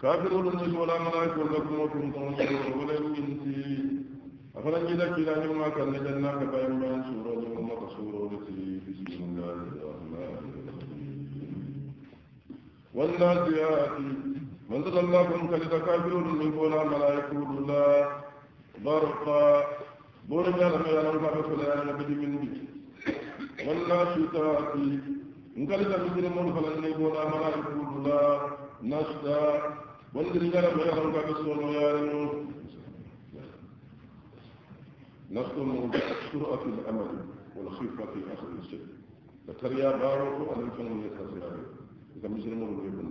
kafirun ni wala mala ko la ko ko ko wala inti afala ni da kila ni ma kan da na ka bayan bayan sura da kuma ka sura da ti bismillahir rahmanir rahim wala ziyati man sallallahu kun kali da kafirun ni wala mala ko la barqa burja la ma la ma ko la na bi min bi والناشطات نكالك مثل من فلن يقول ملائكة الله نشطا والرجال بيرهم كبسون ويعلمون نشط سرعة الأمل والخفة في آخر الشيء فتريا بارو أن يكون يتخذ إذا مجرم يبن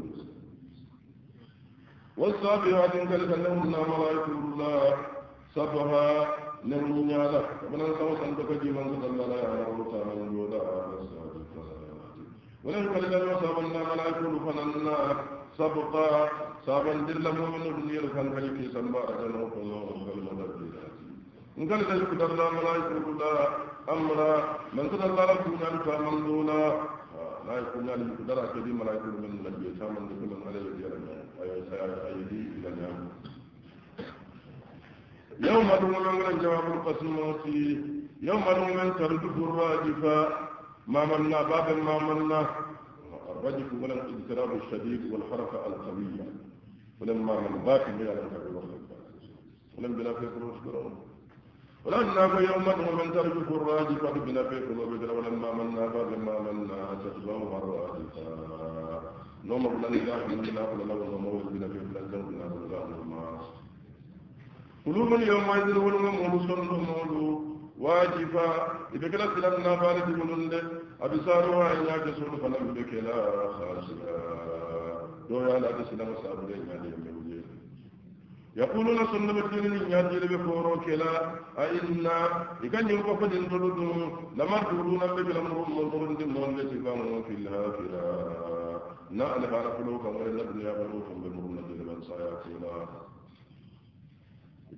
والصابرات كالك أنهم ملائكة الله سبها لم ينالا من الخوص أن تكجي من صلى الله عليه وسلم جودا على السعادة ولم يقل الله سابنا من أكل فننا سبقا سابن دل مؤمن بني الخان فلكي سنبا أجنه فنوه فالمدبيرات ngal da ku dalla malaiku da amra man ka dalla ku nan ka man duna la ku nan ku dalla ke di malaiku min nabi ta man da kuma alaihi wa sallam ayi sayyidi ila nan يوم دون من الجواب القسموس يوم دون من ترجف الراجفة ما منا باب ما منا الرجف ولا الاضطراب الشديد والحركة القوية ولما من باكم بلا نفع ولم بلا فيك الوشكرون ولما يوم دون من ترجف الراجفة بلا فيك الوشكرون ولما منا باب ما منا تتبعها الراجفة نوم بلا نجاح من الله ولا نوم بلا فيك الوشكرون ولول يوم ما يدرون ما مولو سنو مولو واجفا يبكلا سلام نافار دي مولون دي أبي سارو وعيا جسول فنم بكلا خاسرا دو يالا دي سلام سابر يا دي مولو يقولون سنة بدين ينادي بفورو كلا أئنا إكان يوم فقد انتردون لما تقولون أبي بلا مرور مرور دي مولو دي سفامو في الهافرا نعلم على فلوكم وإلا بنيا فلوكم بمرور دي من صياتينا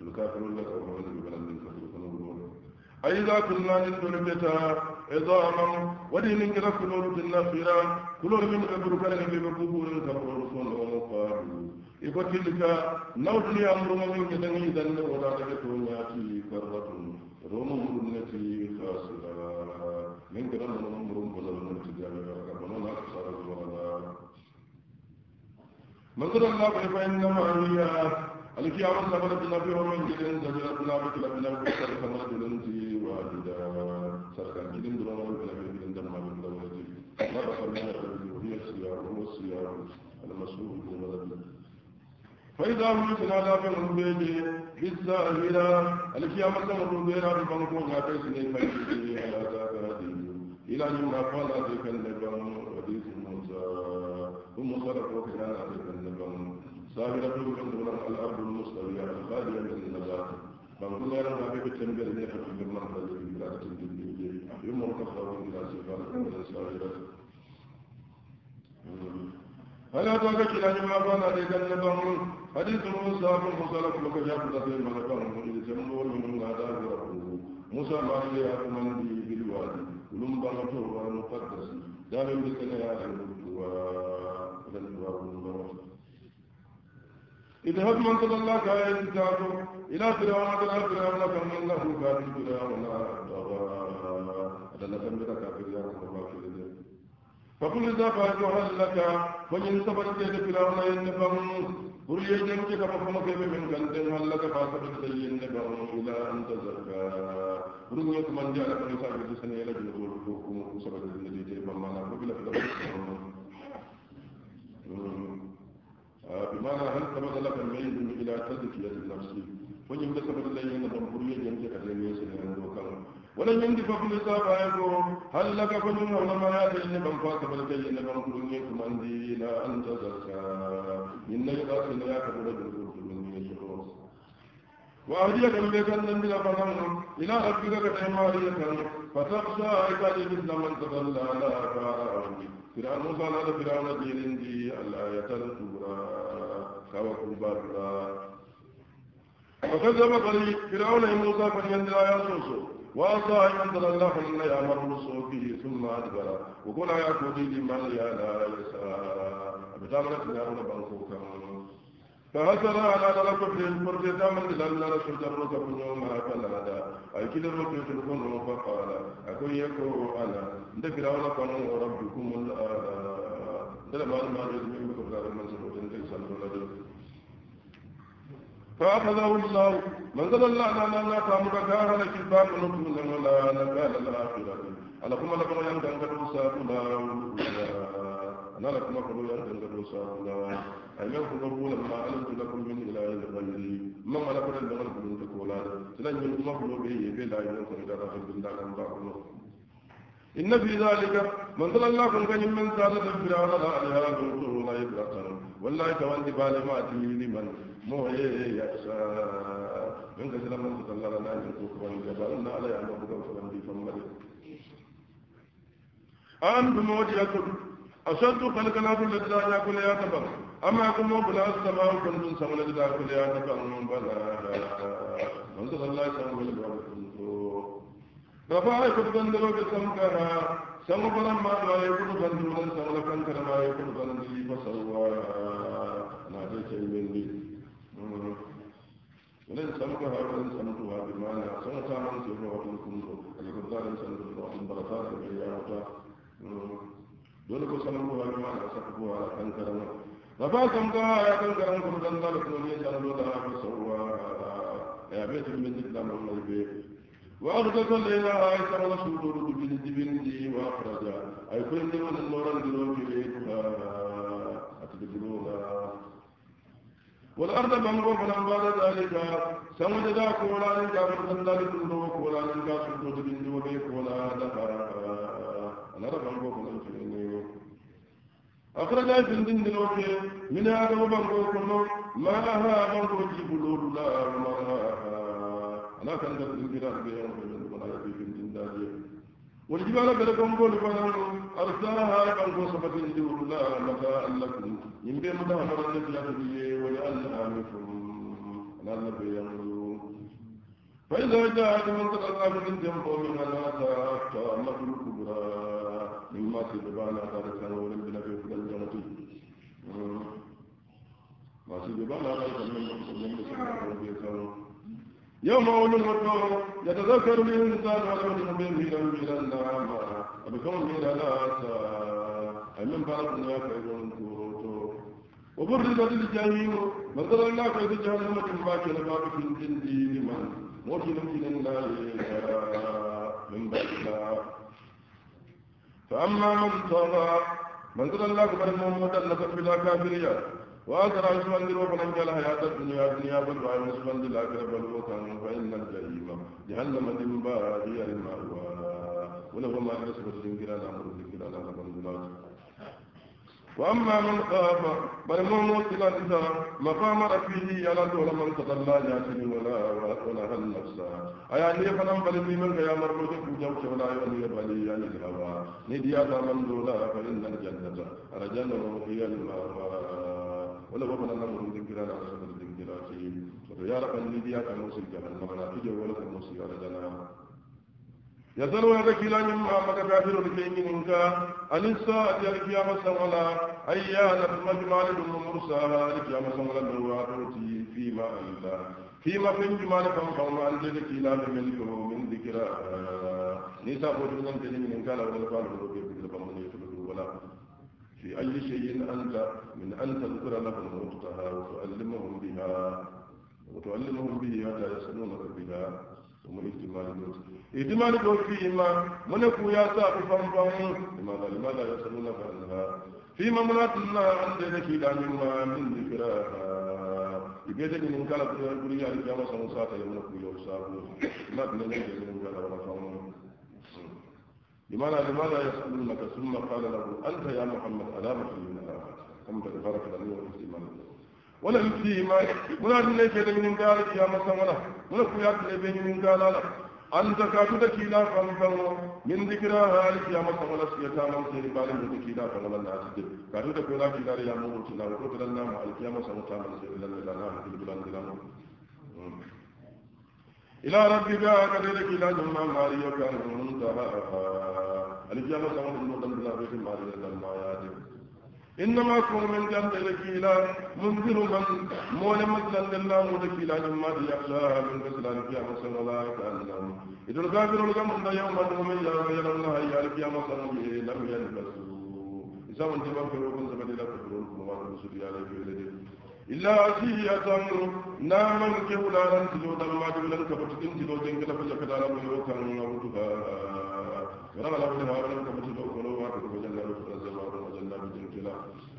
الكافرون لك أو نعوذ ببلد من فكر أيضا كنا نسمع بيتا عظاما ودين كنا كنور كنا خيرا كنور من قبر كان في بقبور كبر رسول ومقابل يقتل لك نوتني أمر من كدني دن ولا تكتون ياتي كرة روم مرنتي خاسرا من كدن أمر بلد من تجارة كبرنا أكثر الولد من قدر الله فإنما هي الكيام سبب النبي ومن جلن زبير بنابي كلا بنابي بسر كما جلن تي واجدا سرقان جلن دون الله بنابي جلن دمنا بنابي ولدي ما بخرنا يقبل وهي السيار هو السيار المسؤول من ولد فإذا وجدنا لا من البيت بالساهرة الكيام سبب البيت بمقوم يعطي سنين مجلسي على تابعته إلى يوم أفعل ذلك النبي وديث موسى ومصرف وكان ذلك ظاهرة من الأرض المستوية الخالية من النزاعة بل كل يرى ما بيت تنبيه ليها في المرحلة التي لا تنبيه يوم الكفر إلى صفات من السائرة فلا تعرف إلى ما كان عليك النبأ حديث موسى بن مصالح لك جاءت لك من الأرض إذ تنبول من الأعداء ربه موسى ما هي أكمل به بالوادي ولم بلغته المقدس دار بك يا أهل الدواء إلى الدواء المرسل اذهب من قد الله كاية تجاره إلى فرعون أدنى فرعون كم الله كافر فرعون طغى أدنى كم بلا كافر يا رب كافر فقل إذا فاجوها لك فجن سبرت يد فرعون ينفهم بريا جنك كفهم كيف من كنتم هل لك فاسبت ينفهم إلى أن تزكى رؤية من جاء لك نساء بسنة إلى جنوب الحكم سبت النجيب فما نعرف بلا فرعون آه، بمعنى هل ثبت لك الميل الى تزكيه النفس فجم ثبت لي ان تنفريه لك كلمه سنين وكان ولن يندف في لساب عيبهم هل لك فجم ولما ياتي ان من فات فلكي ان من كل يكم عندي لا ان تزكى ان يقاس ان يأتي رجل قلت من يشخص وأهديك إليك النبي فنم إلى ربك كحمارية فتخشى عبادي مثل من تضلى على فأعلم فرعون صلى فرعون ديرين دي الآية الكبرى kawo kubar فكذب قليل فرعون موسى فليندر يا سوسو وعصى ان ينزل الله فإن يأمر رسله به ثم أدبر وقل يا كودي لمن يا لا يسعى بتامرة فرعون بنكوكا فهسر على ذلك في الفرد تامر لأن رسول جرك من يوم فنادى أي كده ربي تلكم فقال أكون يكو أنا عند فرعون قانون ربكم الآن ده ما ما يزمي بكم من سلوك الإنسان ولا فأخذه الله منزل الله لا لا لا تعمل كاها لك الباب ونكم لنا لا نكال الآخرة على كما لكم لا كدو لا أنا لكم أخذ ينكن كدو لا أي من خبروا لما علمت لكم من إله غيري ما ملكنا لما لكم من تقول سلن يلقم أخذوا به بلا لا كدو ساقنا إن في ذلك من ظل الله كن من سادة الفرعون لا إله غيره لا يبرأ والله كمان دبال ما تميني من mo ye yasa min ka sira man ta Allah na ni ko ko ni ba na ala ya ma ko ko ni fa mali an bi mo di akul ashaddu khalqalatu lillahi ya kul ya tabar amma kun mo bula as-sama'u kun dun sama lillahi kul ya tabar mun bala man ta Allah ya ma ko ko رفع كتبان دلو كتم كرا سمو بلما ما يكون بندو من سمو لكن كرما يكون بندو فسوا lan sanu ha lan sanu tu ha bi mana sa ta man su ro tu kun do ni ko da lan sanu ro tu ba ta ko ya ta do ko sanu ro ha bi mana sa ta ko ha kan ka ro da ba kan ka ha ya kan ka ro kun dan da lu ni ya lu da ha so wa ya be tu min da mo ni be wa akhda ka la ya ha ya ra su do du bi di bi ni wa akhda ay ko ni mo da lo ran di lo ki le ta ati di lo da والأرض بمروفنا بعد ذلك سمد ذا كولا ذلك فرسل ولا لتنظر كولا لنجا سلطة بنجي وبي كولا دفرا أنا رفع بوفنا أخرج في الدين الوكي من هذا وبنكوكم ما لها بنكوكي بلور لا ما لها أنا كنت في الجرح بيان في الدين والجبال بلكم قول فنان أرسلها قلب صفة الجور لا متاء لكم إن بي مدهر لك لكبي ويألها لكم لعلك ينظرون فإذا جاءت من تلقى من جنب من لا تأتى لكم الكبرى مما سببان أتارك ولم بلك في الجنة ما سببان أتارك من جنب من لا تأتى يوم أول المطلوب يتذكر الإنسان ولم يكن به إلى النعمة وبكون إلى الأسى أمن فرقنا فيكون كروتو وبرزت الجحيم مثلا لا كيف جهنم كما كان باب في الجندي لمن موت من الله من بعدها فأما من طغى من تدلك فإنه مدلك في الأكابريات وآخر عثمان وفن الدنيا بل عثمان بل وطن فإن الجحيم جهنم هي المأوى ولو ما كسب على أمر الذكر على وأما من خاف بل موت إلى مقام ربه على دور من تطلع ياسين ولا ولا هل نفسا أيا لي فلم بل في من يا مرمو تكوجو ولا يولي بلي عن الهوى نديا من دولا فإن الجنة رجل هي المأوى ولا بابا لنا من ذكرى على سبيل الذكرى يا رب الذي أكنوس الجمال مغنا تجوا ولا كنوس على جنا يزال ويدك إلى نما مكافر لكين إنك الإنساء القيامة سملا أيان المجمال المرسالة القيامة سملا من وعدتي فيما أنت فيما في الجمال كم قوم أنزلك إلى ملكه من ذكرى نساء وجودنا تجمع إنك لا ولا قالوا ولا في أي شيء أنت من أن تذكر لهم وقتها وتعلمهم بها وتعلمهم به حتى يسألونك بها ثم اجتمال الموت اجتمال الموت فيهما منكو يا ساقي فانفهم لماذا لماذا يسألونك عنها فيما مرات مناتنا عند ذكي مما من ذكراها يبيتك من كلام كل يوم ساقي يوم نكو يوم ساقي ما تنجي من كلام لماذا لماذا يسألونك ثم قال له أنت يا محمد ألا مسلمين كم تتفرق الأمور والإيمان ولم فيما مناد ليس من قال يا مسلمنا ولكم يأتي بين من قال لك أنت كاتبك إلى فنفن من ذكرى هالك يا مسلمنا سيتاما سيري بالي بك إلى فنفن الله سيدي كاتبك إلى فنفن يا مورتنا وقتلنا مع الكيامة سمتاما سيري لنا لنا لنا لنا إلى ربك أكدرك إلى جمع ماريو كارمون تبارها أليك يا الله سمع بلوطن بلا بيت ماريو دلما يا دل إنما كون من جمع ذلك إلى منذر من مولى مجلن للا مولك إلى جمع ذي أخلا من قسلان كي أمسن الله تعلم إذا الغافر لكم أن يوم أدهم يا ربي الله يا ربي يا مصر به لم ينفسوا إذا أنت بفروكم سمد إلى تفروكم وعلى المسؤولية عليك إلا فيه أتمر نام نعم، الكهولا لنسل ودلوا عجب لنك فتتنسل وزنك لفجأ كدار أبو يوكر من أبوتها فرغ الله لما أبنك فتتنسل وقلوا عجب فجل الله فتنسل وقلوا جل الله بجل كلا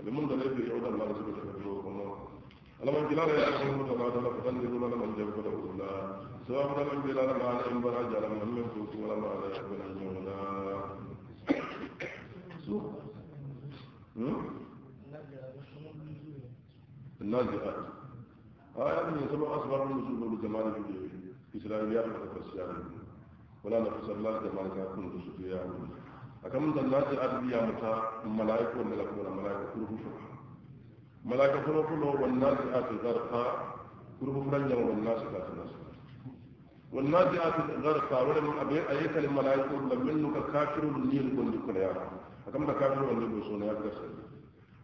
لمن ذلك يعود الله رسول الله فتنسل وقلوا ألم أنك لا يأخذ الله تعالى جل فتن لذول لما أنجب فتنسل وقلوا سواء من أنك لا لما أنا إمبرا جل من أمين فتنسل ولما أنا يأخذ الله جل وقلوا 嗯。يسمى آية من سبع أصغر النزول بجمال الإسرائيليات والكريستيان ولا نفس الله جمال كاكون بسفيان أكمل النازعات بيا متى ملائكة وملائكة وملائكة كله فرحة ملائكة كله كله والنازعات غرقا كله فرنجا والناس كاكون والناس والنازعات غرقا ولم أبي أيك الملائكة لم ينك كافر النيل كن يكون يا أكمل كافر من كن يا كريستيان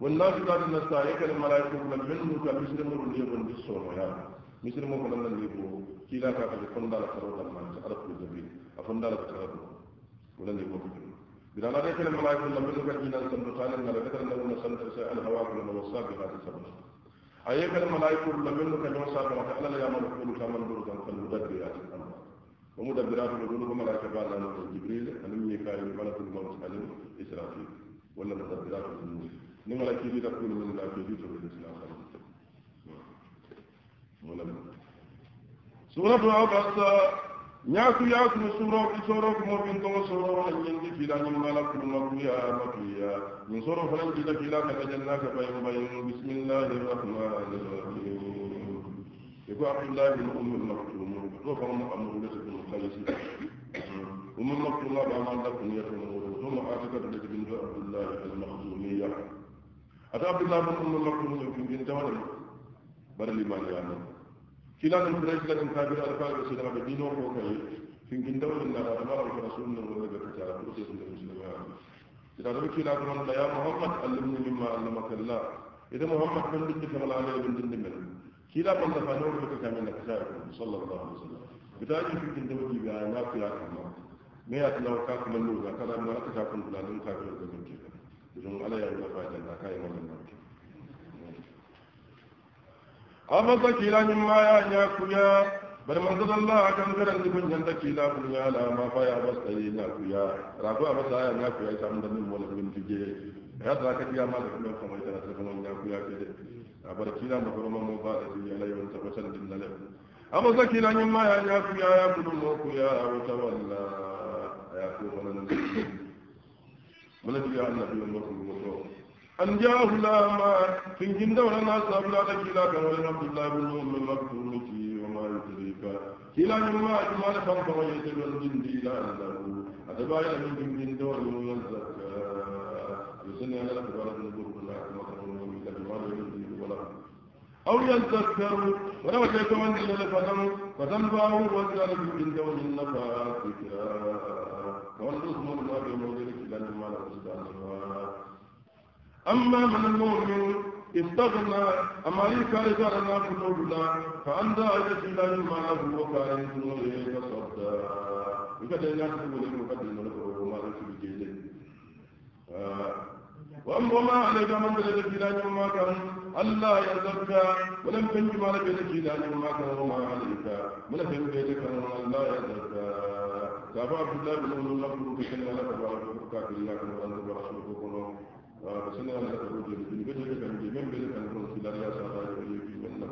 والناس قال ان سايك الملائكه من منه كمثل مر اليمن بالصوم يا مثل ما قلنا ليبو كلا كاك فندا لا كرو دمان على كل جبين فندا لا كرو ولا ليبو بلا لا كان الملائكه من منه كان سن قال ان لا كان لو سن الهواء من وصاب هذا السبب ايك الملائكه من منه كان وصاب وقال يا ملك كما نور كان المدبرات الامر ومدبرات الامور ملائكه بعد جبريل ان ميكائيل ملك الموت عليه اسرافيل ولا مدبرات الامور ni wala ki bi takku wala la ki bi to bi islam khala wala suratu abasa ñaaku yaaku no suuro i sooro ko moɓin togo sooro a ñindi fiila ñin mala kurmakuya matuya min sooro fanan jiita fiila kaka jannaka bayin bayin bisimillahi rahmani rahim e ko abdoullahi bin umm maktum to fanmo amrulete bin kalisi umm maktum aɓa manda kuniyatoo to mo atikata lete bin do abdoullahi almaktumiya ata abdullah bin ummu maktum bin bin tawala bara liman ya no kila nan brej la nan kabira al fa'a rasul rabbi dino ko kay fin kin dawla na da mara ko rasul nan wala ga ta ko sai sun musulma ida da kila nan da ya muhammad allimni mimma allamaka allah ida muhammad bin bin kamala alayhi bin bin min kila ban da fano ko ta min ka sai sallallahu alaihi wasallam bidaji fin kin dawla ga na fiya kuma me ya tlawa ka kuma nuna kana ma ka ta kun kula nan ka ga don ala ya wula fatan da kai mun nan amma ka kila nin ma ya nya kuya bar man da Allah kan garan ni kun janda kila kun ya la ma fa ya bas kai na kuya rabu a masa ya nya kuya ta mun da mun wala kun tige ya da ka tiya ma da kuma kuma da ta kuma nya kuya ke a bar kila ma kuma mun ba da ya la yawan tabbatar din lalle amma ka kila nin ma ya nya kuya ya kun mu kuya wa tawalla ya ku wannan بلت يا النبي المرسل المطور أن جاءه لما في جند ولا ناس أبلا تكيلا كان ولا عبد الله بن أم المكتوم وما يدريك كلا يما أجمال فان فما يتبع الجند إلى أنه أتبايا من جند ولا من يسني على الأخبار النبور كلها كما تقولون من الأخبار ولا أو يذكر ولو شئت من إلى الفتن فتنفعه وزار من جند ولا النفاق كلا والرسم الله بموضع أما من المؤمن استغنى أما يكا إدارنا كنوبنا فأندى أجد إلى يمانه وكان يسنوه يتصدى وقد يناسي ولم يقدم له وما رسل جيده آه، وأما عليك من بلد الجلال وما كان الله يزكى ولم تنجم على بلد الجلال وما كان وما عليك ولم تنجم على بلد الجلال وما كان كابا الله بن الله كنت الله تبارك الله كنت أنت برسولك كنو بسنة الله تبارك وتعالى بن بجل كان جميل بجل من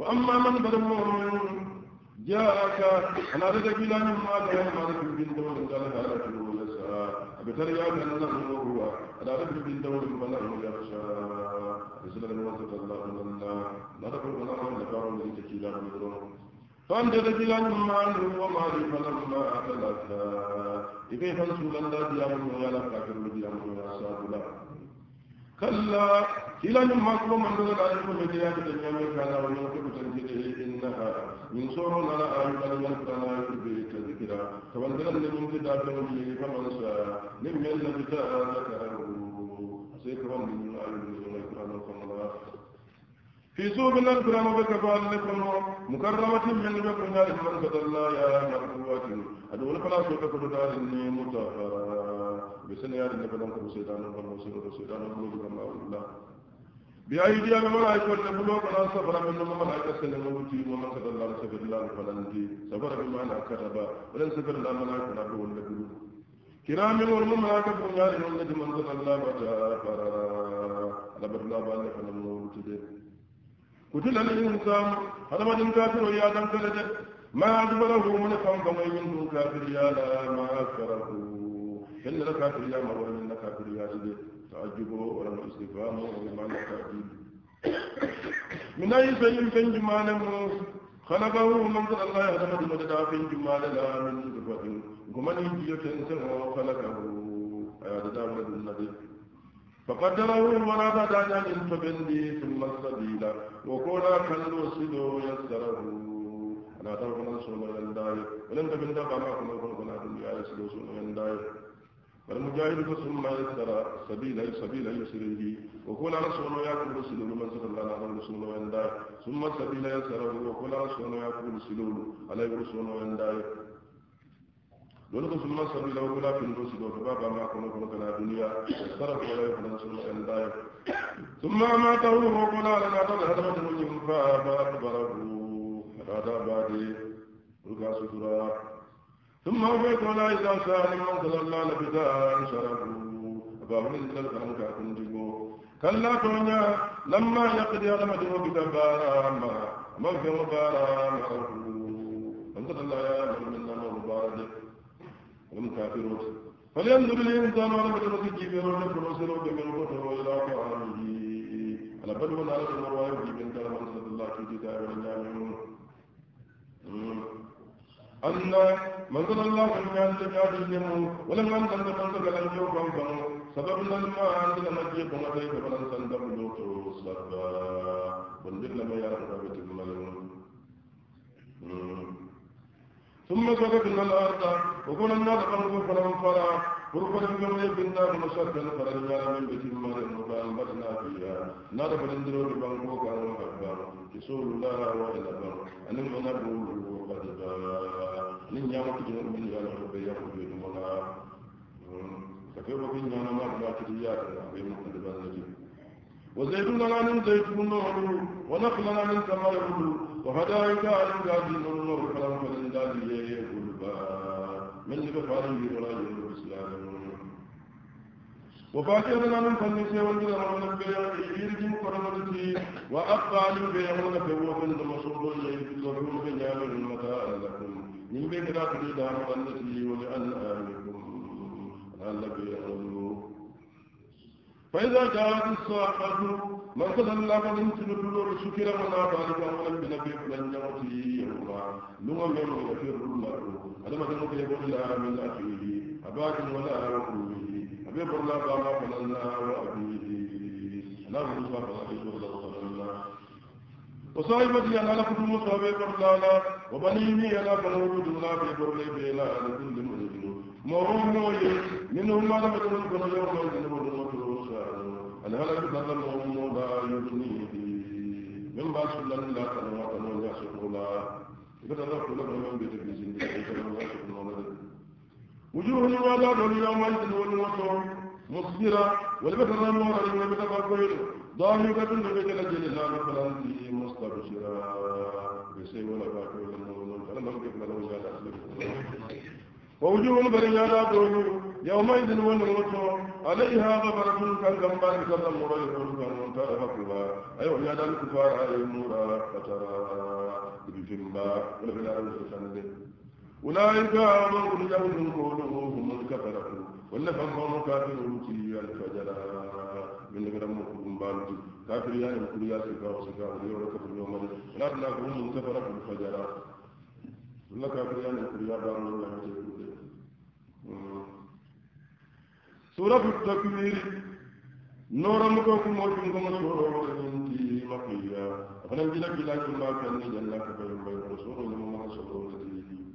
وأما من جاءك أنا رجع بلا ما كان ما رجع بنت ومن قال هذا كله يسعى بتر يا من الله هو أنا رجع بنت ومن قال هو يخشى رسول الله صلى الله عليه وسلم لا تقول الله لا تقول الله لا تقول الله فأمد رجلا معا وما فلما أتلتا إذا فنسول الله ديامه يا لكاكر ديامه يا سابلا كلا إلى نما كما من ذلك أجل مدينة الجامعة كان ويوكب تنجده إنها من سورة لنا آيوة يلقنا يربيت ذكرا فمن ذلك لمن كتاب وليه فمن سا لم يلقى ذكره سيكرم من آيوة في سوق الكرام بكفال لكم مكرمة من بكم دار بركة الله يا مرقوة أدول فلا سوق دار مطهرة بسن يا رب لم تكن سيدان فالمسير سيدان الملوك الله الله بأيدي الملائكة والبلوك لا سفر من الملائكة سنموتي ومن كذا الله سفر الله فلنتي سفر بمعنى كتبا ولا سفر الله ملائكة نبو والبلوك كرام والملائكة بنيار يوم الذي منزل الله بجاء فرا لبر الله بالله فنموتي وتلا نجم سام هذا ما جم كافر يا دم كلاج ما أجبره من فم فم يجم كافر يا لا ما أكره إلا الكافر يا مرور إلا الكافر يا جد تعجبه ولم استفهامه ما تعجب من أي شيء من جمال خلقه من ذل الله هذا ما يهدم المدد من جمال لا من صفة كمن يجي يتنسى خلقه أيادة من النبي فقدره المراد دانا للفبندي ثم السبيل وكونا كل سدو يسره أنا تعرف أن سوما ينداي ولم تبند كما كنا كنا كنا على سدو سوما ينداي فالمجاهد ثم يسر سبيل أي سبيل أي يسره وكونا سوما يأكل سدو من سر الله نعم سوما ينداي ثم السبيل يسره وكونا سوما يأكل سدو عليه سوما ينداي لولا رسول الله صلى الله عليه وسلم في الدنيا بابا ما كنا في الدنيا صرف ولا يفعل رسول الله عندها ثم ما تروه ربنا لنا تنا هذا من يوم فابا كبره هذا بعد الكسرة ثم هو يقول إذا سأل من صلى الله عليه وسلم شرفه أبو من ذل كان كاتم جبو كلا تونيا لما يقضي على مدينه بدبارا ما ما في مبارا ما هو أنت الله يا من لم كافرون فلينظر الإنسان على بدنة جيبين ولا فرسل وجميل وقتل إلى كعانه على بل من على المرواية جيبين قال من صلى الله في كتاب الجامعون أن من صلى الله في الجامعة جاهدهم ولم أنزل من صلى الله عليه وسلم سبب لما أنزل مجيب ومتيك فلن صندق لوته صلى بندر لما يعرف ربك الملون ثم زوجنا الأرض وكنا نقلب فلانفرا وربنا بما يبنى ونشرت الفرجا من بيت المال فأنبتنا فيها نار فلندر ببنكوك على المكبر كسول لا وإلا بر أن المنا بول وقد باء أن يامك جنر من يالا ربي يخرج من منا فكيف بنا ما بلا كتيات بين مقدبان نجيب وزيتون عن زيتون ونخل ونخلا عن يقول وهدائك عن قادي نور كلام فلن قادي يقول من لبفار ولا يقول الإسلام وفاكهة عن فلسي وانجل عن البيع إيرج مقرمتي وأقال البيع ونكبوه من المصور يقولون بنيام المتاع لكم من بكرة تريد عن فلسي ولأن آمكم لعل بيع فإذا جاءت الصاحة من قد الله قد انتم الدور من أبالك أولا بنبي فلن يغطي يوما لما من يغفر الله ألم تنقل يقول لا من أخيه أباك ولا أمه أبي برلا بابا فلن لا وأبيه لا من صاحب الله وصاحبتي أنا لكم مصابي برلا لا وبنيني أنا فلوجد لا ببرلي بلا لكل مدد مرمو يس منهم ما لم يكن البرلا يوم الدين الهلك تظلم لا يغنيه من بعد سلم لا تنوات من يعصيه لا يتذكر لك من بيت في زنديق فلم يعصيه ولد وجوه الولد اليومئذ والوتر مصبرة والبكر نورا والبكر كبير ضاحكة لبيت الجلال الفلانسي مستبشرة بسيء ولا باكر ولا مولى فلم يكن له وجه ووجوه البريات وجوه يومئذ ونغرتو عليها غبرة كان كم بارك الله مريح كان منتهى كبا أيوة يا دار الكفار أي مورا فترى بجنبا ولا بلا أنسان أولئك من رجعوا من قولهم هم الكفرة ولا فهم كافرون في الفجر من غير مقوم بالجي كافر يعني يا مقول يا سكا وسكا ولا كفر يوم لا بلا هم الكفرة في الفجر ولا كافر يعني يا مقول يا بارون يا مقول سورة التكوير نورا مكوك موجم كما سورة التي مقيا فلن جل بلا كما كان جل كبير بين رسول الله سورة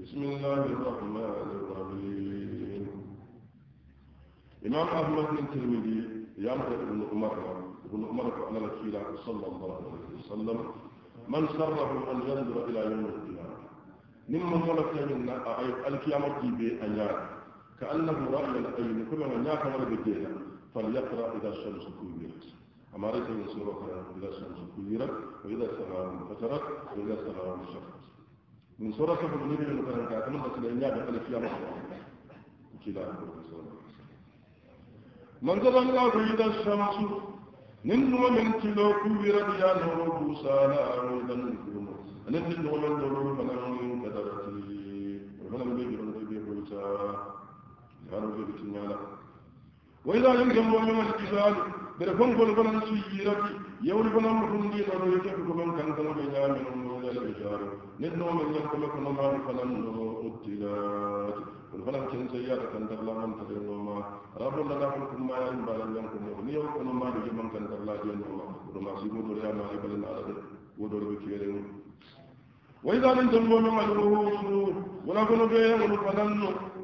بسم الله الرحمن الرحيم إمام أحمد بن الترمذي يامر ابن عمر ابن عمر فأنا رسول الله صلى الله عليه وسلم من سره أن ينظر إلى يوم القيامة نمم ملك من القيامة بأيام كأنه رحل الأيم من لا كمر بديها فليقرأ إذا الشمس كبيرت أما رأيت من سورة إذا الشمس كبيرة وإذا السماء انفجرت وإذا السماء انشقت من سورة سفر النبي المكرم كاتمنى سليمان ألف يا محمد كلا من ذا الله إذا الشمس ننو من تلو كورت يا نور بوسانا أريد من نكون أنا ننو من نور من أمين كدرتي ومن أمين كدرتي على وجهك النار وإذا يمكن مؤمن الكسال بركون كل كل سيرك يولي كل أمر كل دين أنا يجيك كل من كان كل من يعمل من ذلك الكسال نتنو من ذلك كل كل ما فلن أبتلات والفلن كن سيارة كان تغلا من تغلا ما رب الله لا كل ما يعلم بالله لكم مغني وكل ما يجمع كان تغلا دين الله وما سيبوا دليل ما يبلن على ذلك ودور بكيرين وإذا منتم ومن الرسول ونكون بيهم الفنان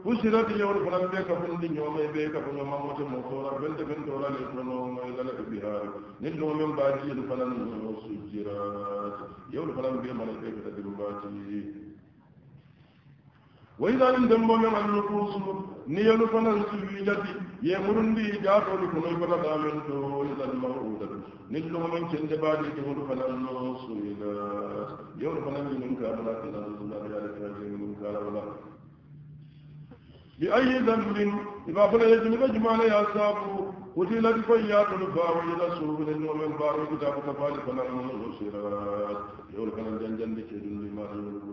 فسرت يوم الفنان بيك فندي يوم بيك فن يوم موت مصورة بنت بنت ولا لفن إذا لك بهار نجم من باجي الفنان وسجرات يوم الفنان بيهم الفنان بيك تدرباتي وإذا إن دمبو من النفوس نيل فنن سويلتي يمرن دي جاتو لكم البلد آمن دول الموعودة نلو من كند بادي كهول فنن سويلا يور فنن من كارلا فنن الله بيالك رجل من كارلا بأي ذنب إذا فلا يجب أجمال يا سابو قتلت فيات الباو إلى سوق للنوم الباو كتاب كفالي فنن سويلا يور فنن جنجن لكي دل لما يور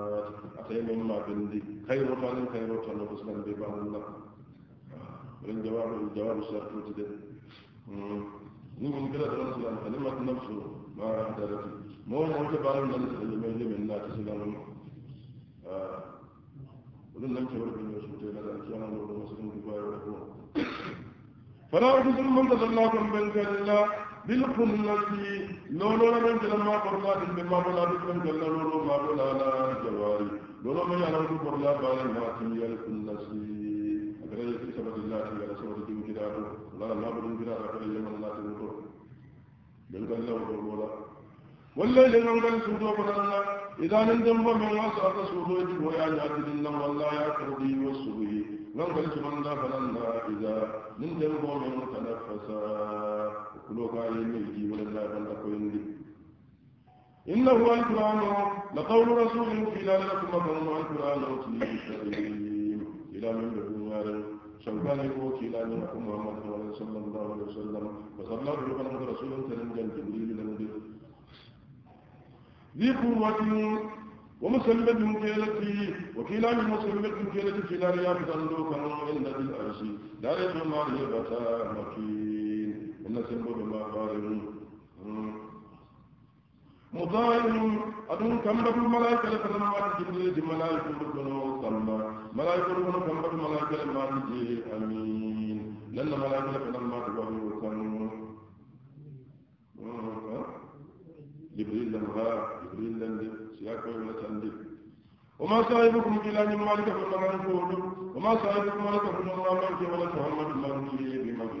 تيمم ما بندي خير فان خير فان مسلم ببان الله من جواب الجواب الشرطي تدل نقول كده درس الآن كلمة نفس ما أحدثت مو مو تبع من الإسلام من الناس سلام آه، ولن نمشي ورد من يسوع تيمم الأشياء ورد مسلم ببان الله فلا أحد من تدل الله من كلا بالحمة لولو لمن جل ما قرلا دين ما بلا دين جل لولو ما بلا لا جواري لولو ما يعلم قرلا بالا ما تيال كل شيء أدرى في سبب الله يا رسول الله دين كده لا لا بدون كده أدرى يوم الله تقول بل بل لا ولا ولا لمن قال سودو بدلنا إذا نندم فمن وسط سودو يدوي على دين والله يا كردي وسودي من قال سبحان الله فلنا إذا نندم فمن تنفسا كلوكا يمي القرآن لقول رسول في لا لكم مكان القرآن إلى من دعونا شوكان يقول إلى منكم محمد صلى الله عليه وسلم وصلى الله عليه وسلم رسول تنجل جبريل لنبيه ذي قوة ومسلمة من كيلته وكلا من مسلمة من في دار يابد الله من الذي الأرسي دار يجمع لبتا مكين إنكم بدو ما قادرون مطاعم أدون كم بدو ملائكة لكنا ما تجبري دي ملائكة بدو سلم ملائكة بدو كم بدو ملائكة لما تجي أمين لأن ملائكة لكنا ما تجبري وسلم جبريل لنها جبريل لنها سياكو ولا تندي وما صاحبكم إلا من مالك فلما نقول وما صاحبكم مالك فلما نقول ولا تهمت الله بمجلس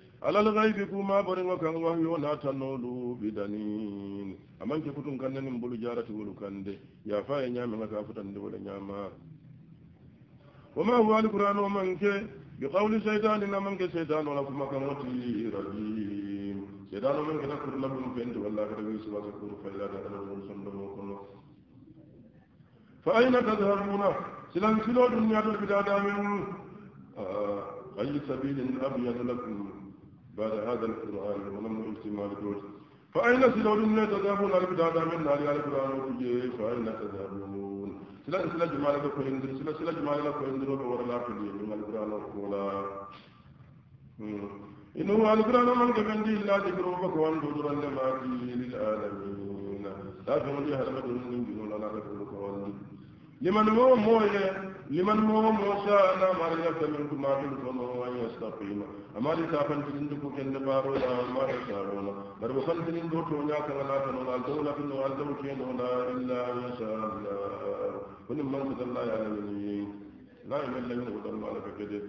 alal gaybi fu ma boriŋo kan wahyo naatannoolu bidaniin amanke futun kan nenin bulu jaaratiwolu kande yaafa ye ñaameŋa ka futandi wole ñaama wo ma huwa alqur'ano manke biqawli seytanin amanke seytano la kuma kan woti rajim seytano manke na kur nabum fenti walla kadawi subaka kuru fayrata alawol sondomo kono fa ayna tadharuna silan silo dunñaato bidadamen ayi ah, sabilin abyad lakum بعد هذا القرآن ولم اجتماع لدوج فأين سلولين تذهبون على بدادا من نار على القرآن وكجي فأين تذهبون سلا سلا جمالة لك هندر سلا سلا جمال لك هندر ولا كلي من القرآن وقولا إنه على القرآن من قبل إلا ذكر ربك وأن تدرن ما في للعالمين لا تمضي هرمة من جنون على ربك لمن هو موجه لمن هو موسى أنا مريم منكم ما تلكم وأن يستقيم أما لتافن تلندكو كند بارو يا ما تشارون برب خلت لندو تونيا كنا كنا في لكن نالدو كين لا إلا إن شاء الله كل من قد الله يعلم نبيين لا يمل لمن قد ما لك كذب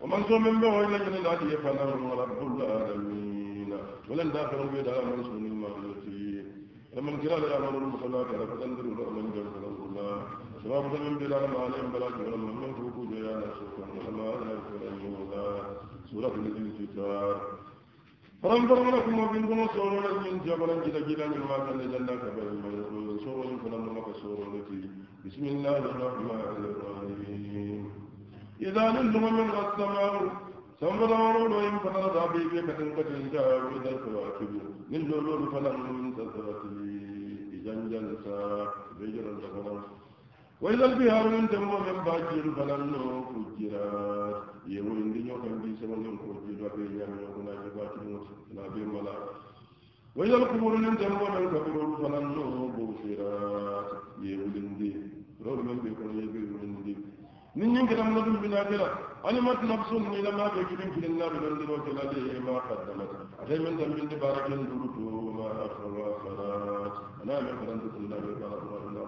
ومن صوم من بوه إلا جن العدي فنر رب العالمين ولن داخل بيدها من سن المعلومين لمن كلا يعمل المخلات على فتنظر من جنبنا سباب تبين بلال ما عليهم بلا جمال من من فوقو جيانا سوكم وما أنا لكم أن يوضا سورة الانتكار فانظروا لكم وبنكم وصوروا لكم من جبلا جدا جدا من ما كان لجنة كبير من سورة فلن ما كسورة التي بسم الله الرحمن الرحيم إذا نلهم من السماء سنبدا ورولهم فنرى ذابيك كتنكتن جاءوا إذا الكواكب نلولون فلن تذرتي إذا انجلسا بيجر الزغرات وإذا البهار من دمو من باجر بلن كجرا يمو من دنيو كان دي سمن كجرا بين يمو كنا جباكي موت لا ملا وإذا القبور من دمو من قبر بلن بوشرا يمو من دي رب من بيكون يبير من دي نين ينك لم نبن بنا كلا علمت نفس إلى ما بكتن في النار من دلو كلاله ما قدمت أتي من دمين دبارك من دلوتو وما أخرى خلاص أنا من قرن دلنا بلا الله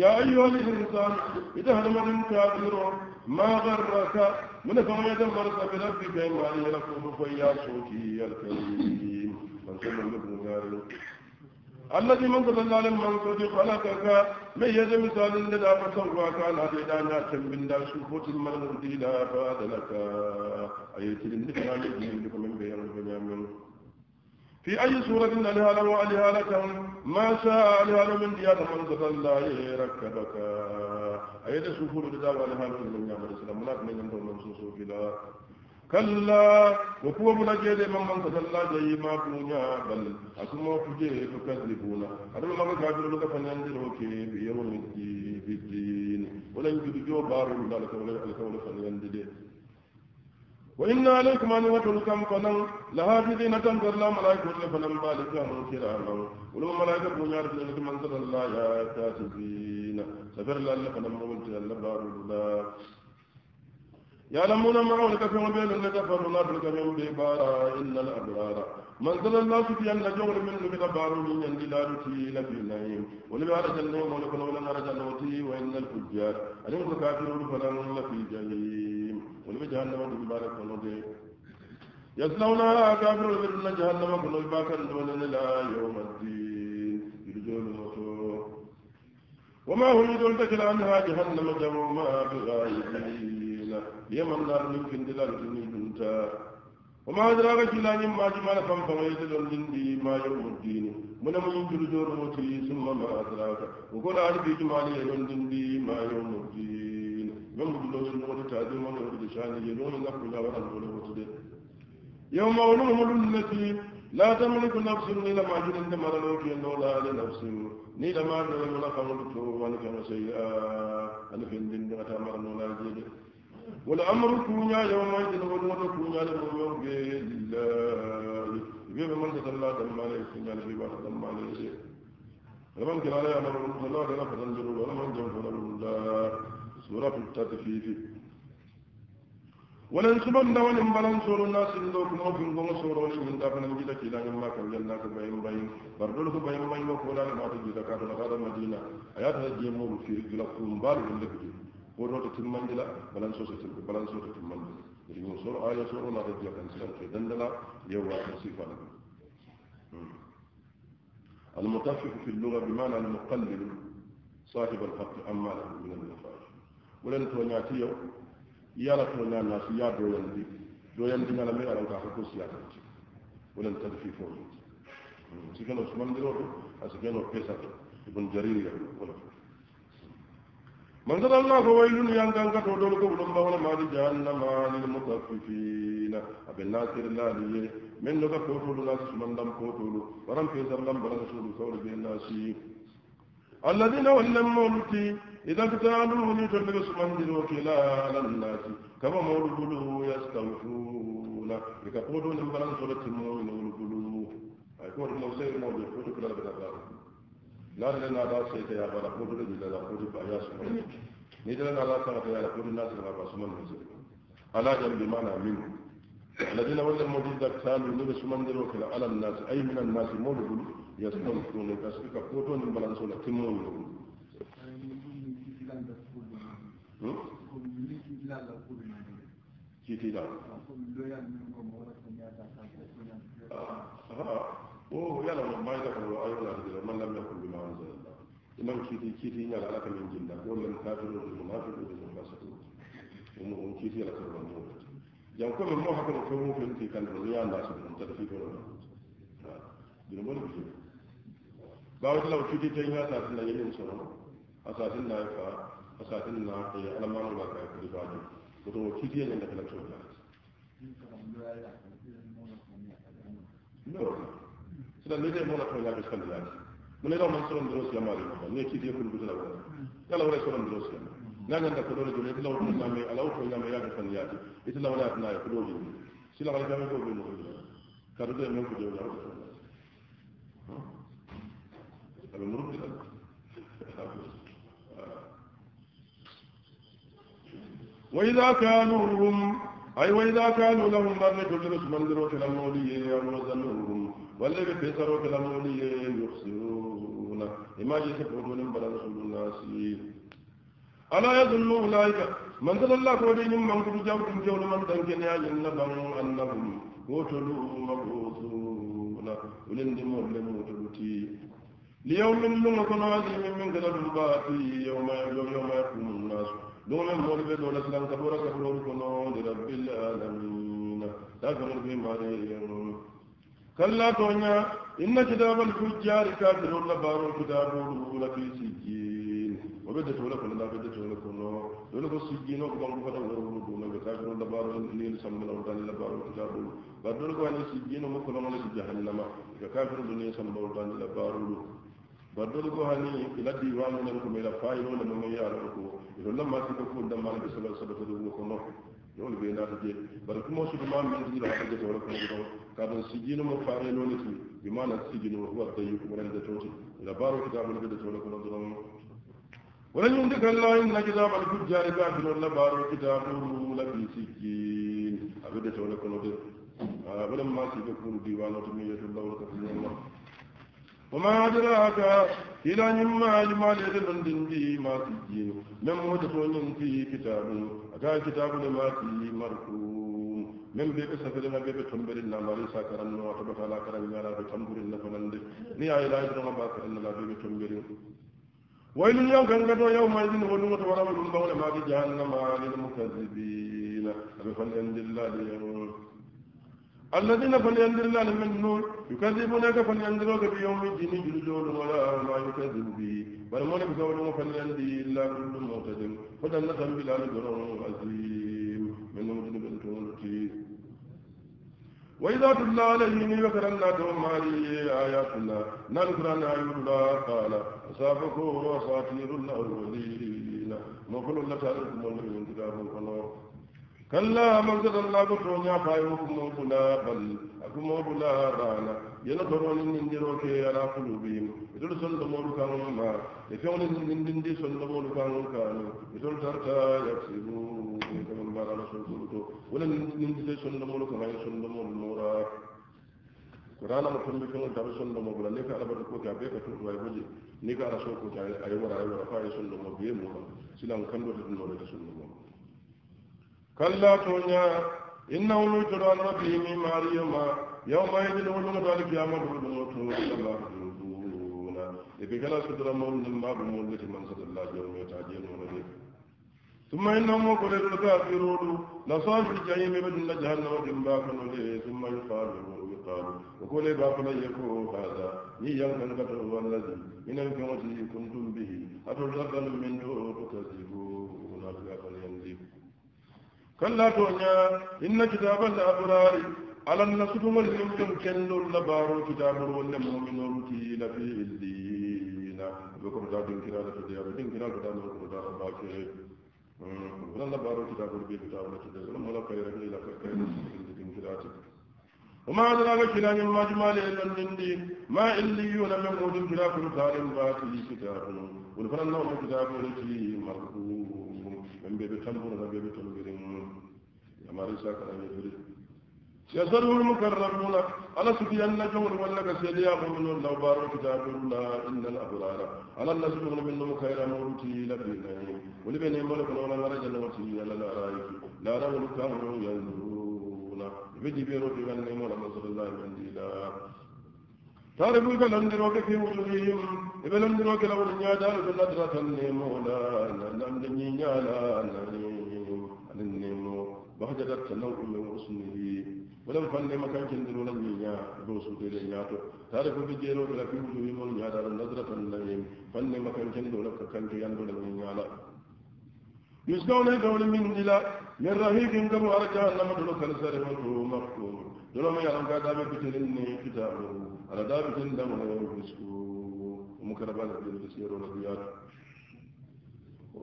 يا أيها الإنسان إذا هلمت كافر ما غرك من فما يدمرك بربك إما أن يكون فيا صوتي الكريم من سلم ابن الذي من صلى على المنصود خلقك من يد مثال لدى فسواك على ديدانا كم من دار شوفوت المنصود لا فاد لك أيتي لنفع من بين البنيامين في أي سورة ألها له وألها لك ما شاء ألها له من ديانة من تتلى ركبك أيضا سفور لذا وألها له من يعمل السلام لا من أنت من سوسوك لا كلا وقوة من جيد من من تتلى جي ما كنيا بل أكما فجيه تكذبون أدو الله كافر لك فنيندروك بيوم الدين ولن يجد جو بارو لك ولن يجد جو بارو لك وإن عليكم أن وتلكم كنا لهاجدين تنظر لا ملائكة فلم بالك أمر كراما ولما ملائكة بنيار لك من منظر الله يا كاتبين سفر الله فلم نولت ألا بار الله يعلمون ما في مبين الذي كفروا الله لك من بيبارا إلا الأبرار منزل الله في أن جور من لبدا بارو من يندلار في رتي نعيم ولما رجع النوم ولكن ولن رجع نوتي وإن الفجار أن يمكن كافرون فلن في جهيم ولم جهنم دم بارك الله دي يسلونا كافر ولم جهنم كل باك الدولن لا يوم الدين يرجون وما هم يدون تكل عنها جهنم جمع ما بغايبين يمن نار نمكن دلال جنيدون تا وما أدراك شلا نما جمال فمفم يدلون جندي ما يوم الدين من من يجل جور موتي ثم ما أدراك وقل عربي جمال يدلون جندي ما يوم الدين لون بلوت نور تعدي ما نور دشان يلون لا كل ولا نور وتد يوم ولهم التي لا تملك نفس إلا ما جل عند مرلوك ولا لنفس نيل ما جل ولا قملك ولا كما شيئا أنا في الدين غتا مرنا لا جل والأمر كونيا يوم إذن والمر كونيا لهم يوم بالله بيبقى من تسلى دم عليه كونيا لبيبقى دم عليه لمن كان عليه أمر الله لنفذ الجلول ولمن جنفذ الله منافق تاتفيفي ولن سبن ولن بلن سور الناس ان دوك كنا في غم سور ولن من دافن وجد كلا جمع كان جنة بين بين بردل بين بين وقولا لما تجد كاد لقد مدينة آيات هذه مول في بار من لك ورد تمن دلا بلن سور بلن سور تمن يقول سور آية سور ما تجد كان سور دندلا يوا صفة المتفق في اللغة بمعنى المقلل صاحب الحق أما من الوفاء ولن تونيا تيو يالا تونيا ناس يا دويان دي دويان دي نالا مي على وكا فكو سياتا ولن تدفي فوق سيكون عثمان دي روحو أسيكون بيسا ابن جرير يا ولا من قال الله فويل ينكن كتودول كولم بول ما دي جهنم للمطففين ابن ناصر الله لي من لو كتودول ناس من دم كتودول ورم في زلم بلا رسول صلى الله عليه وسلم الذين ولم ملكي إذا تتعلوه لتنك سمن وكلا الناس كما مول بلو يستوفون لك قولوا بلان سورة المؤمن والبلو أكون موسير موجود قولوا كلا بنبار لا لنا لا سيت يا بلا قولوا لنا لا قولوا بأيا سمن نجل لنا لا سنة يا قولوا الناس لا لنا سمن على جنب معنى منه الذين ولوا موجود ذاك سالوا من سمن وكلا على الناس أي من الناس مول بلو يستوفون لك قولوا بلان سورة المؤمن والبلو Hmm? kitila ah, o yala mo bayta ko ayo la dira man lam yakul bima anzal Allah imam kiti kiti nyala ala kamin jinda ko lam kafiru bil munafiqu bil fasiqu mo on kiti yala ko mo jam ko mo hakko ko mo fen ti kan do ya Allah subhanahu wa ta'ala ko dina mo ko ba wata law kiti tay nyata tan la yelim so asasin na fa fasatin na e ala manu la kay ko baaji ko to ci tiye ngam la to la no sila ni de mo la to ya ko sala la mo ne do man solo ndro si amari mo ne ci tiye ko ko la wala yalla wala solo ndro si na ngam da ko do jole la wala na me ala ko ngam ya ko sala ya ita la wala na ko do jole sila wala ngam ko do mo ka do mo ko do la ala murdi ala وإذا كانوا الروم أي وإذا كانوا لهم بر كل رسم لرو كلا مولي يروزن والذي في كلا مولي يخسرون إما جيسي رجل بلا رسول الله سيئ ألا يظن أولئك من ذل الله كودين من كل جاوك جول من تنكن يا جنبا أنهم قتلوا مبعوثون ولندم ولم تبتي ليوم لهم عزيم من قدر الباقي يوم يوم يقوم الناس دون المولد دون السلام كبر كبر الكنون لرب العالمين لا تمر بمارين كلا تونيا إن كتاب الفجار كافر لبار الكتاب الأولى في سجين وبدت لكم لا بدت لكم ولكم سجين وقوم بفتح ورغم كافر لبار النيل سمى الأوتان لبار الكتاب بدل كوان سجين ومكرم لجهنم كافر الدنيا سمى الأوتان لبار الكتاب baddol ko hani ila diwanu nan ko mila ko ko ko lolu be na tije bar ko mo su ma min ti ba tije wala ko do ka do sijino mo faare no ni ti bi mana sijino ko wa tayu ko ran da to ti ila baro ka ba da to ko do wala ñu ndek Allah inna kitab al fujjar ka la baro kitabu la bi sijin abe da to ko do wala ma ti ko no to mi yeto وما أدراك إلى نما لما لدن دندي ما تجي من مدفون في كتاب أتى كتاب لما في مركوم من بيك سفر ما بيك تنبر إلا ما ليس كرم وعطبك على كرم يا رب تنبر إلا فنند نيا إلى إدرام باك إلا لا بيك تنبر ويل يوم كان يوم إذن ونوة ورمى الأمبون ما في جهنم للمكذبين أبي فلن جلال يرون الذين فلينذر الله لمن نور يكذبونك فلينذروك بيوم الدين جلجول ولا ما يكذب به بل مولك سولهم فلينذر إلا كل معتدم فجنة بلا نجر عظيم من مجنب التورتي وإذا تتلى عليهم وكرنا تؤمالي آياتنا نذكرنا آيات الله نذكر أن الله قال سابقوا وأساطير الأولين مخلوق لتعرفوا من كتاب الله كلا من قد الله يا فايو كمو بلا بل أكمو بلا رانا ينطرون نندروك على قلوبهم يدل مول كانوا ما يفعل نندندي سلمون كانوا كانوا يدل تركا يكسبون كمن بارا رسول سلطو ولا نندي سلمون كما يسلمون نورا rana mutum bi kan tabi sun da mabula ne ka alabar ko ka be ka tuku ai waje ne ka rasul ko ta ai wara ai wara fa ai sun da mabiye mu silan kan do da dole da sun كلا تونيا إنه يجرى عن ربه من مريما يوم يجد ولد القيامة بالموت الله يجوزون إذا كلا سدر مول ما بمول التي من سد الله يوم يتعجل ولده ثم إنهم وقلت الكافرون لصاحب الجحيم بدل جهنم جنباك وليه ثم يقال يقال وقل باقل يكون هذا نيان كان هو الذي من الكون كنتم به أترزقا من دون تكذبون كلا تونيا إن كتاب الأبرار على النصب واليمكن كنور لبارو كتاب والمؤمنون كي لفي الدين بكم ذا دين كنا لفي الدين دين كنا كنا لكم ذا باكر ولا لبارو كتاب البيت كتاب لكتاب ولا ملا كير إلا كير دين كنا وما أدراك كنا من مجمال إلا من الندين ما إليون من موجود كنا كل كارم باكر كتاب ونفرنا الله كتاب لكي مرحوم من بيبي خلقنا بيبي خلقنا أما ريسا كان يدري يسره المكرمون على سبيان نجول ولا كسيديا مؤمنون لو بارو كتاب الله إن الأبرار على الناس يقول منهم خيرا مرتي لبنهم ولبن ملك ولا مرج الوسيل على الأرائك لا رجل كانوا ينظرون بدي بيرو في غنم ولا مصر الله من دينا تعرف بلندروك في وجوههم بلندروك لو نيادار بلدرة النمولا نمد نيالا نمد النمولا وحجدت نوع من حسنه ولم فن لما كان كندر لن يا دوسو دي لن ياتو تعرف بجيرو بلا في وجوههم يا دار النظرة النعيم فن لما كان كندر لك كان كندر لن يالا يسقون قول من دلا من رهيق كم أرجع لما دلو كان سر وجوه مفهوم دلو ما يعلم كذا بكتلني كتابه على دابة لما يوم يسقون ومكربان بين السير والرياض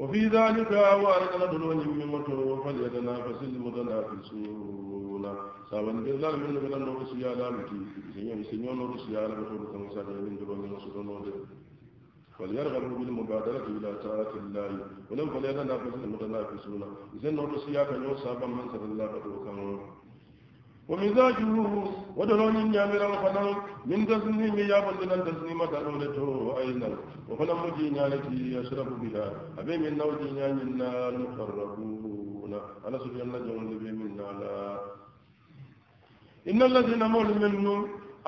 وفي ذلك وارد رجل من مطر فليتنافس المتنافسون سابن بالله من من الروسيا لا مكي سنيون سنيون الروسيا لا مكي كم سنة من دون من سلطان ودر فليرغب بالمبادرة إلى طاعة الله ولم فليتنافس المتنافسون إذن الروسيا كان يوصى من سر الله فتوكم ومزاجه ودلون نيامر الفنان من تسنيم يابن لن تسنيم تلولته أيضا وفنا مجينا التي يشرب بها أبي من نوجينا منا المقربون أنا سبحان الله جل منا لا إن الذين مول منهم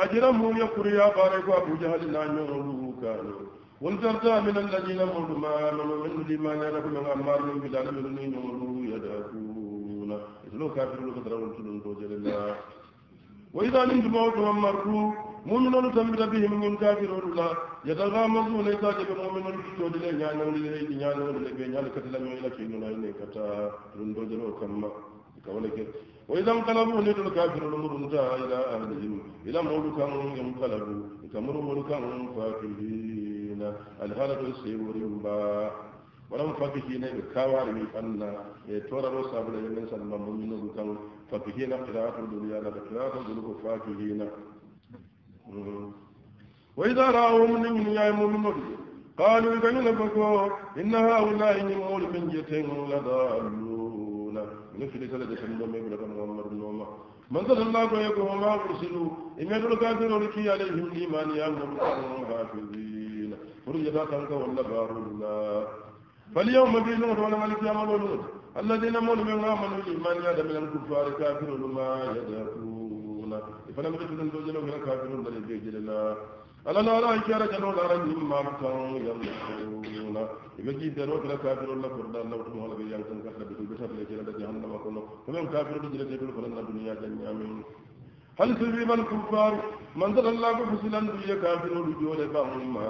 أجرموا يقريا بارك أبو جهل لا يروا كانوا وانترتا من الذين مولوا ما آمنوا من لما يلكم أمار من بلاد من يدعون لو كافر لو كتر أول تلو توجل الله وإذا نمتم أوتهم مروا مؤمنون تنبت بهم من كافر أولا يتغامزون إذا جب مؤمنون توجل نعنا ولله نعنا ولله نعنا كتلا من إلا كينونا إنه كتا رندوجل وكما كولك وإذا انقلبوا نيت الكافر المرنتا إلى أهلهم إلى مولكم ينقلبوا كمر مولكم فاكهين الهرب السيور ينباع walam fakihina ɓe kawarimi anna e torano sabula yemen salma muminogu kan fakihina qira'atu dunya laka qira'atu dulu ko fakihina wa ida ra'awhum min ya'i muminogu qalu kañuna fako inna haula'i ñin mawli men jeten ladalluna ino filisala de tan ɗome ɓurata muhammadu noma man sadallahu yego homa ursilu e meɗol kafirol ki alayhim limani yamnoɓe kan hafidina pour jata tanka walla barullah فاليوم بريلون ولا ملك يا مولود الذين مولوا من آمنوا الإيمان يا من الكفار كافرون ما يدعون فلم يكن زوجنا من كافر بل يجيجل الله ألا لا لا إشارة جنو لا رجل ما كانوا إذا يمجي درو كلا كافر الله فرد الله وتمه الله بيان كان كافر بيقول بشر لجنة جهنم وكله فمن كافر بجنة جهنم فلن الدنيا جميعا منه هل سبيب الكفار من ذل الله فسلن بي كافر رجول بعض ما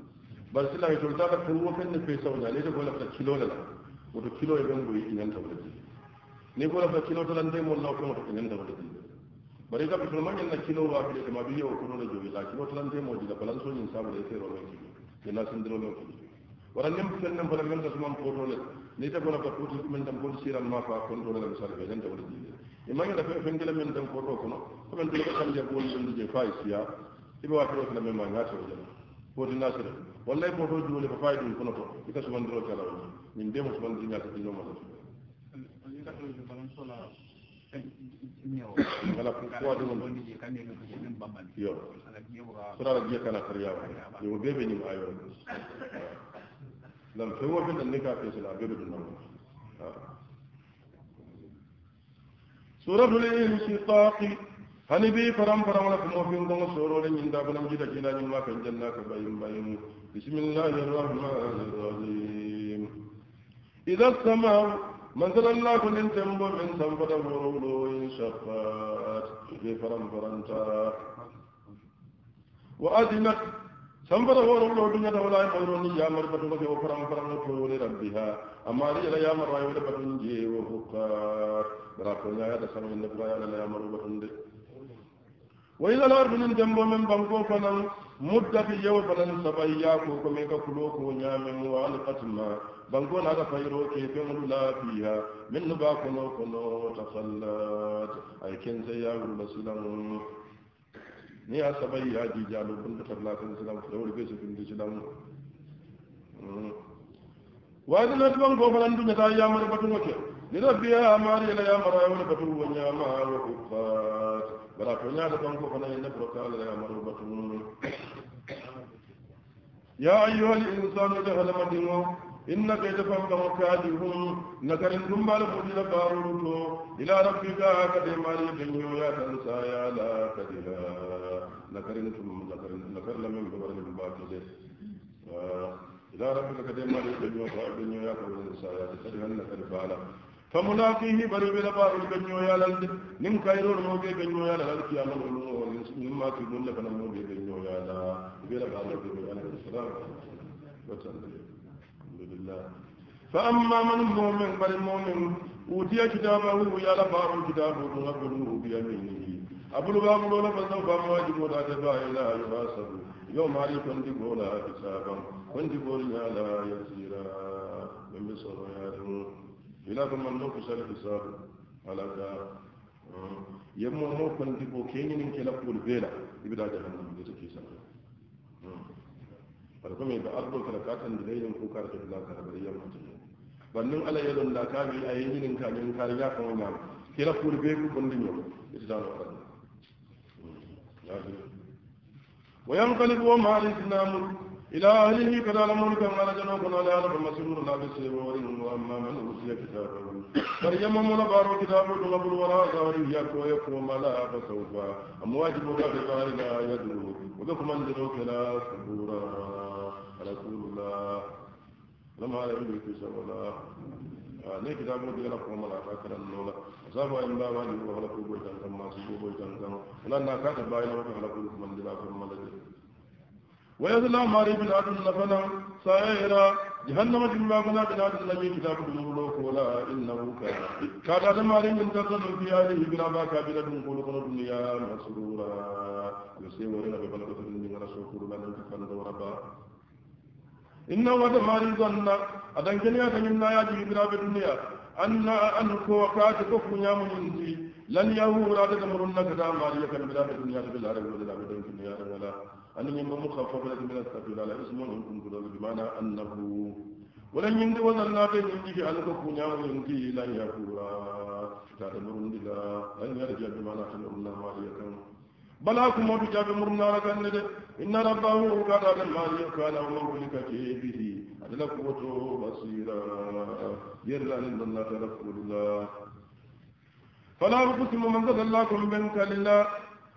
bar sila ga kyauta ka turu kan ne fe sauya ne ta gola ka kilo la wato kilo ya gango yi nan ta wata ne gola ka kilo ta lan dai mun lawo kuma ta nan ta wata bari ka fitul man na kilo wa fi da mabiya wa kuno da jobi la kilo ta lan dai mun da balan so yin sabu da sai ro mai kilo ne na sun dilo mai kilo waran nem fitul nan balan men ka suma ko to ne ta gola ka tutu men dan ko siran ma fa kon to da misal ga nan ta wata e man da fe fe men dan ko to kono ko men dilo ka sam ja ko won dilo je fa isiya ibe wa to la men ma ngata wata poti nasira wallahi poto juule ko fayi ɗum kono to ika subandiro cala o min ndemo subandiri ñaka ɗino mata ala kuwaɗi mon yo soto ala jiya kana karyawa yo beɓe ñim ayo lam fewo fen ɗan ni ka fesila beɓe ɗum nam suratul inshiqaqi hani bi faram faram la kuma fin don soro ne min da bana mu da kina yin maka janna ka bayin bayin bismillahir rahmanir rahim idza sama man sallallahu kullin tambo min tambo da wuro in shafat bi faram faram ta wa adinat sambara woro lo dunya da wala ko ni yamar batu ko ko faram faram ko wore rabbiha amma ri la yamar wa wore batu je wo hukka bara ko ya da sanin da ya la yamar batu de Wai ila lor dunin dembo men bango fanan mudda fi yaw fanan sabayya ko ko men ka kulo ko nya min wa al qatma bango na ka fayro ke fe mun la fiha min ba ko no ko no tasallat ay ken sai ya gurba sulan ni a sabayya ji jalu kun ta tabla kan sulan ko wuri su kun ji dan wa ila lor bango fanan dunya ta ya mar batun ngoke ni rabbiya amari la ya mara wa batu wa nyama wa kuffat bara to nyaata kanko fana e nebro kaala la yamaru batu ya ayyuha al insanu da halama dingo inna kay da fam kam kaadihum nakarin dum bala fudi la baruto ila rabbika kade mari dingo ya tansa ya la kadila nakarin tum nakarin nakar la min babar min baakide ila rabbika kade mari dingo ya tansa ya la kadila فملاقيه بري بلا بار الدنيا يا لالد نم كايرون موجي الدنيا يا لالد كي أنا أقول له نم ما في مولك أنا موجي الدنيا يا لا بلا بار الدنيا أنا السلام وسلم لله فأما من المؤمن بري المؤمن وديا كتابه ويا لا بار كتابه ولا بنو بيمينه أبو الباب ولا بنو بام واجب ولا تبا إلى يواسب يوم عليه كنتي بولا كتابه كنتي بولا لا يسيرا من بصر يا رب ila ko man no ko sala ko sa ala ka yemmo no ko ndi ko kenyi nin kala ko bela ibida jahannam ne take sa par ko me da ardo kala ka tan dai yin ko kar ta da ka bari yamma ta bannin ala yadon da ka bi ayi nin ka nin ka ya kan wannan kala ko be ko bondin yo ita da ya وينقلب وما الإسلام إلى أهله قد علمون كما لجنوا كنا لا يعلم مسرور لا بسيب ورهم وأما من أوتي كتابه فريم من بار كتابه طلب الوراء ظاهره يكو يكو ما لا فسوف أمواجب كتابه لا يدعو وذكم أنزلوا كلا سبورا رسول الله لما لا يدرك سولا ne kitabu bi la ko mala ta kan no la sabu en ba wani ko la ko boy tan kan ma su boy tan kan la na ka ta ba ila ko la ko man dila ko mala ويزلى ماري بن عدن نفنا سائرا جهنم جمع منا بن عدن نبي كتاب دنبلو كولا إنه كان كاد ماري من تصل في هذه بن باكا بنا دنقل قل الدنيا مسرورا يسيب ورنا ببنا قتل من رسول قلنا ننتقل دوربا إنه وعد ماري ظن أدن جنيا تنمنا يا جيبنا الدنيا أن أنك وكاتك فنيا منزي لن يهور عدد مرنك دام ماري يكن بلا بالدنيا بالعرب ولا بالدنيا ولا أن يمم خففة من السبيل على اسم إن كنت بمعنى أنه ولن يمد ولا لا تنجي في أنك كنا وينكي لا يكورا تعتبر بلا أن يرجع بمعنى تعتبر الله عليكم بلا كما بجاب مرنا لك إن ربه قد ما كان ومرك به أدلك وجه بصيرا يرلا لله الله ترفض الله فلا أقسم من قد الله كن بنك لله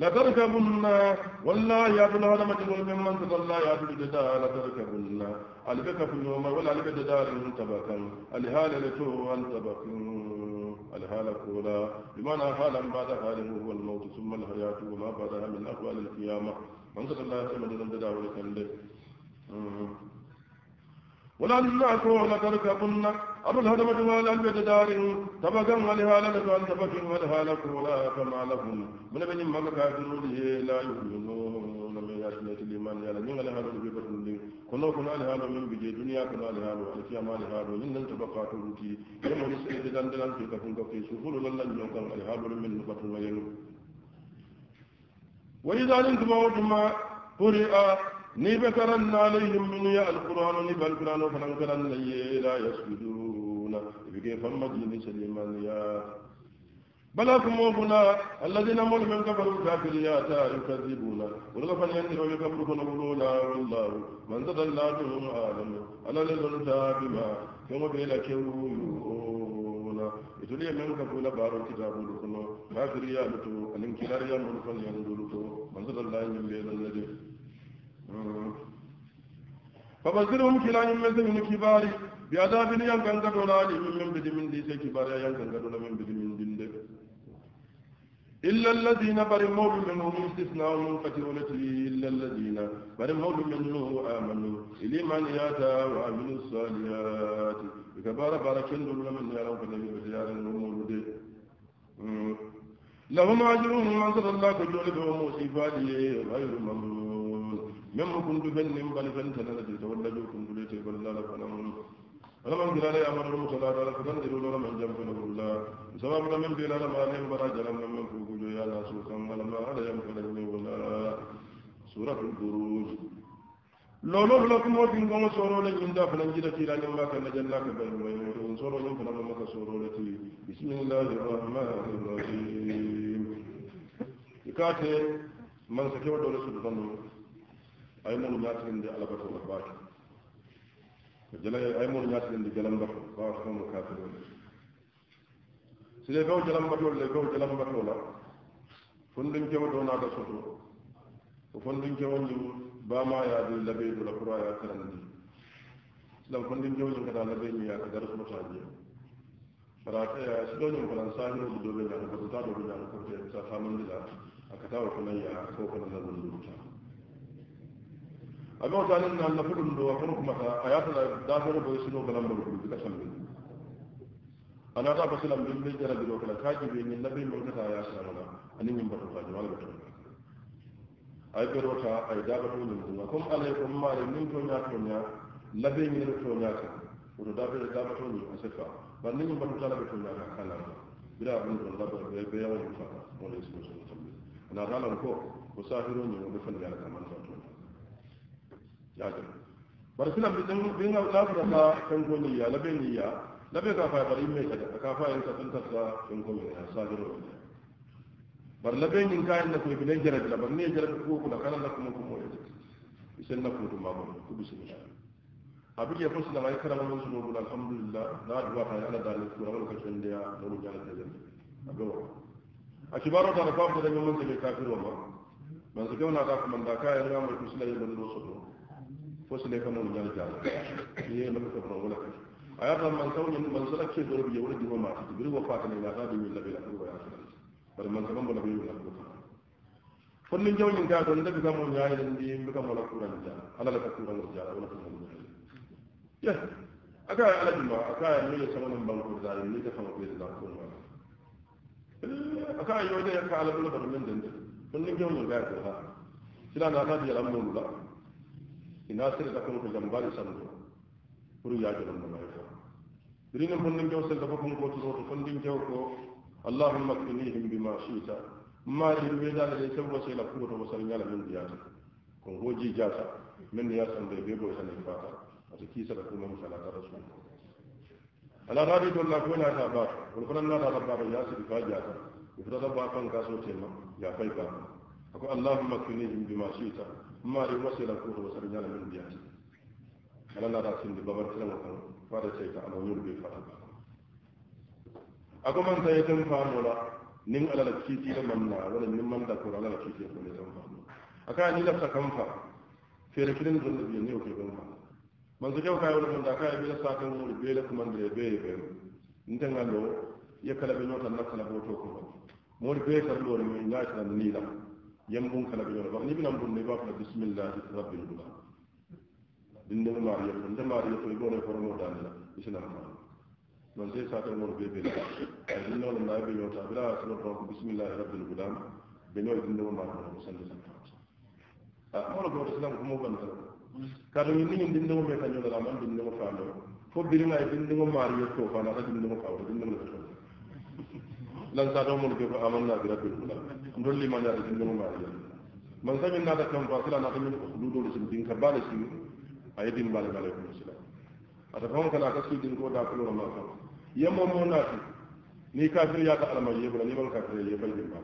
لا لتركبن والله يأكل هذا مجد والمن والله يأكل لا تركبن ألبك في اليوم ولا ألبك جدا تبكا الهال لتو أن تبكا الهال كولا بمعنى هالا بعد هال هو الموت ثم الحياة وما بعدها من أقوال القيامة من صلى الله عليه وسلم جدا ولكن ولا أن تركبن أبو أرل هدمة البيت بتدار تبقى ولهالا لتوال تبقى ولهالا كولا فما لهم من بني مكة كافرون لا يؤمنون من يأتي الإيمان يالا من لهالا لبقى كنا كنا لها من بجي دنيا كنا لها الكيما لهالا من لن تبقى تلوتي يوم نسأل دلان دلان في كفن كفي سفور لن يوقع لها لهالا من نقطة ويلو وإذا لنتم موتما قرئ نبكرن عليهم من القرآن نبكرن لي لا يسجدون كولا بكي فمجلس يا بلا كموفنا الذين مول من كفروا كافريات يكذبون ولغا فلينتهوا يكفروا فنقولون والله من زد الله عالم أنا لذلتا بما كما بيلا كيويونا يتولي من كفروا بارو كتاب لكنا كافريات الانكلار يامر فلينزلتو من زد الله يمبيل الذي آه. فبزرهم كلا يمزل من كباري بعذاب ينكن كدولا من بدي من دي سكي بارا ينكن كدولا من بدي من دين دك إلا الذين بر مول منهم استثناء منقطعون إلا الذين بر مول منه آمنوا إلى من يأتى وعملوا الصالحات كبار بارك الله من يرون فلم يزيارن المولود لهم أجرهم عند الله كل يوم وصفات غير ممنون مما كنت فنن بل فنتنا لتولجوا كنت لتبلى لفنا ألم أنزل علي أمر المكلا على فتنزل لنا من جنب نبلا سبب من بلا لما عليهم بلا جلم من فوق جويا لا سوكا ولما عليهم فلا ولا سورة البروج لو كم وكين كما سورو لكم دا فلن جدا تيرا نمبا كان جلا كبير وين سورو لكم فلن مكا سورو لكي بسم الله الرحمن الرحيم إكاتي من سكيو دولة سلطان أين نماتين دي على بطل الباكي jëla ay mur ñaat leen di jëlam ndox ba wax xamu kaatu lool su dee gaw jëlam ba tool gaw jëlam ba tool la fon luñ jëma do na da sotu ko fon luñ jëma ñu ba ma ya di labé du la croya kan di dal fon luñ jëma ñu ka da labé ñu ya ka dara su ta jëm fara ta ya su do ñu ko lan sa ñu do be ñu ko ta do ñu ko te sa xamul di la ak taw ko na ya ko ko na la do ñu ta أبو تعالى أن الله فلن دو أخنكم آيات الدافر بيسنو بلن بلن بلن أنا أتعب سلام بلن جرى بلوك لكاجي بين النبي من كتا آيات سلامنا أني من بطل خاجي وانا بطل أي بروتا أي دابة من الدنيا كم عليكم مالي من تونيا تونيا لبي من تونيا تونيا woto dabere dabatoni a sefa bar ni min batutala ɓe tonnaka kalama bira ɗum ɗon dabere ɓe ɓe yawani fata wala ismosono tambi ana talan ko ko sahiro ñimo ɓe fandiyala kamanta toon ya ga bar sila bin bin la fura ka kan ko ni ya labe ni ya labe ka fa bari me ka ka fa in ka tanta ka kan ko ni ya sabiru bar labe ni ka in ko bi jara la bar ni jara ko ko kana la kuma ko mo ya isen na ko to ma ko ko bismillah abin ya fusu da mai karama musu no bula alhamdulillah na duwa ta ala da ni ko ran ka tunda ya no mu jara da abin wa a kibaro ta da fa da mun ta be kafiro ma man su kauna ta kuma da kayan ramar musulmai ban do su وصل كما نجال جال هي لك كبر ولا كذا أيضا من كون من سلك شيء ضرب يولد هو ما تجبر وفاتنا إلى غادي من لبي لكل ويا سلام بل من سلام ولا بيقول لك فن جو من كاد ولا بك من جاي لندي بك ولا كورا جال على لك كورا جال ولا كورا جال يا أكا على جماعة أكا يميل سمون بانكور زال يميل كفن كبير زال كورا أكا يوجد أكا على كل بر من دند فن جو من كاد ولا سلا نادي الأمر ولا ina sirta kon ko jam bari santo pour yaajoɗon no may fo birino fonndin jaw sel dafa kon koturoto fonndin jaw ko allahumma kinihim bima chita maari weedaade ɗe sewo seela kuwoto wo sara ñala min ndiyata kon hoji jaata min ndiya sande be boy sane fata ata kiisata kumam salata rasul ala raadi dolla ko naata baata kono fana naatata baata yaasidi fa jaata o fotata baa kan ka so tema ya fay baata ako allahumma kinihim bima chita mari masila ko wasu sar jana min biya ala na da babar tilan ko fara sai ta ala yur bi fara ako man sai tan fa mola nin ala la kiti da manna wala nin man da ko la kiti ko tan fa aka ni la ta kan fa fere kirin ne ko kan fa man su kyau kayo da da kayo bi la kan mu be la kuma da be ni ya kala be no tan na kala bo ko ni la يمبون كلا بيونا بقى نبي نمبون نبقى كلا بسم الله رب الغلام دين ماريا كون ماريا كون يقول يفرمو دانيلا بسنا رحمن من سي ساتر مور بي بي دين نول ما بي يوتا بلا سلو برو بسم الله رب الغلام بنو دين نول ما كون سند سند مور بو اسلام كومو بن كادو ني ني دين نول مي كانيو لا مان دين نول فاندو فو بيرما دين نول ماريا كو فانا دين نول فاو دين نول lan sa do mun ke fa amanna bi rabbil ula ndolli ma nyaade tin dum ma man sa min nada kam fasila na min hududu sin din ka bala sin ay din bala bala ko sila ata fon kala ka su din ko da ko ma ka yamma mo na ti ni kafir ya ta alama ye bala ni bal kafir ye bal din ba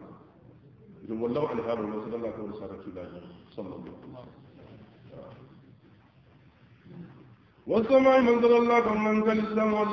dum wallahu ala hadu wa sallallahu alaihi wa sallam sallallahu alaihi wa sallam والسماء من ذل الله من ذل السماء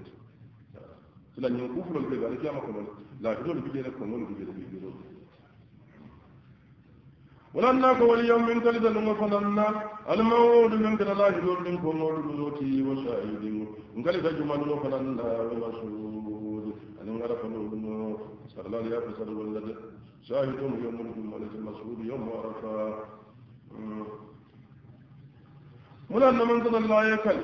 la ñu ko ku fulol ɓe ci am ko laafitol bijele kongol bijele bijirol walanna ko ko wala na wal yawm min talida lu ma na al almawdu min la ko laahitol do do ci wa shahidin ngalita jumanuno la wa rasul an ngara lu masud anin gara fanoɗuno sarlal yafe sar yawm shahidum yawmul jumalati masud yawmu arafa na man kata laayekal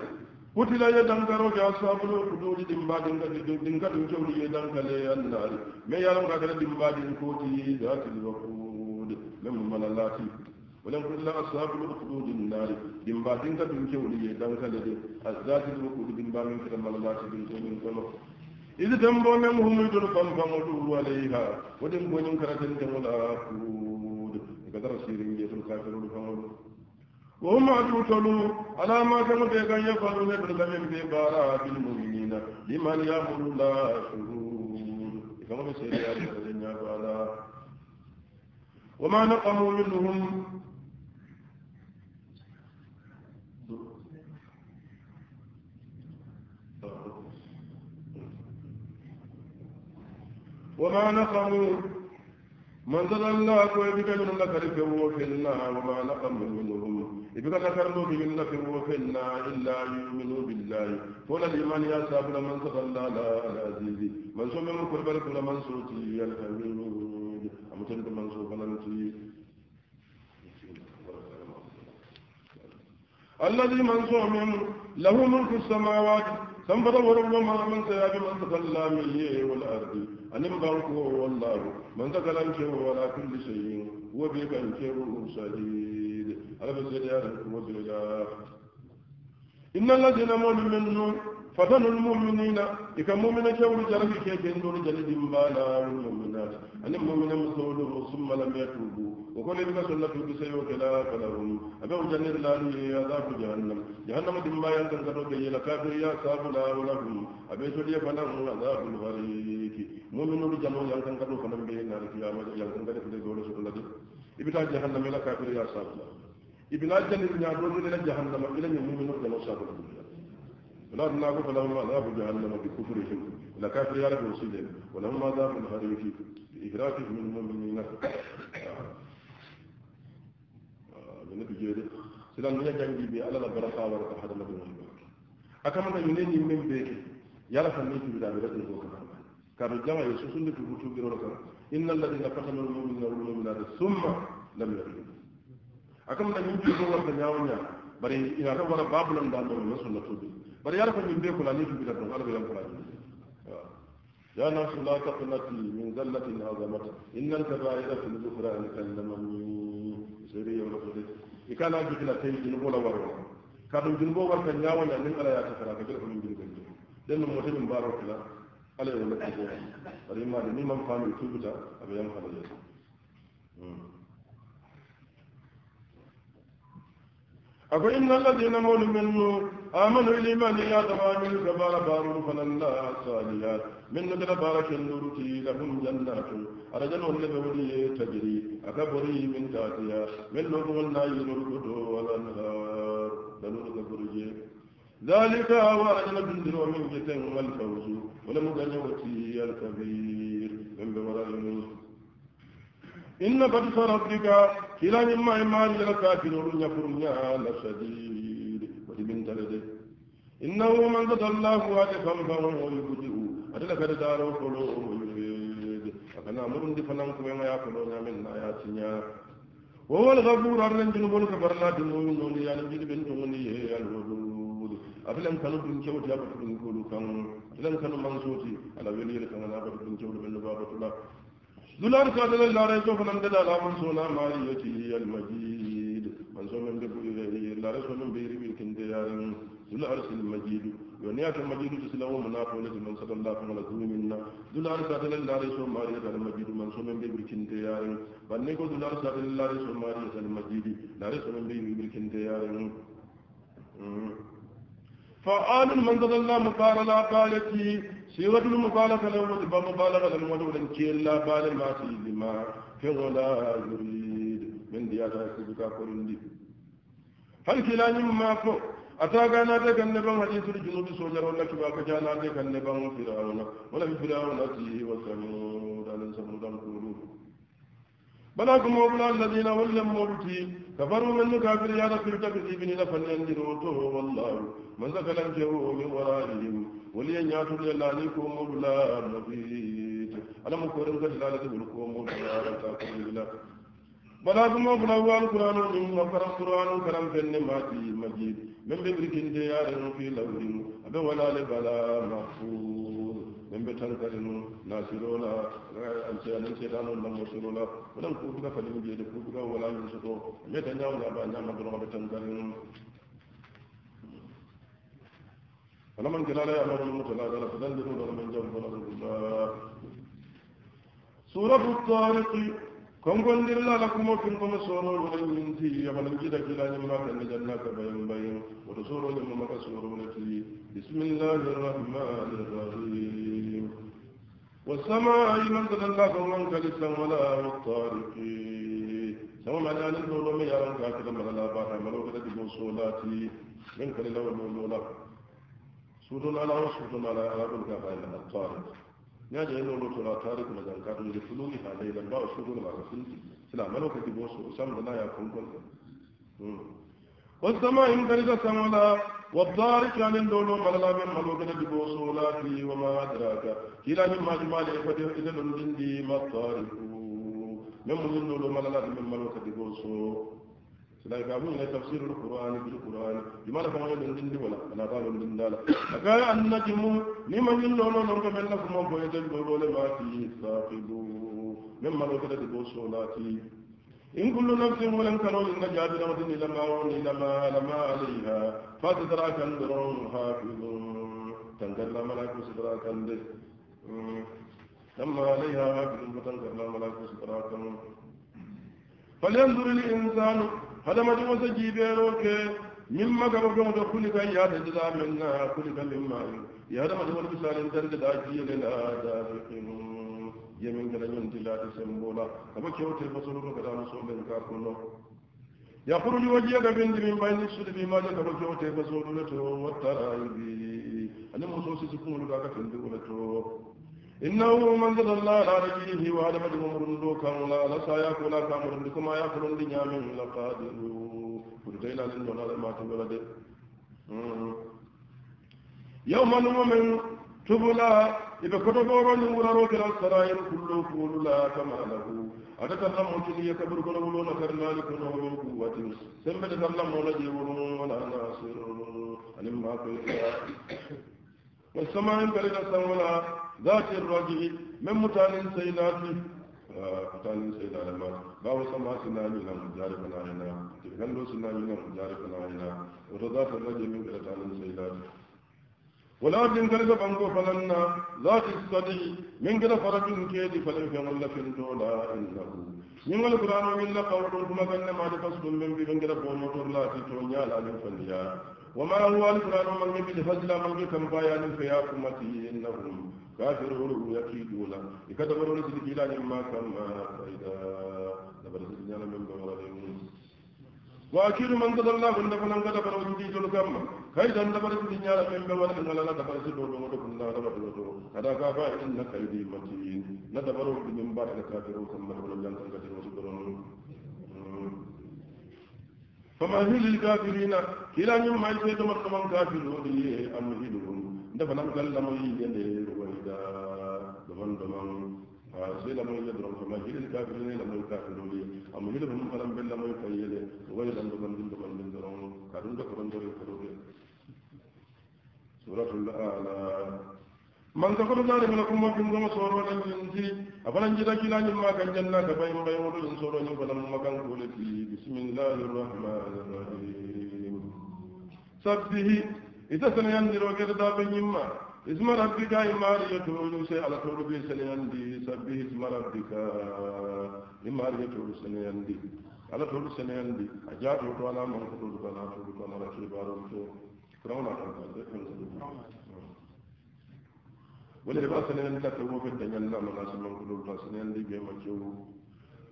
kutila ye dankaro ke asabulu kuduli dimbadin ka din ka dun jawli ye dankale annar me yaram ka kala dimbadin koti zatil waqud lam malalati walam kutila asabulu kuduli annar dimba ka dun jawli ye dankale de azatil waqud dimbadin ka malalati dun jawli lo idi tambo mem humu dul kam famudu alayha wadin bonyin karatin jamula kud kadar sirin ye tul kafirul famudu وهم توتلوا على ما كانوا بيغان يفعلون بالغمين في بارا بالمؤمنين لمن يأمر الله شرور كما بسيري علينا بالا وما نقموا منهم وما نقموا من ذل الله كويبك من لك رفعوا في الله وما نقموا منهم إذا ذكرنا من نفر وفنا إلا يؤمن بالله فولا الإيمان يا سابنا من تضلى لا العزيز من سوى من كل بلك لمن سوتي يا الحميد أم تريد من سوى فننتي الذي من سوى من له ملك السماوات كم فضل وربما من ثياب من تخلى من والأرض أن يبقى والله من تخلى ولا كل شيء وبك الكير الشديد ألف الزيادة وزيادة إن الذين مؤمنون من فتن المؤمنين إذا مؤمن كون جرك كيف ينظر جلد مبالا والمؤمنات أن المؤمن مسؤول ثم لم يتوبوا وكل ما سلك بسيء وكلا فلهم أبو جنة الله عذاب جهنم جهنم دمما ينتظر به لكافر يا سابلا ولهم أبي سلي فلهم عذاب الغريق مؤمن رجال ينتظر فلهم به نار القيامة ينتظر فلهم الله إبتاج جهنم لكافر يا سابلا ابن الجنة ابن عدو من الجهنم إلى يوم من الجنة وصاب الدنيا ولا تناقوا فلهم ما ذاب جهنم بكفرهم ولا كافر يارب رسولهم ولهم ما ذاب الهريف بإهرافهم من المؤمنين من نبي جيد سلام نجا جنجي بي على البرقاء ورقاء حدا نبي محمد أكما نجنين يمين بيك يارف الميت بدأ برسل فوق الرحمن كان الجمع يسوسون لكي بوتوك إن الذين فتنوا المؤمنين والمؤمنات ثم لم يكن akam da min ko wonta nyaawnya bari ila ta wara babulan dal do no sunna tudu bari ya ko min be ko la ni tudu da ne albe lam ko يا ناس لا تقنطي من ذلة عظمت إن الكبائر في الذكران كلمني سيري يوم القدس إكان أجيك لا تيجي جنبو لا ka جنبو وروا نياو يا نين على يا تفرا من جنبو لأن موتي من لا على يوم القدس ولما دني من a أبي da خلجت أقول إن الذين مولوا نور آمنوا الإيمان يا دوامل الجبار بارون فللا صالحات من نجل بارك النورتي لهم جنات أرجل لبولي تجري أكبري من تاتيا من لهم النايل القدو والأنهار دلول كبري ذلك وأرجل بندر ومن جتن والفوز ولم وتي الكبير من بمرأة إن قد ربك kila ni ma ma ni la kafiru nya furunya la sadid wadi min dalade innahu man qadallahu wa tafahu wa yubudu adala kada daro kolo o yufid akana murun di fanan ko ma ya kolo nya min na ya tinya wa wal ghafur arlan jinu bol ka barla di mo non ya ni bi ben non ni ya al wudud afilan kanu dun cewa ya ba dun ko kan afilan kanu mansoti ala weli kan na ba dun cewa ben ba ba tula دولار كاتل الله رسول فنند لا من سونا ماري يتي المجيد من سونا من لا رسول من بيري بكن ديارن دولار سل المجيد يونيا المجيد تسلو منافع من صلى الله عليه وسلم منا دولار كاتل الله رسول ماري يتي المجيد من سونا من بيري بكن ديارن بنيكو دولار كاتل الله رسول ماري يتي المجيد لا رسول من بيري بكن ديارن فآل من صلى الله مقارنا قالتي سيوة المبالغة المبالغة المدولة إن كيلا بالي ما سيدما فغلا يريد من ديالا سبكا قرندي هل كلا نما فو أتاك أنا ديك النبان حديث الجنوب سوجر ولا كباك جانا ديك النبان فرعون ولا في فرعون أتيه وثمود على سمود القلوب بلاكم كما الذين ولم موتي كفروا من مكافر يا رسول تكذيب لفن ينجروا والله man zakalan jaru min wara'ihim wali yan yatu lillahi ko mudula nabit alam ko ran gadda la tabul ko mudula ta ko mudula bala kuma fula wal qur'anu min ma karam qur'anu karam fenne mati majid men be brikin de ya ran fi lawdin abe wala le bala mahfuz men be tan kadinu nasirola an ce an ce dano nan musirola wannan ko buga fadin je da ko buga wala yusuto me tan yawo ba nya ma dro ba tan kadinu فلمن كلا لا يعلم المتلاقى فذللوا لمن جنب لهم الله سورة الطارق كم قل لله لكم وكنكم سورة ولن ينتي يبنى الجدة كلا يمات أن جناك بين بين ورسولة يمك سورة تي بسم الله الرحمن الرحيم والسماء من الله من كلسا ولا الطارق سوى معنى أن الدولة يرى كاكدا من الأباء ملوكة بوصولاتي من كلا والمولولا سودول على وسودول على أرابل كابا إلى الطارق ناجي إلو لطول طارق مجال كاتو يفلوها ليلا باو سودول على سلسل سلا ملوك تبوس وسام لنا يا كونكول والسماء إن كريت سمولا والضارك عن اللولو مللا من ملوك تبوس ولاتي وما أدراك كلا مما جمالي فتح إذن الجندي ما الطارق من ملوك تبوس لا يقابون لا تفسير القرآن بالقرآن لماذا كما يدن دين ولا أنا قالوا دين دالا أكان أن نجم لمن يلون نرك من لكم وبيت البرول ما فيه ساقدوا مما لو كده دبو إن كل نفس ولن كانوا إن جابر مدن لما لما لما عليها فاتدرا كان درون حافظ تنقل ملك سدرا كان لما عليها حافظ فتنقل ملك سدرا كان فلينظر الإنسان hadamadiŋo se jiibeeroo ke ñiŋ magabadoŋo to kulika yaata jita meŋ na kulika miŋ maayi ye hadamadiŋolu misaalin darde daa jiile la daarikinun ye miŋ kela ñoŋ ti laati semboo la ka bo kewo tel basoruto ka taa musoo leŋ kaa kono yakhruju wajhiyaka bindi min bayni sudubi maaje ka bo kewo tel basoru le to wattaraayibi ani musoo ka to إنه من ذل الله على رجله وعلى مجمع مرندو كاملا لسا يأكل لك كامل لكما يأكل الدنيا من لقادر فرقين على النوال ما تولد يوم نمم تبلا إذا كنت أوران يورارو روك للسرائر كل فول لا كما له أتت الله كلي يكبر كل ولون كرنا لكل ولون قوة سمع الله ولا جيورون ولا ناصر ألم ما كل والسماء كلا سمولا ذات الرجل من متال سيلات آه، متال سيلات ما باو سما سناني لم جارب ناينا تغلو سناني لم جارب ناينا وذات الرجل من متال سيلات ولا دين كذا بانكو فلنا ذات الصدي من كذا فرج كيد في الله في الدولا إنه من القرآن من الله قول كما كان ما تفسد من في من كذا بوم تورلا في تونيا لا فليا وما هو القرآن من في الفضل من كم بيان في أقومته إنهم كافرون يكيدون يكتبون رسل كلا مما سمى فإذا لبر سجنا من دور وأكيد من قد الله من دفن قد دفن وجدي جل كم كيدا لبر سجنا من دور إن لا دفن سجنا من دفن لا دفن دور هذا كافا إن كيدي متين ندبر من بعد الكافرون ثم دبر لن تنقذ وسدرون فمهل الكافرين كلا يوم ما يسوي تمر كمان كافرون أمهلهم دفن قال لهم يجي dar doon doon ci la moy leb rom ma jiri ka bi ne la moy ka do li am ni do mo ram ben la moy fay yele way dan do ndum do ndum do rom ka do ko ndo re ko re suratul aala man ka ko do dar mo ko mo bi mo so ro nan ni ci abalan ji dakki la ni ma kan janna ka bay bay mo do so ni ko ma kan ko le bismillahir rahmanir rahim sabbihi ita sanan ni ro اسم ربك إمارية ونسي على طرب بي سنيندي سبه اسم ربك إمارية ونسي على طول سنيندي أجاب وطوانا من خطول بنا طول بنا رسول بارم تو كرونا ولهذا سنين لا تبوك الدنيا لا مناس من خطول بنا سنين دي بيما شو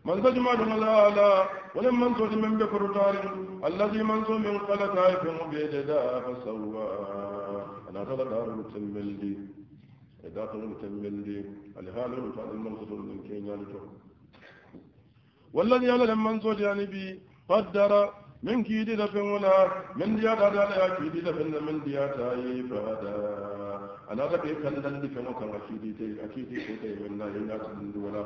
من تجمع دون الآلاء ولم من صوت من بكر الذي من صوت من قلت عيفه بيددا فسواه داخل دار المتمل دي داخل المتمل دي اللي هذا اللي بعد المنظور من كينيا لتو والذي على المنظور يعني بي قدر من كي دي دفنونا من دي دار يا كي دي دفن من دي تاي فدا انا ذا كي كان دان دي فنو كان كي دي تي اكيد كي دي من لا ينا تندولا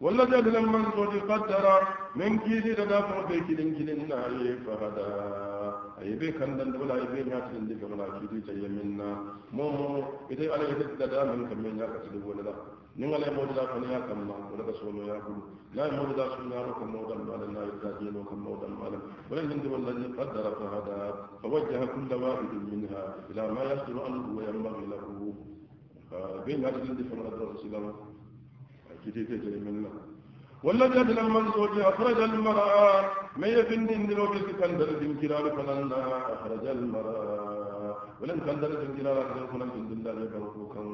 ولا تدل المنصود قدر من كيدي تدافع بكلين كلين ناري فهدا أي بكن دندولا أي بينا تندي فغلا كيدي تيمنا مومو إذا على يدك تدا من كمين يا كسر ولا نين نعم، على موجدا فنيا كمنا ولا كسوم يا لا كم لا كم ولا قدر فهدا فوجه كل واحد منها إلى ما وينبغي له بين كتيتي من الله والذي أدنى المنزوج أخرج المرأة ما يفند إندلو بك كندر دمكرار فلنا أخرج المرأة ولن كندر دمكرار أخرج فلن كندر دمكرار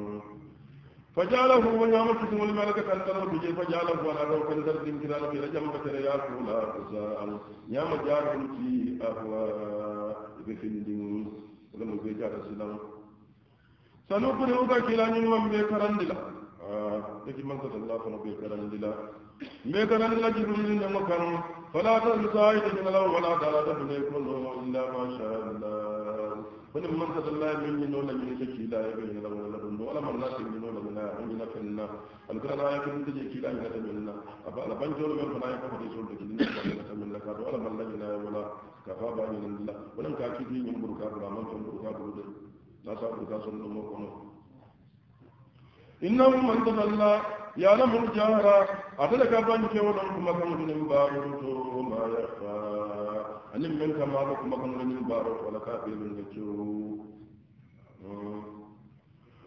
فجعله ونعم كتم الملك كندر بجي فجعله وعلى كندر دمكرار في رجم بكر يا فولا تسال نعم جار في أهوى بفند ولم يجعل سلام سنقرئك كلا من بكرندلا لكن من قتل الله فنبي كرن لله ما كان لجل من مكان فلا تنسى من الله ولا تعالى فليكن إلا ما شاء الله فلم من قتل الله من من ولا من شكي لا يبين له ولا بند ولا من لا من ولا من من في النار أن كان لا يكن من شكي لا يبين من النار أبا لا بنجول من فلا يكن في سورة النار من لك ولا من لا من ولا كفى بين الله ولم كاكيد من بركات رامن بركات لا تبركات سنة مكانه إنه من تولى يعلم الجهر أتلك بانك ولم مكان من بارد وما يخفى أن منك ما لك مكان من بارد ولا كافر من الجو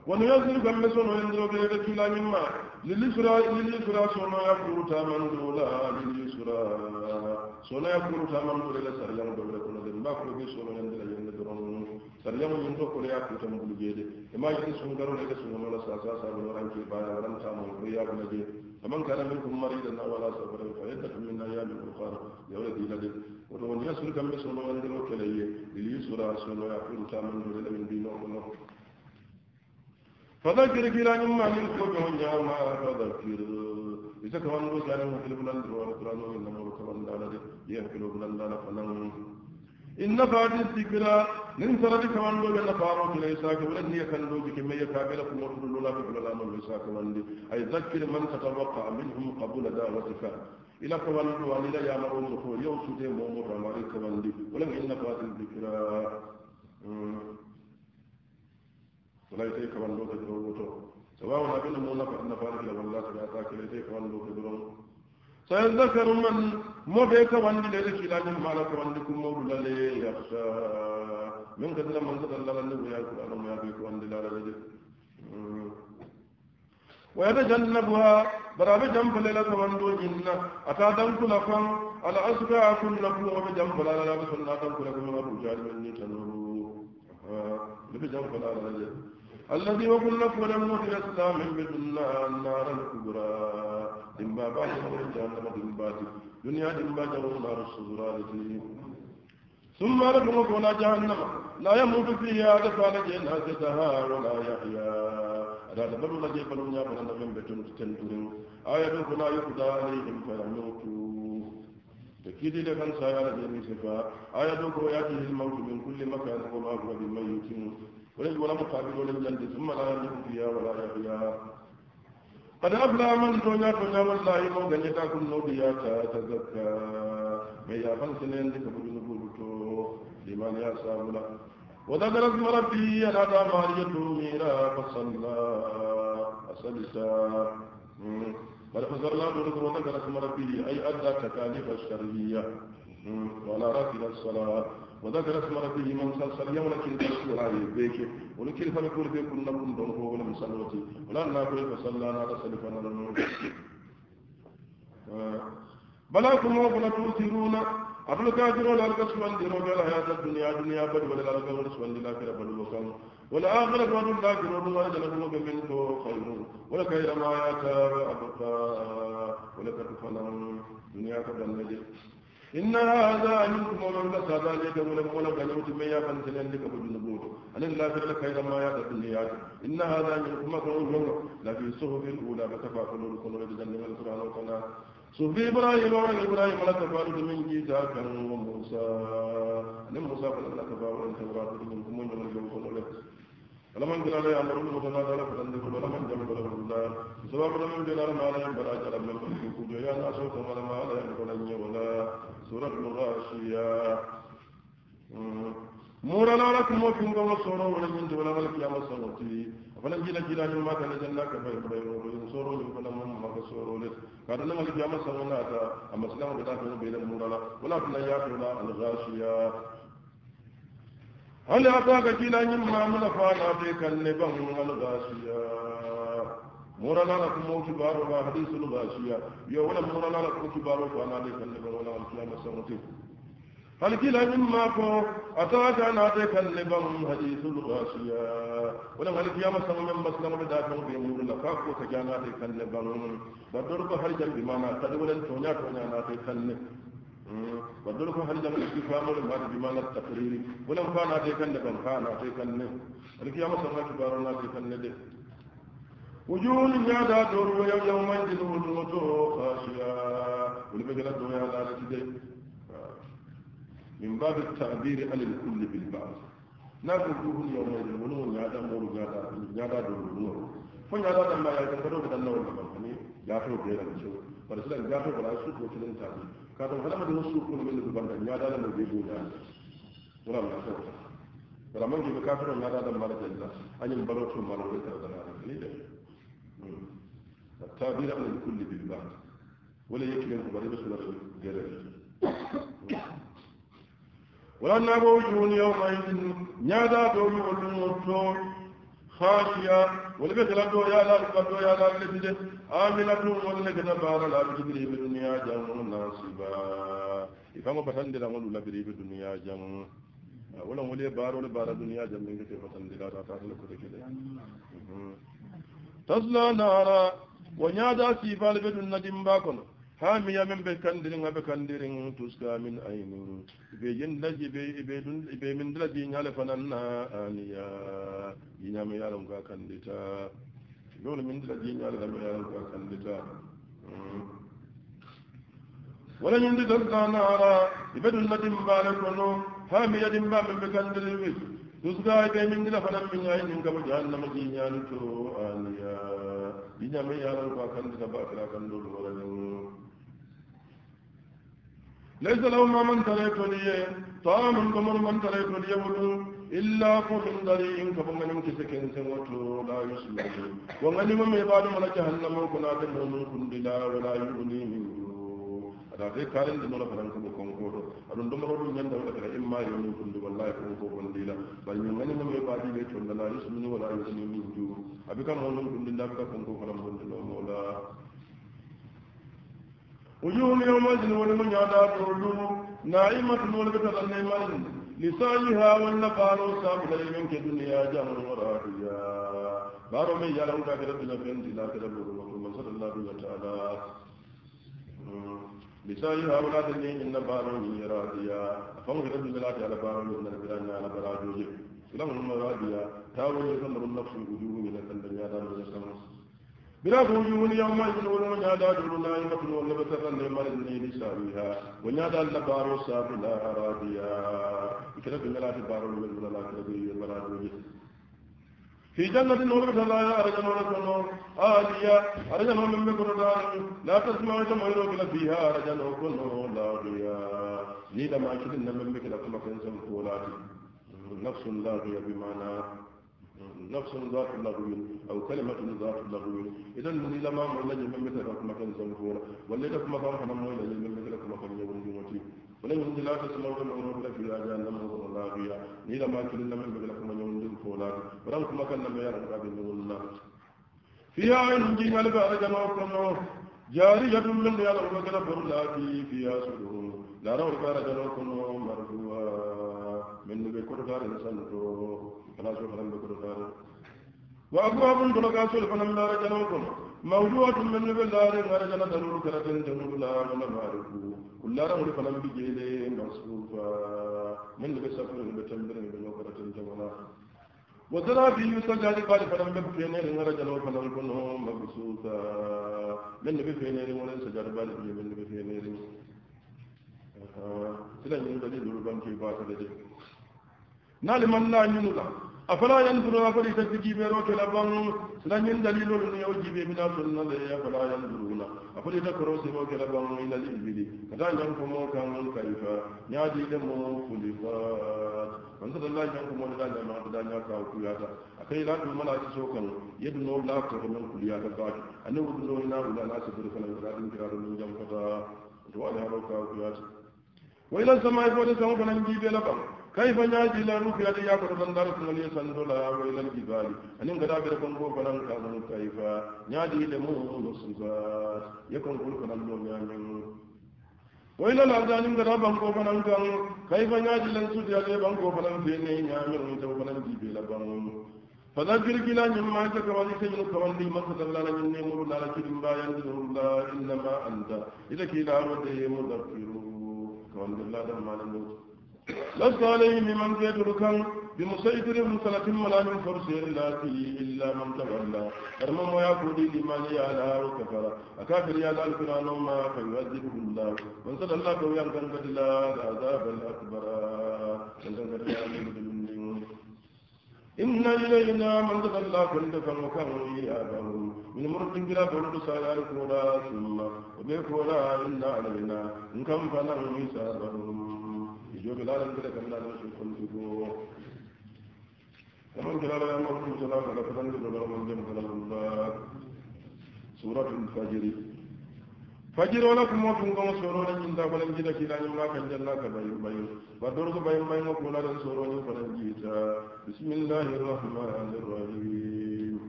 ونيزل كم سنو ينزل بيدك لا مما للإسراء للإسراء سنو يكبر تامن دولا للإسراء سنو يكبر تامن دولا سريان دولا كل ذنبا كل سنو ينزل sarjamu min to kore ya kutan bulgede amma yi sun garo ne da sunan Allah sa sa wala ran ke baya wala ta mu ko ya bulge amma kana min kuma marida na wala sa bare fa yadda kun min ya min qur'an ya wala dina de wato wani yasul kan be sunan Allah da kale yi li sura sunan ya kun ta min da min dino ko no فذكر كلا مما من كوجه ما فذكر إذا كمان بس أنا مثل بلند ولا كمان ولا كمان لا لا يهكلوا بلند لا فلان inna faati sikra nin sarati kamando be nafaaro kila isaka wala niya kandoji ke meya kabila ko modu lola ko lola man isaka wandi ay zakkir man tatawaqqa minhum qabula da'watika ila ko wallu walila ya ma umru ko yow sude mo mo ramari ko wandi wala inna faati sikra wala tay kamando ko do woto sawawu na bin mo na faati la walla ta ta kila tay kamando ko do sayadhakaru man mo be ka wandi le kila ni mala ka wandi ku mo dula le yakhsha min ka dala man dala la ni ya ku ala mo ya be ku wandi la la de wa yatajannabuha barabe jam fale la ka wando jinna ata dan kula kan ala asga kun la ku wa jam fala la la sunna dan kula ku ma bu jari min ni tanu ha le jam fala la la الذي وقل وقلنا فلم نرد الاسلام بدنا النار الكبرى دمبا باتي جهنم دمباتي دنيا دمباتي والنار الصغرى ثم لدنكنا جهنم لا يموت فيها دفال جنازتها ولا يحيا هذا بلو لجي بلو يا بلو نبين بتون تنتون آية فلا يقضى عليهم آية فلا يموتوا تكيد لك أن سيارة جميع صفا آية يأتيه الموت من كل مكان والأغلب من يتموت وليس ولا مقابل ولا جلد ثم لا يملك فيها ولا يحيا قد أفلى من دنيا تونيا والله لو جنيتا كل نوديا تزكى ما يفن سنين لك بجنبورتو لمن يصاب له وذكر اسم ربه أنا مارية ميرا فصلى أصلتا قد فسرنا بذكر وذكر اسم ربه أي أدى تكاليف الشرعية ولا ركب الصلاة وذكر اسم ربه من صلى يوم لكن تسلو عليه بيك ولكن فلكل في كل نبن دون هو ولا مسلوتي ولا لا كيف صلى على سلف انا لم بلا كم ولا تسيرون أبلو كاجر ولا لك القسم عندي ربع حياة الدنيا الدنيا بل ولا لك والقسم عندي لا كلا بل وكم والآخرة ولا الآخرة ولا جلهم منك خير ولا كير ما يتابع أبقى ولا كتفنا دنيا كبر نجد إن هذا منكم ومن بس هذا ليك ولم ولم قلوت من يابن سنين لك بالنبوت أن الله في لك خير ما يأتي النيات إن هذا منكم مكر الجمرة لكن صحف الأولى بتفاقل لكم بجنة من سبحانه وتعالى صحف إبراهيم وعن إبراهيم لك فارد من جيزا كان وموسى أن موسى قال لك فارد من سبحانه منكم من يوم من لك ولمن جل عليه أمر من وصلنا ذلك فلندك ولمن جل بله الله سبب لمن جل على ما لا ينبغي أجل من يكون يا ناس وما لا ينبغي ولا سورة الغاشية مورا لا لك مو في مو صورة ولا من دون ولا في أما صورتي فلن جينا جينا جل ما كان جلنا كبير كبير ولا صورة ولا فلن من ما كصورة ولا كارنا ما في أما صورة ولا تا أما سلام ولا كنا بين مورا لا ولا في لا ولا الغاشية هل أتاك جينا جل ما من فانا بك النبأ الغاشية مرنا لك موت بارو ما حديث الباشية يولا لك لكم بارو فانا لك النبر ولا الكلام سمتي هل كلا مما كو أتاك أن أتاك النبر حديث الباشية ولا هل ما من كيام سمم بسلم بداكم بيمور لكاك وتجانا أتاك النبر بدرك هل جل بمانا تدولا تونيا تونيا أتاك النبر ودلكم هل جمع الاستفهام والمات بمعنى التقرير ولو كان أتيكن لكم كان أتيكن لكم الكيامة سمعك بارنا أتيكن لكم وجون يادا دور يوم يوم يجد وجوه خاشيا ولبجل الدنيا لا تدي من باب التعبير على الكل بالبعض ناكل وجوه يوم يجد وجوه يادا مور يادا يادا دور نور فن يادا لما يجد فدو كده نور لما جاتو غير الشيء ورسل جاتو بلا سوق وكلن تعبير كاتو فلما دي سوق من البلد يادا لما يجد ولا ما سوق ولما يجي بكافر يادا لما يجد أن يبلغ ثم لا يتردد عليه التابع من الكل بالبعض ولا يكفي من قبل بخلاف الجلال ولن بوجون يومئذ نادى دور والنور خاشية ولبخلا دو يا لا دو يا لا لبده آمنة ولا كذا بارا لا بجبري بدنيا جم ناصبا إذا إفهم بحثن دلا ولا بجبري بدنيا جم ولا مولي بار ولا بار دنيا جم من كتير بحثن دلا تاتل كذا tasla nara wanyada sifal be dun nadim ba kono hamiya min be kandirin abe kandirin tuska min ainin be yin laji be be dun be min laji nyale na aniya yinya me yaron ka kandita dole min laji nyale da me yaron ka kandita hmm. wala nyindi tasla nara ibe dun nadim ba kono hamiya dim ba min be kandirin يسقى من لفنا من عين قبل جهنم جينيان تو آنيا بنام يارن فاكن تباكرا كندول ولن ليس لهم من تريتني طعام كمر من تريتني يبدو إلا قوم دري إن كبون غنم كسكن سموتو لا يسمعون وغنم ميبادم لجهنم كنا دمهم كندلا ولا يغني من ada te karen ɗi nola fanan koɓe konkoto aɗum domoroɗum ñanda waɗa kata imma yomin kundu wallahi konko wondila bay min ganima me baɗiɓe condana yusmini wala yusni min juuru abi kan honum ɗumɗinda abi ka konko fanan bondinomola وجوه يومئذ ولمن يعدى تردوه نائمة ولبت النعمة لسعيها والنفار سابل منك دنيا جهر وراحيا بارو من يعلم كافر بنا فين لا كذب من صلى الله عليه وسلم بسائر أولاد اللي إن بارو من راضيا فهم غير رب الله على بارو من البلاد على براجو جب سلام من راضيا تاول يثمر النفس وجوه من الدنيا على من السماء بلا وجوه يوم يكون ولا نادا دون لا يمكن ولا بتر لمن اللي لسابها ونادا لبارو سابلا راضيا كده بالله بارو من الله كده بالله في جنة نور رجل أرجم رسول آلية أرجم من بكرة لا تسمع جمعين وكلا فيها أرجم وكل لاغية ليلا ما أكيد إن من بكرة كما كنزم قولاتي نفس لاغية بمعنى نفس ذات اللغو أو كلمة ذات اللغو إذا ليلا ما مولد من بكرة كما كنزم قولا وليلا كما كان من مولد من بكرة كما كنزم قولاتي ولم يكن لا تسمعوا العمر لك إلى جهنم وهم لا غيا نيلا ما كل لم يبقى لكم من يوم الفولاد ولم كما كان لم يرى الكابين الله فيها عين جينا لبعض جمعكم جارية من يلعب كلب التي فيها سرور لا نور كار جنوكم مرجوا من بكر كار سنتو فلا شكرا بكر كار وأبواب تلقى سلفا لا رجلوكم mawdu'atu min bilari ngarjana daruru karatin daruru la na marufu kullara mul falam bi jele masufa min bi safar bi tambir bi no karatin jamana wa dara bi yusajali qad falam bi fene ngarjana wa falam kuno mabsuta min bi fene ni wala sajar bal bi min bi fene ni sila afala yanzuru afali tasjibe ro kala ban lanin dalilul ne yoji be min sunna la ya fala yanzuruna afali takro se ro kala ban ila ibili kada yan ko mo kan mun kaifa ya ji da mu kulifa man da Allah yan ko mo da da ma da ya ka ku ya ta akai la du mala ji sokan yadu no la ko mun kuliya da ba annu du no ina da la su da kana da din kira da mun jam ka da to ya ro ka ku ya ta wa ila samai ko da sama kana ji be la ban كيف ناجي لا روح يا ديا كو دان دار كو لي سان دولا ويل الجبال ان غدا بير كون بو فلان كان كيف ناجي لمو مصيبات يكون كل كان لو يعني وإلى الأذان من غراب بانكو فنان كان كيف ناجي لن سودي على بانكو فنان بيني نعمل وانتو فنان جيبي لبانو فذكر كلا مما تكوان سجن كوان لي مقصد الله لن يمر لا لكن با ينزل الله إنما أنت إذا كلا ودي مذكر كوان الله دم على الموت لست عليه من يتركا بمسيطر مسلك ولا من فرس إلا فيه إلا من تولى أرمم ويقول لمن يعلى وكفر أكافر يا يعلى القرآن ما فيعذبه الله من صلى الله عليه وسلم قد لا العذاب الأكبر إن إلينا من صلى الله كنت فمكان إيابهم من مرد بلا بلد سالار كورا ثم وبيكورا إلا علينا إن كان فلن يسابهم jogilaren gida kamar da shi da dabar wajen jalla ka bayu bayu ba bayu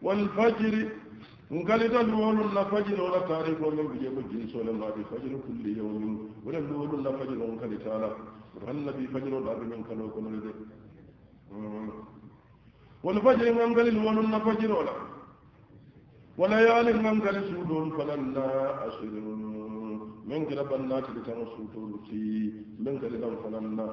wal fajiri ngalida luwolu la fajiro la tariko min bije ko jin so la ma bi fajiro kulli yawmin wala luwolu la fajiro ngali taala ran nabi fajiro la min kalo ko no de wala fajiro ngali luwolu la fajiro la wala yali ngali sudun falanna asirun min kira bannati da tawon sudun ti min kira dan falanna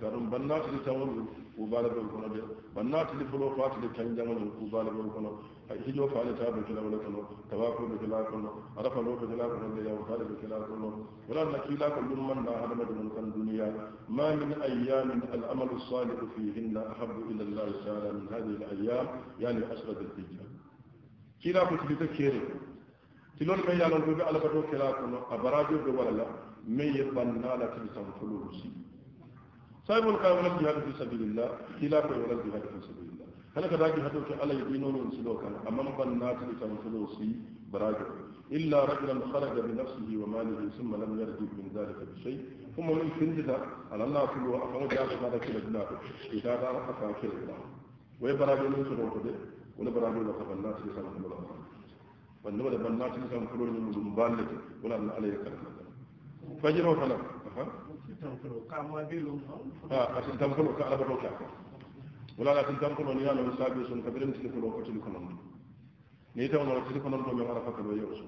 garin bannati da tawon ubalabe kono de bannati da fulo fati da tanjaman ubalabe kono hijo faale ta ɓe kilawole kono tawakoɓe kila kono arafaloɓe kila kono ɓe yawtaleɓe kila kono wala na kiila ko ɗum manna hadamade mum kan duniya ma min ayamin al amalu salihu fihinna ahabu ila llahi taala min hadihi l ayam yani asra dilhijja kiila ko tilita keere ko tilol ɓe yalon ɓe ɓe alabato kila kono a barajo ɓe warala min ye bannala tili tan fololusi saybol kaye wala jihadu fi sabilillah kiila koye wala jihadu fi sabilillah kana ka dagi hadu ke alai bi nono silo kana amma ban na ta ta silo si baraga illa rajulan kharaja bi nafsihi wa malihi thumma lam yarji min dhalika bi shay kuma min findida ala Allah silo a kan da ka da kila dinna ko ida da ka ka kila dinna wai baraga ne su ko de wala baraga da ka banna ta san silo wannan da banna ta san silo ne mun balle wala Allah alai ka fajiro kana ha asin tamfalo ka alaba ka wala la tin tan ko ni yalla sabe son kabirin tin ko ko tin ko non ni taw no tin ko non do me harafa ko yo so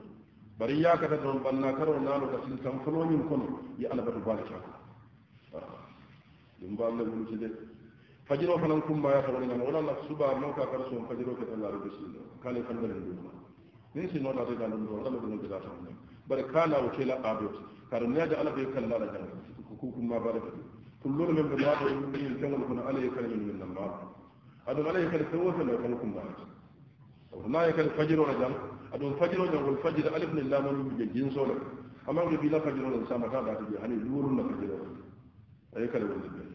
bari ya ka don banna karo na lo ka tan ko non ko ya ala batu balika dum ba Allah ci de fajiro fanan kum ma ya ta wala wala la suba no ka kar so fajiro ka tan la rubi sin kale kan da dum ni sin no da da dum wala la da bari kar ne da ala be kan la كلنا من الله ومن يتكلم لكم عليه كلمة من الله هذا عليه كلمة سوى كلمة كلكم بعد وما يكل فجر ولا جم هذا الفجر ولا جم الفجر ألف من الله من يجي بجين صور أما أقول بلا فجر ولا سامع هذا بعد يجي هني دور من فجر رجل أي كلمة من الله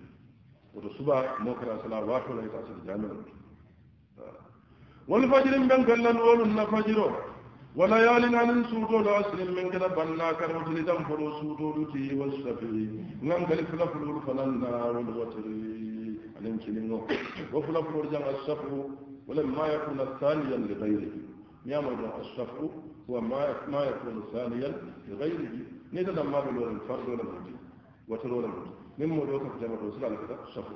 ورسوبة موكرا صلاة واحدة لا يتعصد جامعة والفجر من كلن ولن فجر وليال من سودو العسر من كده بنا كرم دنفر فرو لتي والسفي نعم فلفل الفنان فلنا والوتر علم كلمه وفلا فلور السفر ولما يكون ثانيا لغيره نعم جمع السفر هو ما يكون ثانيا لغيره نيدا ما بلور الفرد ولا الوجه وتر ولا الوتر مما لو كف جمع على كده السفر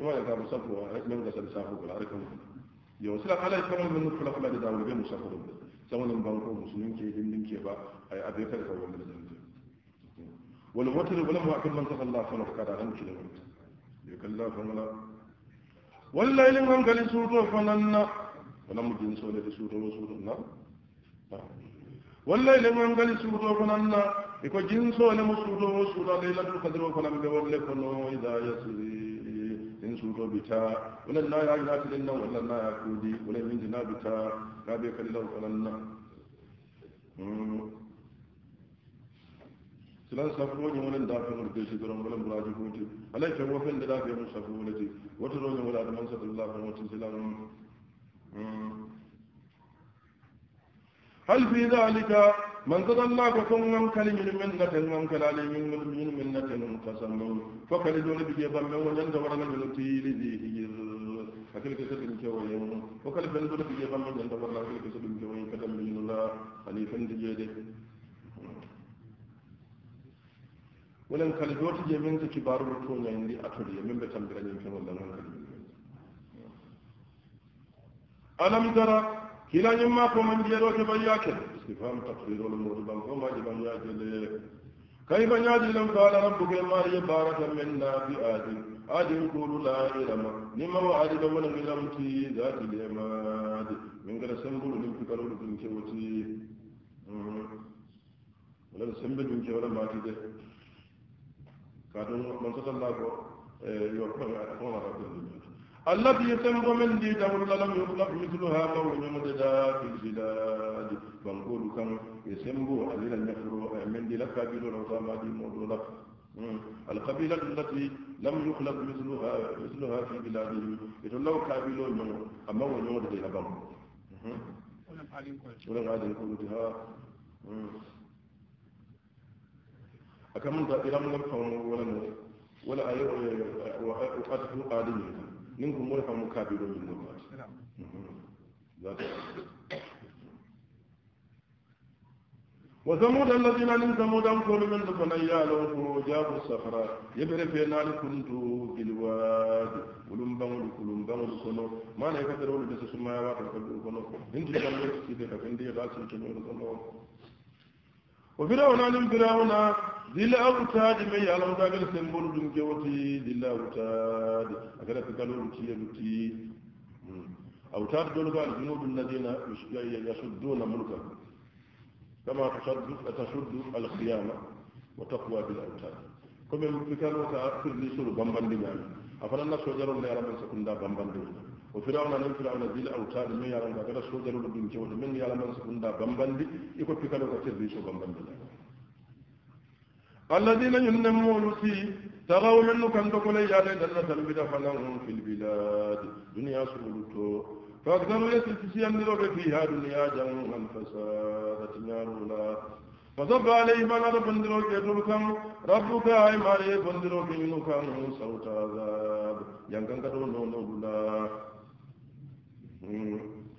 وما يكون السفر من كده السفر ولا ركن يوصل على كرم من فلا فلا دعوه بمسافر سوانا بانك مسلمين كي يدين كي باك أي أبي كذا هو من الزمن ولو ما تري ولم أكن من تخلى فما فكر عن كذا من يكلا فما لا ولا إلين هم قال سورة فنن ولم يدين سورة سورة وسورة نا ولا إلين هم قال سورة فنن يكو جنس سورة وسورة ليلة القدر فنن بقول لك إذا يسير in suto bita wala na ya ga tilin nan wala na ya kudi wala min jina bita na be kalilan kalan nan silan safo ne wala da fa murbe shi garan wala buraji kuti alai fa wafin da da fa mun safo wala ti wata ro ne wala da man sallallahu alaihi wa sallam hal fi zalika من قد الله كون من كلم من نت من كلال من من من نت من قسم فكل دون بيجي بمن دورا من تيل دي هجر كسر من كوي وكل بن دون بيجي بمن وجن دورا أكل كسر من كوي كلام من الله علي فن تجده ولن كل دور تجي تكبار ركون عندي أتولي من بتم براني كم ولا من ألم ترى kila nyimma ko man jero ke bayya ke istifham taqrir wal murban ko ma jiban ya jele kayfa nyaji lam qala rabbuka ma yabaraka minna bi adi adi qulu la ilma nimma wa adi wa lam ilam ti zati limad min gara sambulu lim fitaru dum ke wati wala sambe dum ke wala ma ti de kadon man sallallahu yo ko ko ma rabbuka التي تنبو من دي دور لم يخلق مثلها قول مددا في الجلاد بنقول كم يسمو علينا النفر من دي لك بلو العظام دي موضوع القبيلة التي لم يخلق مثلها مثلها في بلادهم لو كابيلو من أما هو نمو دي أبام ولم عالم قولتها أكمل ذا إلى من لم ولا ولا أيوة وقد هو قادم ning ko moolu kam kaabiro ñin mo mhm. baati wa samuda alladina nin samudan koolu men to fana yaaloo ko jabu sahra yebere fee naali kuntu bilwaadi ulum baŋolu kulum baŋolu kono maana e ka tere wolu dese sumayawaatol ka duu kono kono وفرعون علم فرعون ذي الأوتاد من يعلم تاكل سنبول دم كوتي ذي الأوتاد أكلا تكالون تي يبتي أوتاد دولك عن جنود الذين يشدون ملكا كما تشد تشد الخيانة وتقوى بالأوتاد كم يمكن أن تأخذ يعني. لي سورة بمبان دي أفلا نسوجر الله يعلم أن سكندا بمبان دي وفرعون نن فرعون ذي الأوتاد من يعلم ما كذا سوى جلول بن جود من يعلم من سكون دا بمبندي يكو بكالو كتير بيشو بمبندي الذين ينمون لسي تغوا منه كان تقول يا ليت أن تلبد فنهم في البلاد دنيا سولتو فأكثر يسلسي أن فيها دنيا جنها فسادت نارنا فصب عليهم أنا بندرو كيتوكم ربك أي مالي بندرو كينوكم صوت عذاب ينكن كتو نونو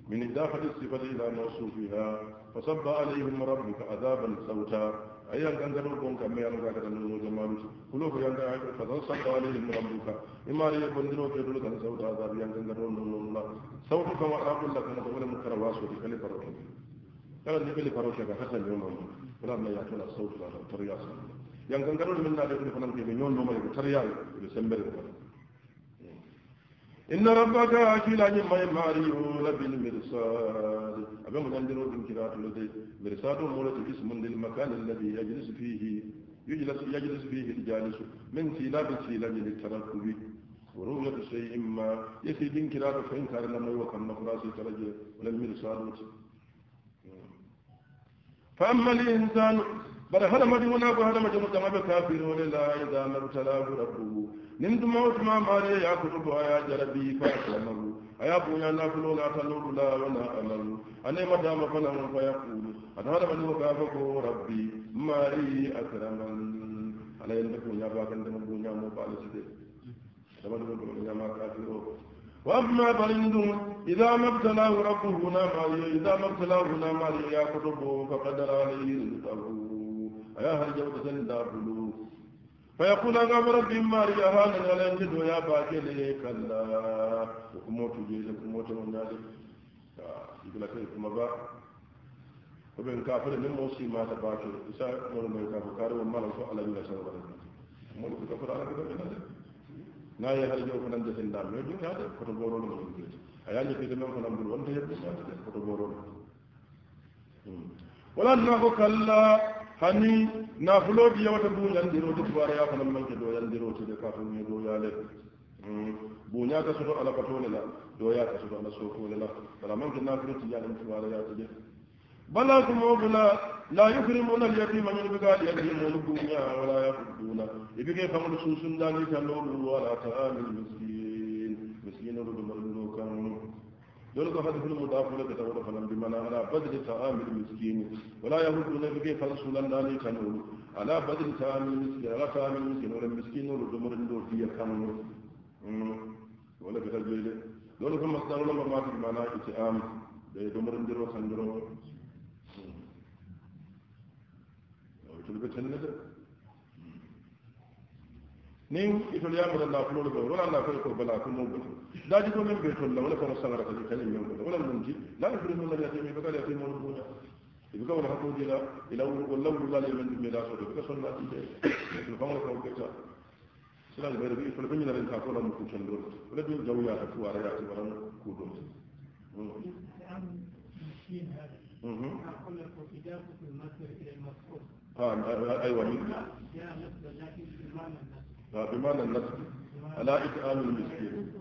من إضافة الصفة إلى موصوفها فصب عليهم ربك عذابا سوتا أيا كان ذلكم كما ينبغي من تنظروا جمال كلوك ينبغي فصب عليهم ربك إما ليبندروا في ذلك أن سوتا عذاب ينبغي أن تنظروا الله سوت كما أقول لك أن تقول مكر واسو في كل فرق قال لي كل فرق حسن يوم ولا ما يأتون الصوت على الطريقة من أن تنظروا من ذلك أن من يوم ما يتريا يسمبر إن ربك أكيل أجل ما يماريون بالمرصاد أبا مدندروا بانكرات لدي مرصاد مولة اسم للمكان الذي يجلس فيه يجلس, يجلس فيه الجالس من سيلا بسيلا من للتركب ورؤية شيء ما يسي بانكرات فإن كان لما يوكم نفراسي ترجع وللمرصاد فأما الإنسان bara hada madi wona ko hada madi mutama be kafir wala la idha martala rabbuhu nim dum mawt ma mari ya ko to aya jarabi fa samaru aya bu ya na kulo la ta lulu la wala amaru ane madama fana mun fa yaqulu ada hada madi ko kafa ko rabbi mari akraman ala yanda ko ya ba kan da mun ya mo ba su de da madi ko ya ma kafir ko واما برند اذا ما ابتلاه ربه نعم اذا ما ابتلاه نعم يا كتبه فقدر عليه رزقه يا هل جودة دابلو فيقول أنا ربي ماري أهانا ولا ينجد ويا باكي لي كلا وكموت جيد وكموت ونالي يقول لك كما با وبين كافر من موسي ما تباكي إساء من من كافر كاري وما لنسو على يولا سنة ولا مولا كافر على كذا من هذا نا يا هل جودة نجد ما يجب هذا كتب ورون من الجيد أيان يكيد من فنم بالوان تجد كتب ورون ولن نقول كلا hani na fulobi wata bunyan diro duk tubara ya kuma manke do diro to da kafin ne do ya le hmm. bunya ka su ala ne la do ya ka sudo ala ne la bala manke na fulo ti ya dan tubara ya to de bala kuma bula la yukrimuna al yatima min bigadi yadhim wal bunya wala yaqduna ibike su sun dani tan lo wala ta'amul miskin miskin rudu دول كو حديث المضاف له تتورى فلم بمن على بدل طعام المسكين ولا يهود لك كيف رسول الله كانوا على بدل طعام المسكين على طعام المسكين ولا المسكين ولا دمر دول في كانوا ولا كتجيل دول كو مصدر لما ما في معنى اتعام دمر دول سنجرو تلبس النذر نين يتليام الله فلول ولا الله فلول بلا كنوبه لا جدوا من بيت الله ولا كرس الذي الكلم يوم ولا المنجي لا يفرد الله يتيم يبقى يتيم وربنا يبقى ولا حقود إلى إلى والله لا يمن بلا صوت يبقى صلى الله عليه وسلم فمرة أو كذا سلام غير بي فلبني لبن كافر من كوشن دور ولا دون جويا كفوا على ياتي ولا كودون آه أيوة بمعنى النسب ألا إطعام المسكين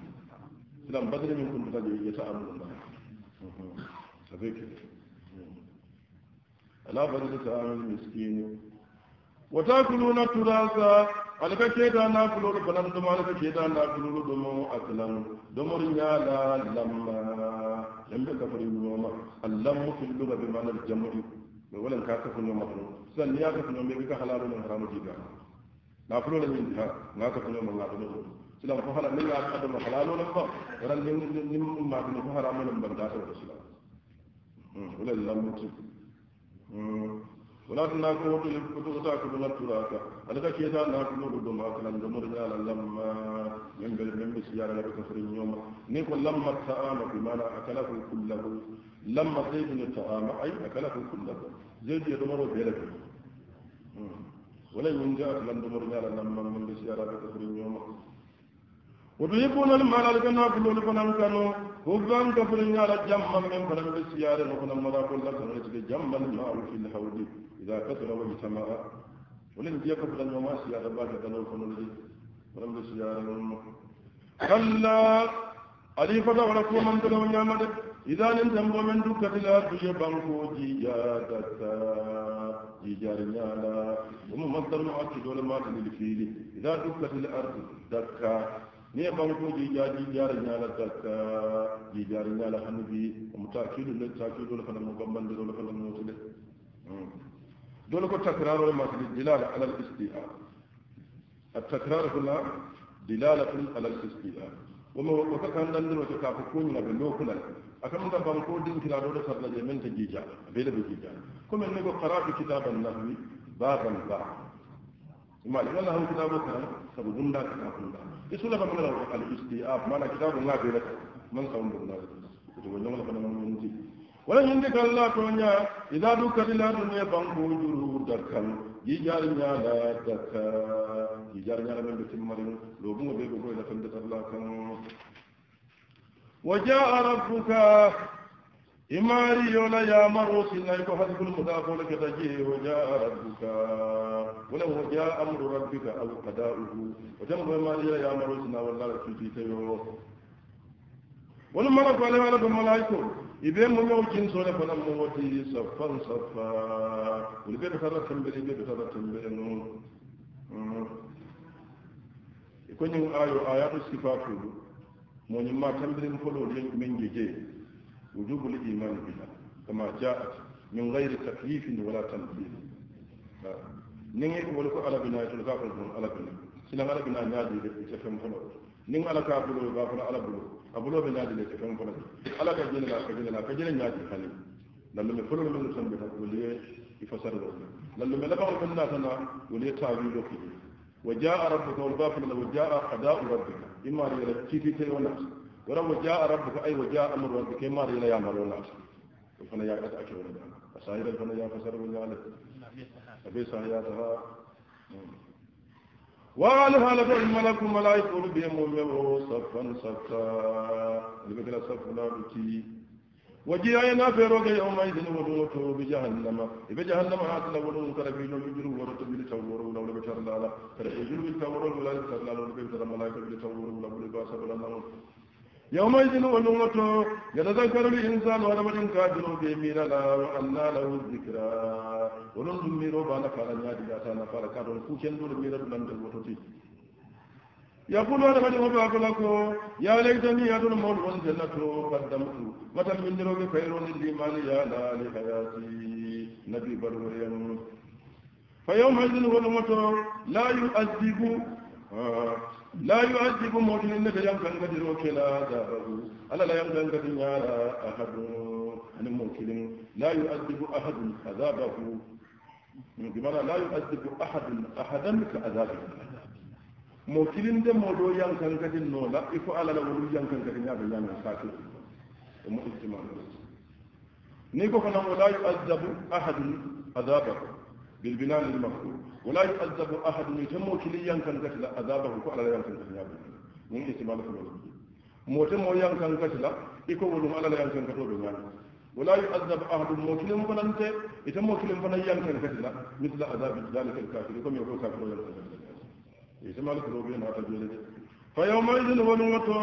لم نعم، بدر من كنت قد يتأمل معك فذكر ألا بدر تعامل المسكين وتأكلون التراث على كيدا ناكلوا بلم دم على كيدا ناكلوا دم أكلم دمر يالا لما لم يكفر اليوم اللم في اللغة بمعنى الجمع ولا كاتف اليوم سن يا كفر اليوم بك حلال من حرام جدا ناكلوا لم ينتهى ناكلوا من الله sila ko hala min ya kadu halalo la ko ran min min min ma ko hara min ban da to sila hmm wala lam mutu hmm wala na ko to ko to ta ko la tura ka alaka ke ta na ko do ma kan do mur ya lamma min bel min bi siyara la ko fri nyoma ni ko lamma ta'ama bi mana akalahu kullahu lamma zaidun ta'ama ay akalahu kullahu zaid ya do maro belaka hmm wala yunja lam do mur ya lamma min bi siyara la ko fri nyoma وتحبون المال لكن ناكل لكم أمكانوا وبان كفرين على جمع من فلم بسيارة لكم الملاك لكم رجل جمع المال في الحوض إذا كثر واجتمع ولن يكفر اليوم سيارة باكة لكم رجل فلم بسيارة لكم كلا أليف دورك ومن تلو نعمة إذا ننتم ومن دكت لا تجبنكو جيادتا جيجار نعلا ومن مصدر معكد ولما تلفيل إذا دكت الأرض دكا ni ya bangi ko jija jijara ñala zakka jijara ñala hani bi mu takidu le takidu le fana mu gambande le fana mu tole dole ko takraro ma fi dilala ala al isti'a at takrar kula dilala ala al isti'a wama wa ka kan dan dole ka ko ko ni be lokula akam da ban ko din kira dole sarna je men ta jija be le be jija ko men ne ko qara'tu kitaban nahwi baban ba ma ila lahu kitabu kan sabu dunda kitabun da isula ba ngala al istiab mana kitabu ngabe la man sa ndu na to wonyo la bana man ndi wala nyinde la to nya idza du kadila to ne bangu juru dakal yijar nya la dakka yijar nya la be timmarin lo bu ngobe ko la tan dakal la kan وجاء ربك imaari yona yamarotinay ko hadi kulu mutaafole keta jee o jaa rabbika wone o jaa amru rabbika aw kadauhu o jam koye maariya yamarotina wallara cutiteyo wono mara ko alewala do malayko iɓe momeo jinsone fanan mo wati saffan saffa woni ɓeɓe tara tembere ɓeɓe tara tembere noon mm. e koñin ayo ayaɗo sifa fuɗu moñimma tembere n folo leñɗi men jejeye وجوب الإيمان بها كما جاءت من غير تكليف ولا تنفيذ نين نعم. نعم، ولكو على بنا تلقى على بنا سنة على بنا نادي لتفهم فلوس نين نعم، على كابلو يغافر على بلو أبلو نادي لتفهم فلوس على كجنا لا كجنا لا كجنا نادي خلي لما نفلو من السنبه ولي يفسر له لما نبغى من الناس أنا ولي تعبير وجاء ربك والباطل وجاء أداء ربك إما يرتكي تي ونفسه ولو جاء ربك أي وجاء أمر ربك ما رجل يا مرون الناس فانا يا قد أكبر أسائر فانا يا فسر من ذلك أبيس حياتها وعليها لدى ملك ملائكة ربهم ومنه صفا صفا لبك لا صف لا بكي وجيعنا في روك يومئذ ودوته بجهنم بجهنم هاتنا ودون كرفين وجل ورتب ولا ولا بشر لا لا كرفين وجل توروا ولا بشر لا لا بشر الملائكة لتوروا ولا بشر لا يوم يومئذ ونوته يتذكر الإنسان ولمن كافر بيمين لا وأنى له الذكرى ولن تميروا فعلا على نادي فعلا كادر الكوشن دول ميرا بلند الوتوتي يقول هذا من يوم أكلكو يا ليتني يا أدل مول جنة قدمت متى من دروك خير للإيمان يا لا لحياتي نبي بروريان فيومئذ ونوته لا يؤذب لا يعذب موجن انك يمكن قدر وكلا عذابه الا لا يمكن قدر على احد ان موكل لا يعذب احد عذابه بمعنى لا يعذب احد احدا كعذابه موكلين دم مودو يمكن قدر نولا يفو على لو يمكن قدر يا بيان ساكت ومؤتمان نيكو كنا لا يعذب احد عذابه بالبنان المفعول ولا يعذب أحد من جمو كليا كان قتل أذابه فعلى لا يمكن أن يابل من استعمال كبير موتم ويان كان قتل يكون ولم على لا يمكن أن ولا يعذب أحد موكل فننت إتم موكل فنيان كان قتل مثل أذاب ذلك الكافر كم يقول كافر ويان استعمال كبير هذا جلد فيومئذ ونوتو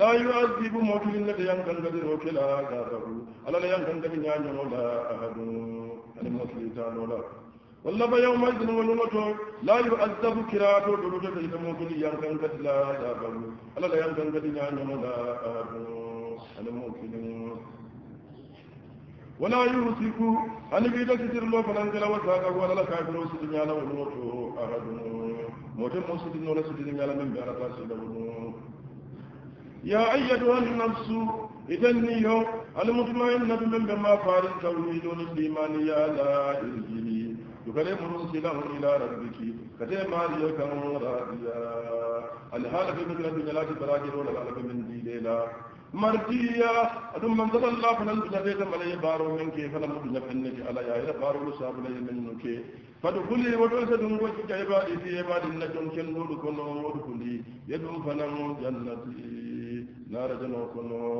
لا يعذب موكل لك ينكن قدر وكلا كافر على لا يمكن أن يابل أحد الموكل تانولا والله يوم إذن ونوتو لا يؤذب كراتو دلوتو تجدمو كل يانكن قد لا يابن ألا لا يانكن قد نعلم لا أبن أنا موكل ولا يوسك أن بيدا ستر لو فلنكلا وساقه ولا لا كافرو ستن يالا ونوتو أحد موتن مو ستن ولا ستن يالا من بيارتا ستن يا أيتها النفس إذن يوم المطمئنة من بما فارس توحيد الإيمان يا لا إلهي يكلمهم كلاه إلى ربك كتما يكم راضيا الحالة من الدنيا براجل ولا الحالة من ديلا مرتيا أدم من ذل الله فلن تجدد ملي بارو منك فلن تجدد منك على يا إلى بارو لساب لي منك فدخلي ودرس دم وجهك عبادي عبادي لكم كنور كنور ودخلي يدم فنم جنتي نار جنو كنور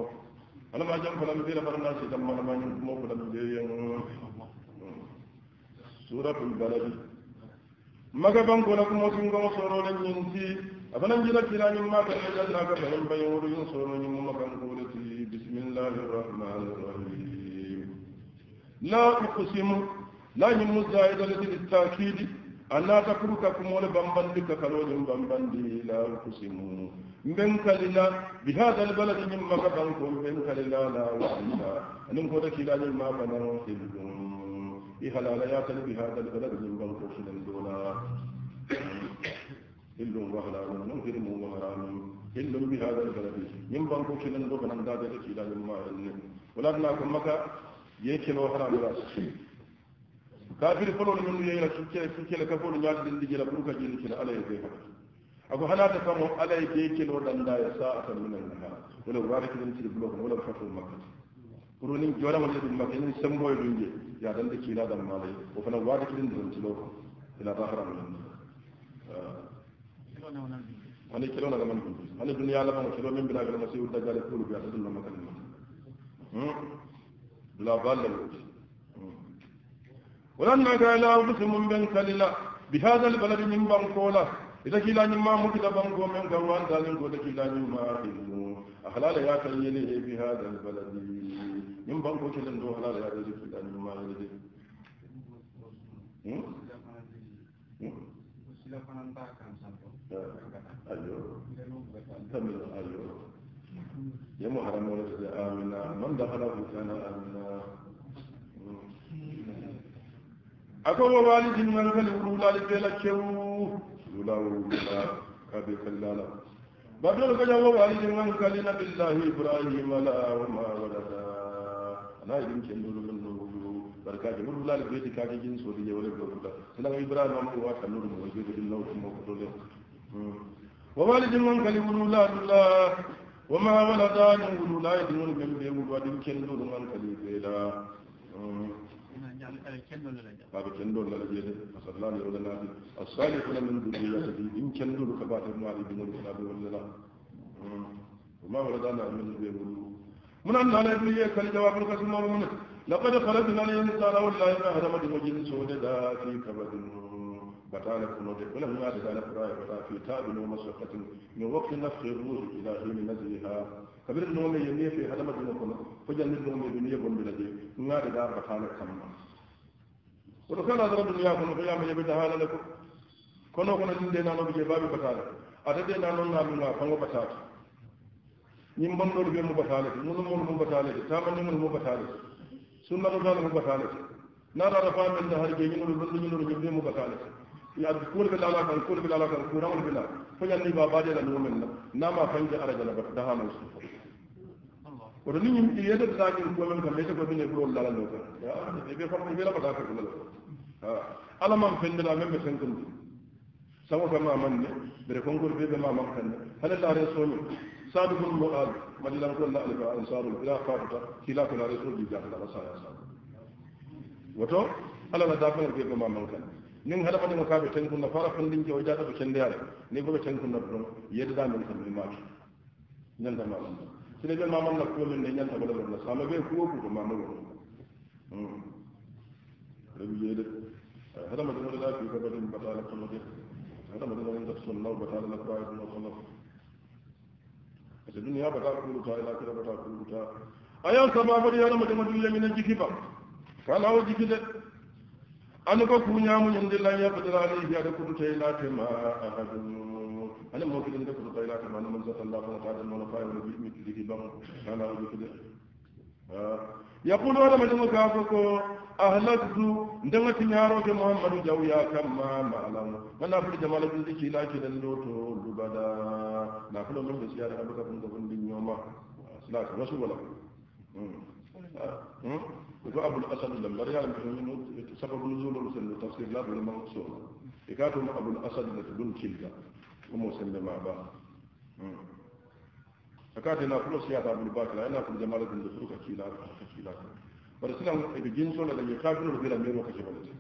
أنا ما جنب فلم تجدد مرنا سيدم مرمان مو فلم تجدد suratul baladi maga banko la kuma sun gama soro la nyin ti abana jira kira nyin ma ka ne jalla ka bayan bayan wuri yin soro nyin mu makan ko da ti bismillahir rahmanir rahim la uqsimu la nyin muzaida lil takidi alla takruka kuma la bambandi ka kalo nyin bambandi la uqsimu من كلنا بهذا البلد من مكبر من كلنا لا وحيدا ننكر كلا لما بنوا في الدنيا إيها لعليات بهذا البلد من بلقص من دولا إلهم رهلا من منهرم ومهرام إلهم بهذا البلد من بلقص من دولا من دادة إلى جمع ولدنا كم مكا يكي نوحنا من أسخين كافر فلون من يجي لكي لكي لكي لكي لكي لكي لكي لكي لكي لكي لكي أكو هنا تفهموا عليك يكي نوحنا من أسخين ولو رارك من تلك بلوك ولو خطو مكتب pour ni jora wala dum makay ni sam boy dum je ya dan de kila dan malay o fana wadi kilin dum ci loko ila ta haram lan ani kilo na man dum ani dunya la man kilo min bila gala masiu da gala kulu ya dum na makan hmm la balal ولأنك لا أقسم بنك لله بهذا البلد من بنكولا إذا كلا نما مكلا بنكو من كوان ذلك وإذا كلا نما أخلالا يا كليلي بهذا البلد ñiŋ bankoo kelen doo halaa la ye ate fi la ñiŋ maa yele ayo yemo haramo le de amina man dakhalahu kana amina ako wa walidin man kana ulal bela kewu ulal ulal kabe kallala badal kaja wa walidin man kana billahi ibrahim la wa ma walada ana irin ken do lon no wulu barka de wulu lal beti ka jin so di wala do wala sala ibrahim am hmm. wa tan nur mo je de law mo ko le wa walid man kali wulu la allah wa ma walada ni wulu la yadi wala ken be wulu wadin ken do man kali be la babu ken do lal je de sallallahu alaihi wa sallam as-salihuna min dhurriyyati in ken do ka ba ta ma di wala la wa ma walada na min be wulu من أن على ابنية كان جواب القسم مرمون لقد خرجنا الإنسان والله ما دم بمجل سود ذا في كبد بطال كنود ولم يعد على قراءة ولا في تاب ومشقة من وقت نفخ الروح إلى حين نزلها كبير النوم يمني في هدم دينكم فجل النوم يبني يبن بلدي نار دار بطالة كم ولكن هذا رب الياكم قيام يبدها لكم كنا كنا دينا نبي باب بطالة أتدينا نونا بنا فنو بطالة ñiŋ bandoolu be mu bataale ti munu moolu mu bataale ti taamandiŋolu mu bataale ti sunnatotaalu mu bataale ti naataata faa meŋ na hari jee ñinolu londi ñinolu ñiŋ be mu bataale ti ya kuwol be laala kaŋ kuwol be laala kaŋ kuuraŋolu be laa fo ñaŋ niŋ baa baadee la nuŋo meŋ na naa maa faŋ je araja la bata dahaanoo si fo woto niŋ i yete taa ñiŋ kuwo meŋ kaŋ la ite ko miŋ ye kuloolu laala ñoo kaŋ be fanaŋ be la bataa ka kula la ala maŋ feŋ de la meŋ be senkundi saŋo ka maa maŋ ne bere konkolu bee be maa maŋ kaŋ ne hani laaree sooñiŋ صادق المؤاد ما لم يكن لألف أنصار إلى فاتة خلاف لا رسول جدا على رسايا صادق وتو على ندافع البيت ما ممكن نين هذا من مكاب تنكون نفارة فندين جو إجازة بشنديار نيكو تنكون نبرم يددا من سلمات نين ما ممكن سنجد ما ممكن نقول من نين تبلا برنا سامع بين كوو كوو ما ممكن ربي يد هذا ما لا في كبر من بطالة كل هذا ما لا في سنة وبطالة لا في ate duniya bata kuluta alakira bata kuluta ayan sama fadi yana mata madulle minan jiki ba kana wa jiki de an ko kunya mun yin dillan ya fadira ne ya da kuluta ila tema ahadun ana mu kidin da kuluta ila tema nan manzo sallallahu alaihi wa sallam kana wa jiki de yaqulu da majmu ka ko ahlaktu ndanga tinyaro ke muhammadu jaw ya kamma malam mana fulu jamal bin ziki la ke dan loto lubada na fulu mun gaskiya da abuka kun gaban din yoma la ka wasu wala ko abul asad lam bar ya min sabab nuzul rusul tafsir la bil maqsud ikatu abul asad da dun kilga kuma sallama ba akati na fulo siya ta bulu bakala ina kun jama'a kun da suka kila ka kila bar sina da jin so da ya kafiru bila mero kace balata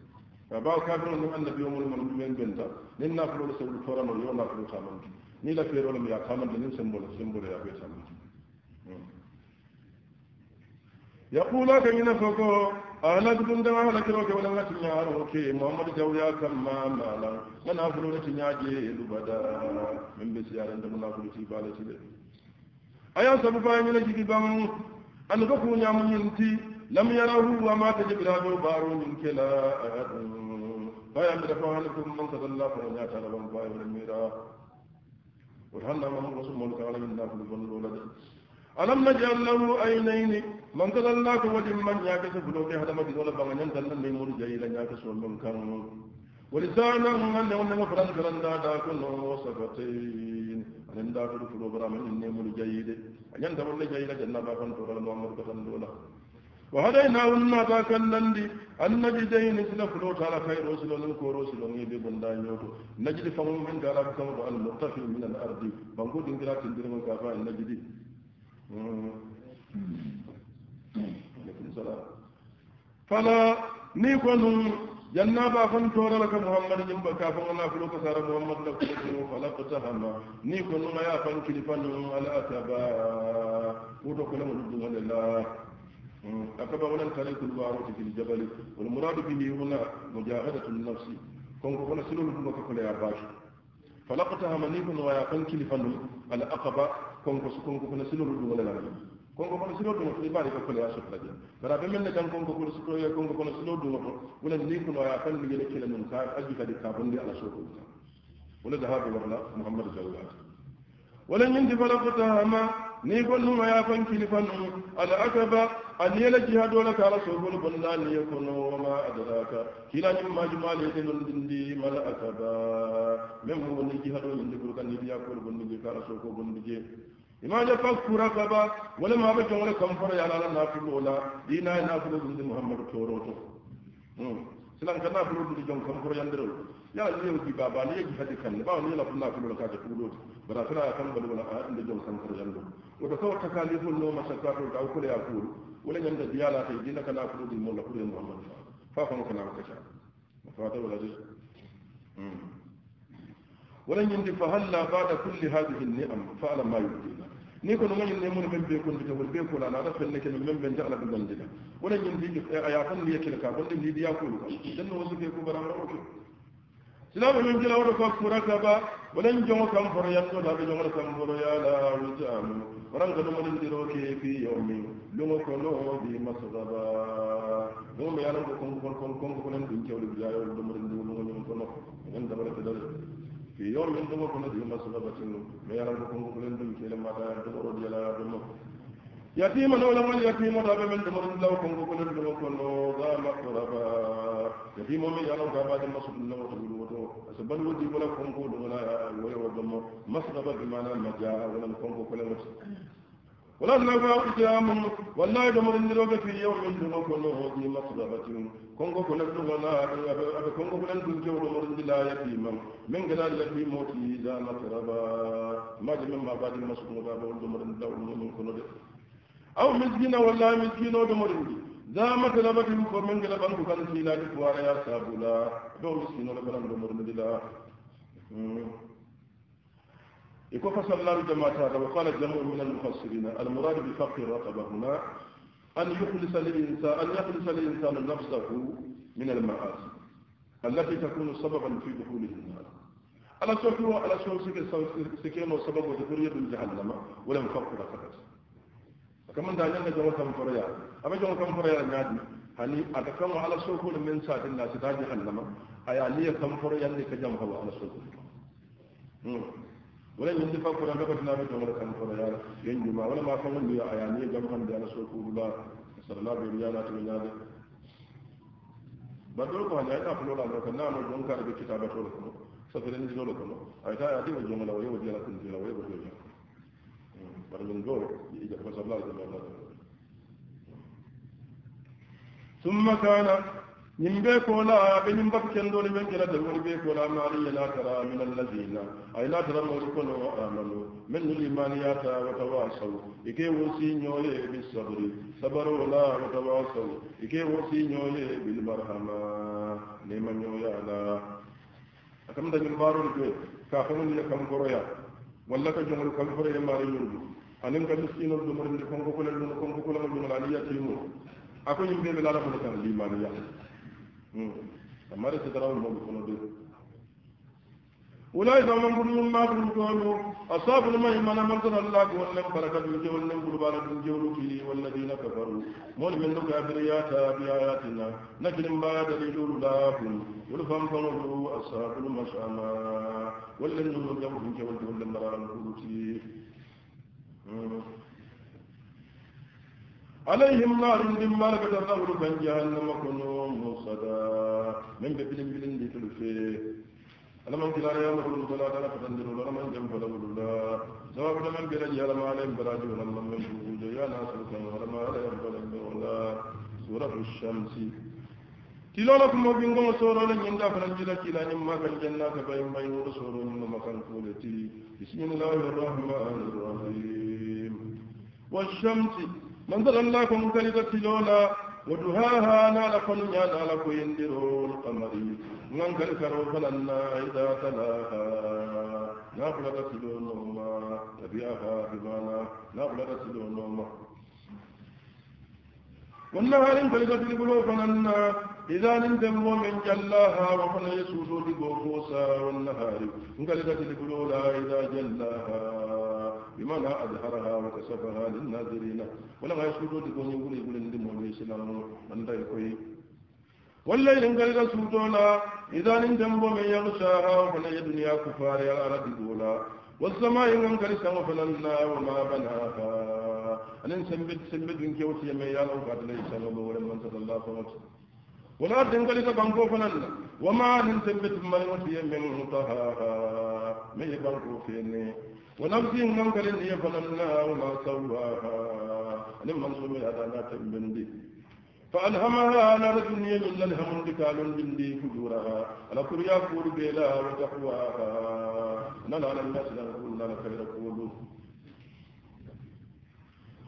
ka ba kafiru ne annabi yawmul mulmin benta nin na fulo sai da tora no na fulo kaman ni la fero la ya kaman da nin simbol simbol ya be samu yaqula kan yana fako anak dun da wala kiro ke wala tin ya ro ke muhammad jawya kan ma mala kana fulo tin ya je lubada min bi siyaran da munafiqi balati aya sabu fa nyina jigi bam an ko ku nyam nyinti lam yarahu wa ma tajibra do baro nyin kela fa ya mira fa halakum man sadalla fa ya tala bam ba ya mira wa hanna man rasul ta'ala min nafu bal walad alam naj'al lahu aynayn man sadalla ko wadim man ya ka sabu do ke hadama di wala bangan dan nan mai murjai la ya ka so kan woni daana mo ngannde wonne ngo fotani kalan daada ko noo sabatain anen daatudu fulobara men en nemudu jayiide a ñanta wolle jayiida jannaba kon to kala no amadu katanndo la wa haɗayna ummata kan nanndi an najideyni sila fulo taala kay roosilo nan ko roosilo ngi ɓe bonda ñooto najidi famum men garaka kamoto al murtafi min al ardi banko ɗingira tindirgo ka fa en najidi fala ni ko num janna ba fan tora la ka muhammad jim ba ka fan na fulo ka sara muhammad la ko falaqtahama ni ko no ya fan kilifan ala ataba wuto ko lamu dun Allah akaba wala tariq al warut fi al jabal wal murad bihi huna mujahadatu an nafs kon ko wala sulu dum ko ya bashi falaqtahama ni ko no ya fan kilifan ala aqaba kon ko su kon ko sulu dum wala la konko kono silo ɗum to ibani ko kole ya sohlade dara ɓe men ne tan konko kono silo konko kono silo ɗum ko wona ni kono ya tan ligede kele mum ka di kadi bon di ala soko ɗum tan wala dahaɓe warla mouhammadou jawlata wala ñindi falakotahama ni ko golluma yafan kilifan um ala akaba ani yela jiha dole ka ala bon ni ko ma sobol bonnaniye kono wama adaraka kilañum majumalede non dindi mala akaba même woni jiha ɗo indi ɓuur kan ni yiɗiya bon ni ka ala bon ni bonnije imaja kan kura ka ba wala ma ba jongole kan fara ya ala na fi lola dina na fi lola muhammadu toroto silan kana fi lola jong kan fara yandere ya ni yo di baba ni yi hadi kan ba ni la kunna fi lola ka ta kulo bara fara ya kan bala a inda jong kan fara yandere wata sawa takalifu no masakatu ta ku ya ku wala yanda diyala ta dina kana fi lola mulla ku muhammadu fa fa kana ka ta fa ta wala ولن يمضي فهلا بعد كل هذه النعم فعل ما يبدينا ni kono ma ñin ne mun men be ko ndi wol be ko la na rafen ne ken men ben jaala be gondi na wala ñin di aya fan li yekel ka gondi di ya ko ko den no suke ko baram ro ko silamu min kila wala ko murakaba wala ñi kam foro ya to da be jongo kam foro ya la wujamu waran ko mo ndi ro ke fi yawmi lungo ko no bi masgaba mo me yalan ko ko ko ko ko ko len dum jawli bi ya yo do mo ndi lungo ñi ko no en da wala ko في يوم من دبر كنا ديوم مسلا بتشنو ما يرى بكم كلن دم كلم ما تايم دبر وديلا دم يتيم ولا من يتيم ولا من دبر لو كم دم كنو ذا مقربا يتيم من يرى كبا دم مسلا لو تقول وتو أسبان ودي ولا كم كلن ولا دم مسلا بمعنى مجاء ولا كم كلن ولا تلقى قيام والله دمر النروج في يوم من كله في مصدبة كونغو كنت ولا كونغو كنت جور مر بلا يتيم من غير الذي موت إذا مطربا ما جمع ما بعد المسكون بابا ودمر الدور من كله أو مسكين ولا مسكين ودمر ذا مطلبة كمن غير بنك كان في لا تقوى يا سابولا دو مسكين ولا بنك دمر بلا يكون فصل الله جماعة وقال جمع من المفسرين المراد بفقه الرقبة هنا أن يخلص الإنسان أن يخلص الإنسان نفسه من المعاصي التي تكون سببا في دخول النار على سوكو على سوكو سكين سبب ودخول يد جهنم ولم فقه رقبة كمان دعنا ينجا كم فريا أما جوا كم فريا نادم. هني أتكلم على سوكو من ساعات الناس تاجي جهنم عليه كم فريا اللي كجمع على سوكو wala ñin di fanko daga batina be jongol kan ko ya yen juma wala ma fango ni aya ni gam kan da so ko bu rula sallallahu alaihi wa sallam ya ba do ko hanya ta fulo la ko na mo jon kar be kitaba to ko so fe ni jolo ko no ay ta ya di mo jongol wa la ko kun la wa ko jom ba do ngo yi ja ko sallallahu alaihi wa sallam ثم كان من بيك ولا من بك دون من جلد من بيك ولا مالي لا ترى من الذين أي لا ترى من وآمنوا من الإيمانيات وتواصوا إكي وسي نيولي بالصبر صبروا لا وتواصوا إكي وسي نيولي بالمرحمة نيما نيويا لا أكمل من بارو البيت كافرون لكم قرية ولا كجمل كم قرية ماري يرجو أنم كمسكين الدمر لكم كل الدمر كم كل الدمر عليا تيمور أكو يمكن بلا رفض كان الإيمانيات mari sitara mo ko no de ulai da man bulu ma bulu ko no asabul mai mana man ko Allah ko wannan barakat mu je wannan bulu bara dun je ru kili walladina kafaru mol min da kafiriyata bi ayatina najrim ba dalilul lahum wal fam fanu asabul mashama wallan nuru jamu je wallan mararan kuluti عليهم نار لما لقد نهر بن جهنم كنوا موصدا من قبل بلن دي تلفي ألم أنك لا يالله كل صلاة لا فتندر ولا من جنب لا ولا سواب لمن قرن يالا ما عليهم براجه ولا من من شروج يا ناس لكم ولا ما عليهم فلن ولا سورة الشمس تلالا كما بينكم سورة لن يندى فرنجل كلا نما كان جنة فإن بين رسول مما كان قولتي بسم الله الرحمن الرحيم والشمس من ذا الله كم كلبة لولا ودهاها نالا نال نالا كويندر قمري من كان كرو فلنا إذا تلاها نافلة تلون ما تبيعها بمانا نافلة تلون ما والنهار فلقت القلوب فننا إذا نندم من جلاها وفن يسوس لقوفوسا والنهار إن فلقت القلوب إذا جلاها بمعنى أظهرها وكسفها للناظرين ولما يسجد لدون يقول يقول لدي مولي سلام من ذلك والليل انقل سجدونا إذا نندم من يغشاها ومن الدنيا كفار على أرض دولا والسماء انقل سما فلنا وما بناها أن سنبت سنبت من كيوت كيوتي من يالا وقاتل يسلم من صلى الله عليه وسلم والأرض انقلت بانكو فنن وما ننتبت من وتي من طهاها من بانكو فيني ونفس منكر هي فلمناها وما سواها لمن سمي هذا بندي فألهمها على رجل يجل الهم بكال بندي فجورها على كريا كور بلا وتقواها نلا لم يسلم كل خير قولوا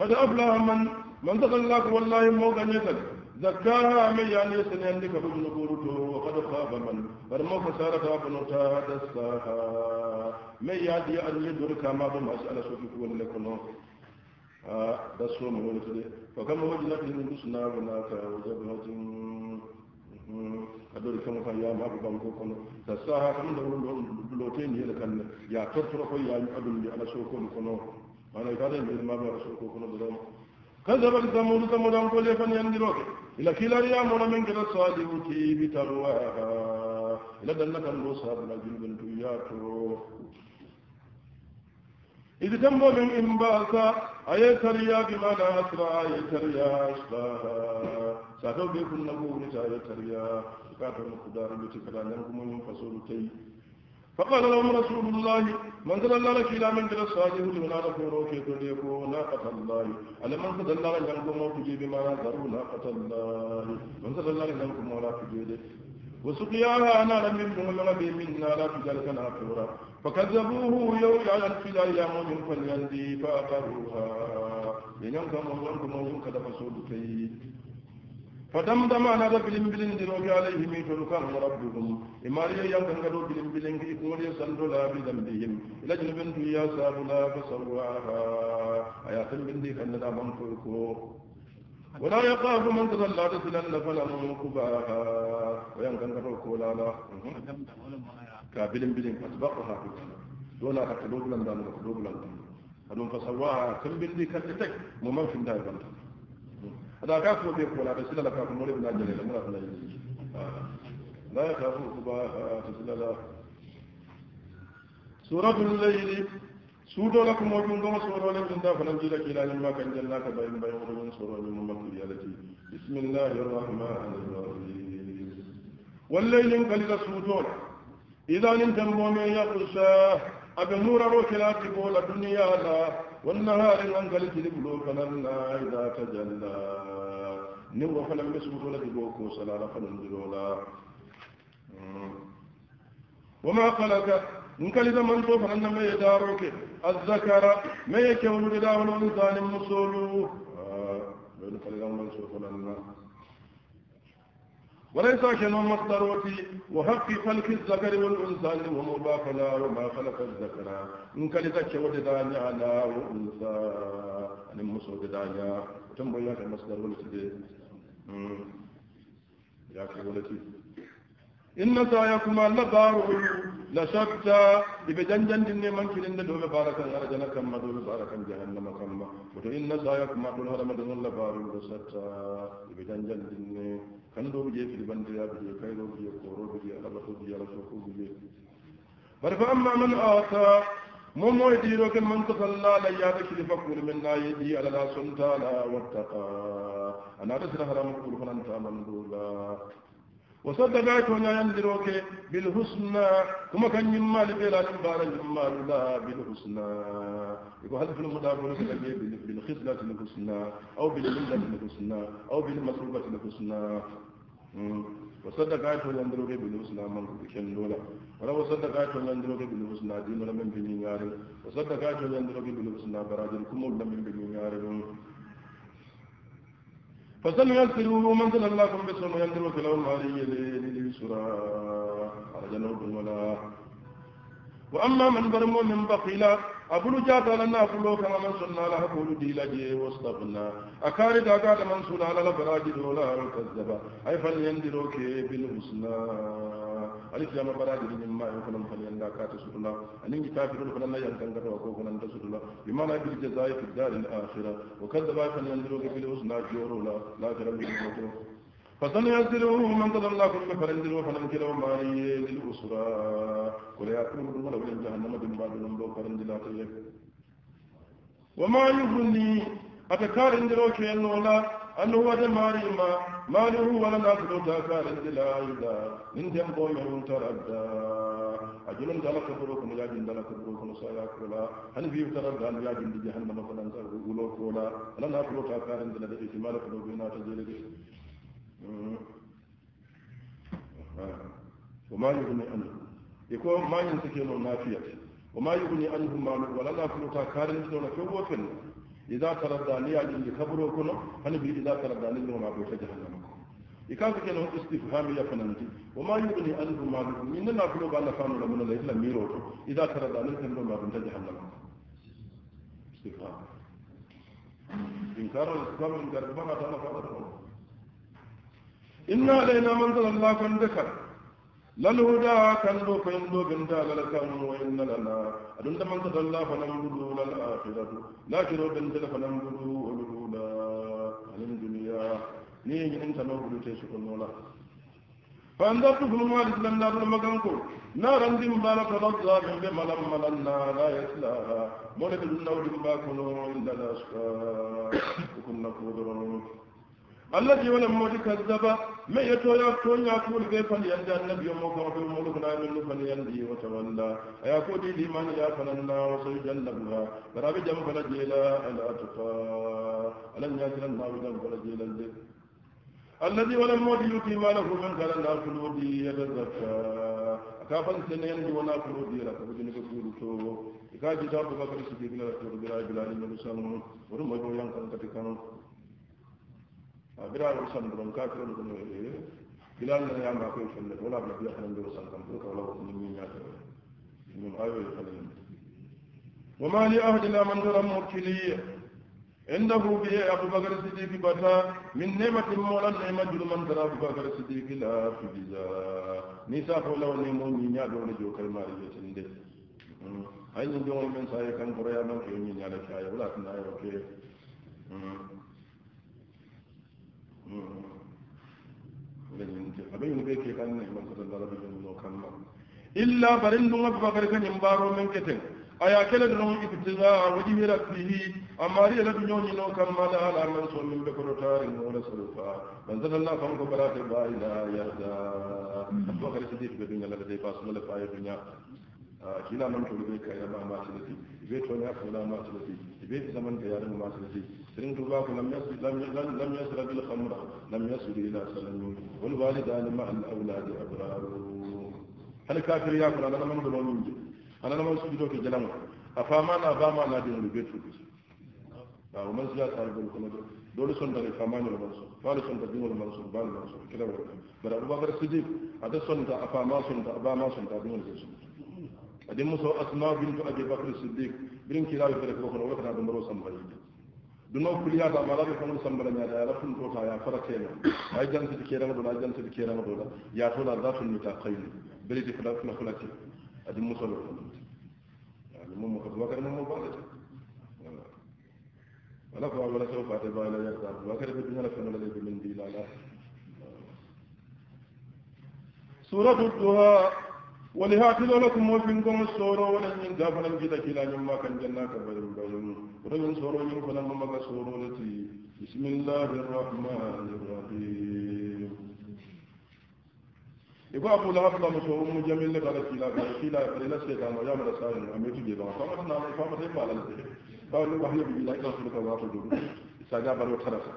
قد أفلح من من تقلق والله موضع يسلم زكاها من يعني سنين لك بجن وقد خاب من فرمو خسارة ابن تاهد الساحة من يعني أن يدرك ما بما سأل سوفيك ولكنا آه دسو مولك دي فكما وجدت من دسنا بناك وجبهة kadur kan fa ya ma ban ko kono da saha kan da wurin don lote ni da kan ya tortoro ko ya adun bi ala so kono kono wala ka da ma ba كذبت ثمود ثمود أن قل يفن يندروك إلا كلا ريامون من كلا صادقك بترواها إلا دلك النصاب لجل بنتياتو إذ تمو من إنباسا أي تريا بما لا أسرى أي تريا أشقاها ساتو بيكم نبوني أي تريا كاتو نقدار بتكلا نمكم من فصول تي فقال لهم رسول الله من ذل الله لك إلى من جلس الصالح لمن عرف روكي تليكو ناقة الله ألا من ذل الله لنكم موتجي بما نظروا ناقة الله من ذل الله لنكم ولا تجيده وسقياها نارا من ربي من نارا في ذلك ناقورا فكذبوه يوم على الفلا يوم مؤمن فليندي فأقروها لنكم وانكم وانكم كدف سودتين فدم فدمدم على رب بلن دروب عليه ميتون كان ربهم يا يمكن كدو بلن بلن كي كوري سندولا بذنبهم إلى جنبن يا سابلا فسواها آيات من دي فندنا من فوقه ولا يقاف من تظل تظلى تسلل فلا منكباها ويمكن كدو كولا لا كابلن بلن أسبقها دولا كدو بلن دانو كدو بلن فسواها كم بلن دي كتتك ممن في الدار هذا كافر بيقول ولا بس كافر نور ابن عجل لا ولا آه. لا لا يخافوا صباحا آه، تسلا لا سورة الليل سورة لكم وجنكم سورة لم تندى فنجد كلا لما كان جلناك بين بين ورمون سورة من مكة التي بسم الله الرحمن الرحيم والليل قليل سورة إذا نمتم بومي يقشى أبي نور روكي لا تقول الدنيا لا والنهار الأنقل تلبلوك لنا إذا تجلى نور فلم يسبق لك بوكو سلا فلم دلولا وما خلق نكلد من طوف أن ما يدارك الذكر ما يكون لداه الأنثى المسول آه. وليس كما مصدر وفي وحق خلق الذكر والانثى وما خلا وما خلق الذكر ان كان ذاك وددان على وانثى ان مسو وتم تنبيه مصدر ولتي يا كولتي إن سعيكم المبار لشتى لبجنجن دني من كل ندوه بارك الله جنك ما دوه بارك جهنم كم ما وإن سعيكم كل هذا ما دون المبار لشتى لبجنجن دني كن دوه بيجي في بندية بيجي كن دوه بيجي كورو بيجي على بخو بيجي على شوكو بيجي بارك من آتا مو يديرو كن من تصلى لياك كل فكر من لا يدي على لا سلطان واتقى أنا رسل هرم كل خلنا دولا وصدقت وانا ينذروك بالحسنى كما كان يمال بلا نبار يمال لا بالحسنى يقول هذا في المضاف بالخصلة الحسنى أو بالملة الحسنى أو بالمطلوبة الحسنى وصدقات وانا ينذروك بالحسنى من كان كندولا ولا وصدقت وانا ينذروك بالحسنى دين ولا من بنيار وصدقات وانا ينذروك بالحسنى براجل كمول من بنيار فصلوا ينزلوا منزل الله كم بسم ينفروا في الأول هذه للسورة على جنوب ولا وأما من برمو من بخيلات أبو جاتا لنا فلو كما من سنة لها فلو دي لجي واستغنى أكاري داكا من سنة لها فراج دولا وكذبا أي فلين دروكي بالحسنى ألف يام فراج دي مما يوكنا فلين داكا تسر الله أنين كافر فلن يهتن كتوا كوكنا تسر الله بما لا يجب الجزاء في الدار الآخرة وكذبا فلين دروكي بالحسنى جورولا لا ترى بالحسنى فسنيسره من قد الله كل فرنجل وفننكر وماري للأسرى قل يا أكرم الله ولن جهنم بن بعد نمبر فرنجل أخيك طَيِّبٍ. وما يغني أتكار انجلو كيان ولا أنه ودى ماري ما ماله ولا ناكلو تاكار انجلا إذا من جنبو يهون تردى أجلن دالا كبروك نجاجن دالا كبروك نسايا كلا هل في تردى أن ياجن جهنم فننكر ولو كلا أنا ناكلو تاكار انجلا إتمالك لو بينا تجيلك وما يغني عنه يكون ما ينسكن نافية وما يغني عنه مال ولا لا فلوكا كارن دون كو فن إذا تردى لي على اللي كبروا كنا هنبي إذا تردى لي لهم عبو تجهنم إكاف كان استفهام يفننتي وما يغني عنه مال من لا فلوكا لا فانو لمن لا إلا ميروتو إذا تردى لي لهم عبو تجهنم استفهام إنكار الإسلام إنكار بنا تنا إنا لينا من ذل الله كان ذكر للهدى كان دو فين دو بن دا لكم وإن لنا أدن من ذل الله فنمدو للآخرة لا كرو بن ذل فنمدو ولولا عن الدنيا نيجي أنت لو بدو تشكر نولا فانذرتكم ما لسلم نار لما مكانكم نارا ذي مبارك تضى من بملم ملنا لا يسلاها مولد النور باكنوا إلا أشكا وكنا كبرون الذي ولم ملك كذب ما يتويا تونيا تول بي فليند النبي موكم في الملك لا من فليند وتولى يقول لي يا فلنا وصل جنبها رب جم فلجيلا الاتقى الم يكن النار جم فلجيلا الذي ولم يؤت ما له من قال لا فلودي يتزكى كافن سنين جونا فلودي لا تبدي نكسورتو إذا جاء بكرة سيدنا رسول الله بلا بلا إلا الله ورمى بيان Ah, bilal o sanndu ɗon kaakiro ɗo ɗum e, e bilal nan yaama koye felle wala bila bila kala ndewo san kam ɗoka wala wokomin miñaata min awe kala yimɓe wo mali ahadina man dara mokiliya indahu bi aboubacar sidiki bata min nematin molan e majjuru man dara aboubacar sidiki la fibisa ni saafo lawa nemo miñaaɗo ono jokay maari yeten nde hayni jogol men saye kan koroyanan koyo miñaaɗa caya wala tinaayo ke hmm. illa barin dun abu bakar kan yin baro min kitin aya kele dun ibtida wa jimira fihi amma ri la dunyo ni no kan mala ala man so min be koro tari no la sulfa man zata allah fa ko bara ta ila yarda abu bakar sidik be dunya la be pas mo le faye dunya ah, kina man to be kay ba ma sulfi be to ya ko la ma sulfi بيت زمن تيار المعصية سرين تباك لم يسر لم لم يسر بالخمر لم يسر إلى سلم والوالدان مع الأولاد أبرار هل كافر يا لم أنا من دون منجي أنا من سجدوك جلنا أفاما أفاما لا دين البيت فكس أو من زيادة على الكلمة دول سنة الفامان والمنصور فال سنة دين والمنصور بال المنصور كلا ولا بل أبو بكر الصديق هذا سنة أفاما سنة أباما سنة دين البيت ادي موسى اسماء بنت ابي بكر الصديق برين كلا يفرق وخنا وكنا دمرو سمبري دونو كليا دا مالا كون سمبرا يا يا رفن تو يا فركينا اي جنس ديكيرا دولا جنس ديكيرا دولا يا تولا ذات المتقين بلي دي فلا فلا فلا ادي موسى يعني مو مكتوب وكر مو بالك ولا فوا ولا سوف اتبع لا يرضى وكر بدنا فن ولا من دي لا لا سوره الضحى wali hatilo lakum mo fin ko soro wala nyin ga fanam kita kila nyum ma kan janna ka barum barum rubin soro nyum fanam ma ka soro lati bismillahir rahmanir rahim iko abu la hafla mo soro mo jamil le kala kila ka kila ka la se ka mo ya mara sa ni ametu je ba fa ma na fa ma te bala le ba lu bi la wa sa ga tarasa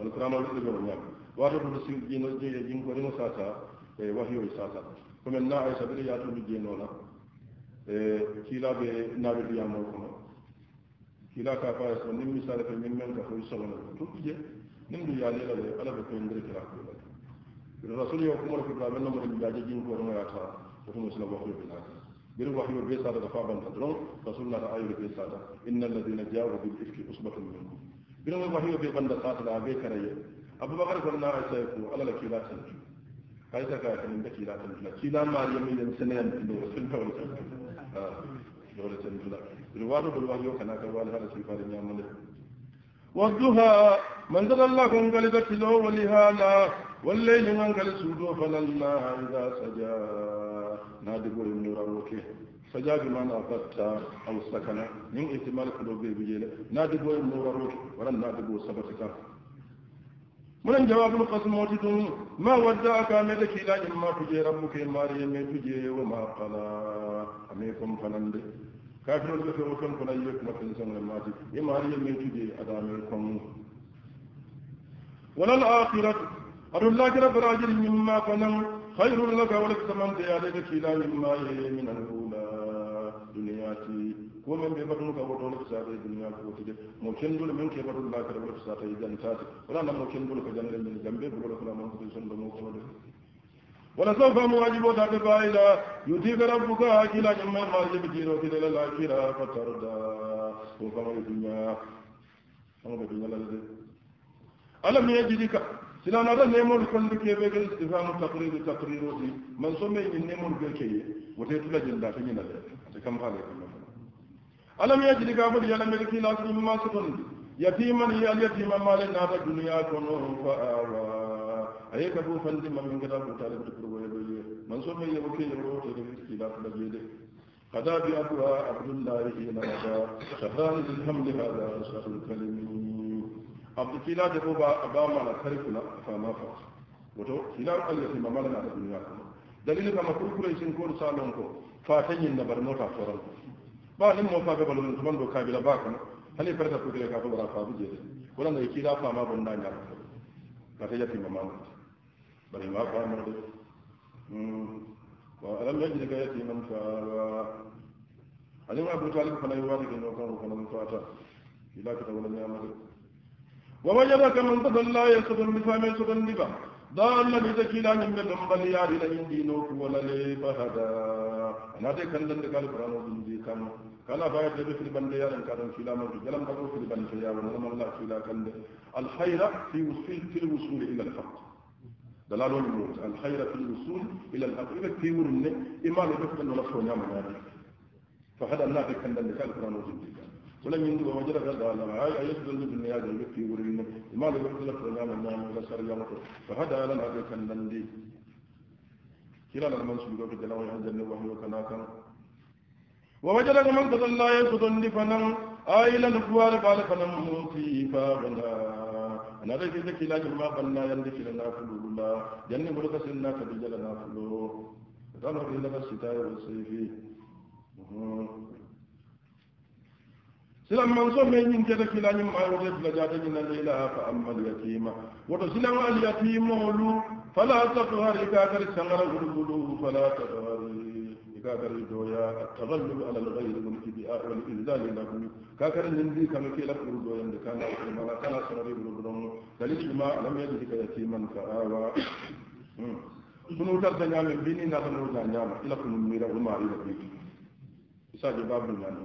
al qur'an ko wa jin jin ko ni mo sa sa sa sa komin na ay sabiri ya tubi jeno la e kila be na be ya mo ko kila ka fa so nim misal ko nim men ka ko so na to je nim du ya le la ala be ko ndire kila ko la rasul yo ko mo ko rabe no mo ya je jin ko no ya ta ko mo sala waxu bi na bir waxyu be sada dafa ban ta don rasul na ayu be sada innal ladina ja'u bil ifki usbatun minkum bir waxyu be ban da sada be karaye abubakar ko na ay sai ko ala la kila sai فايتا كاك من بكي لا تنفلا كلا ما يمين سنين دور سنة ولا سنة آه دور سنة الوارد بالوحي وكنا كوال هذا سيفار نعمل والضحى من ذل الله كن قال بكلو ولهانا والليل من قال سودو فلما إذا سجى نادق النور وكيه سجى بمعنى فتى أو سكن من احتمال قلوبه بجيله نادق النور وكيه ولم نادق سبتك من جواب القسم موتدون ما ودعك أمدك إلى جمع تجي ربك ماري من تجي وما قلا أميكم فنند كافر لك وكم فلا يكم في الإنسان الماتي يماري من تجي أدامكم وللآخرة أرد لك رب راجل مما فنن خير لك ولك سمنت يا لك إلى مما من الأولى دنياتي wo men be badu ka wodo lafsa ta yidi na ko tije mo ken dole men ke badu lafsa ta lafsa ta yidi na ta wala na mo ken dole ka jangal ni gambe bu lafsa na mo ko son do mo ko do wala so fa mo wajibo ta ta baida yuti ga rabbuka akila jamma wajibi jiro ti la akira fa tarda ko fa mo dunya mo ko dunya la de alam ne yidi ka sina na da ne mo ko ndi ke be ga istifamu taqrir taqriru di man so me ni ne mo ga ke wote tula jinda ta ni na de ta kam fa le kam fa alam yajidi ka fodi yala meliki la sin ma sutun yatiman ya yatima male na ta duniya kono fa awa aye ka bu fandi man min gada ko tare da kurwa yabo ye man so mai yabo ke yabo to da miski da kula je de kada bi abwa abdullah ila hada shahran bil hamd hada shahru kalimin abdu kila da ko ba ba mala karikula fa ma fa wato kila al yatima male na ta duniya kono dalilin kama kurkure shin ko salon ko fatan yin da barnota foran ko ba nin mo fa be balon to bando bila ba kan hali farta ku kire ka to bara fa buje wala ne kila fa ma bunda nya ka ta yati mama bari ma fa mu de wa hmm. alam yajid ka yati man fa ali ma abu talib fa nay wa da no kan ko nan fata ila ka ta wala nya ma wa wajadaka man tadalla yasudun bi fa min niba دار الذي زكي لا من دمبل يا ريل من دينك ولا لي فهدا انا دي كان دند قال القران دي كان كان فايت دي في البند يا ان كان في لام جلم قالوا في البند يا ولما الله في لا كان الخير في وصول في الوصول الى الحق دلال الموت الخير في الوصول الى الحق اذا في ورن ايمان بكن ولا صنع ما فهذا الله كان دند قال القران دي كان ولا من دوا وجل قال الله ما هاي أيد دل الدنيا دل بكي ورد النبي ما لو يقول لك رجال الله ولا سر يوم فهذا لنا أبيك النندي كلا لما نسمع في جل وعلا جل وعلا وكنا كنا ووجدك من قد الله يسدن فنم آيلا نفوار قال فنم موتي فابنا أنا رأيت إذا كلا جمع بنا يلي كلا نافلو الله جنة ملك سنة كبجل نافلو تنظر إلى الشتاء والصيف سلا منصور من ين كده كلا نم عيوز بلجاد من الليلة فأما اليتيم وتسلا اليتيم ولو فلا تقهر إكاكر سنغر غربلو فلا تقهر إكاكر دويا التغلب على الغير والإباء والإذلال له كاكر نندي كما كلا غربلو يندكان كما كان سنغر غربلو دليل ما لم يجدك يتيما فآوى sunu tarta ñaame bi ni nata no ta ñaama ila ko mira wuma ila bi isa je babu ñaanu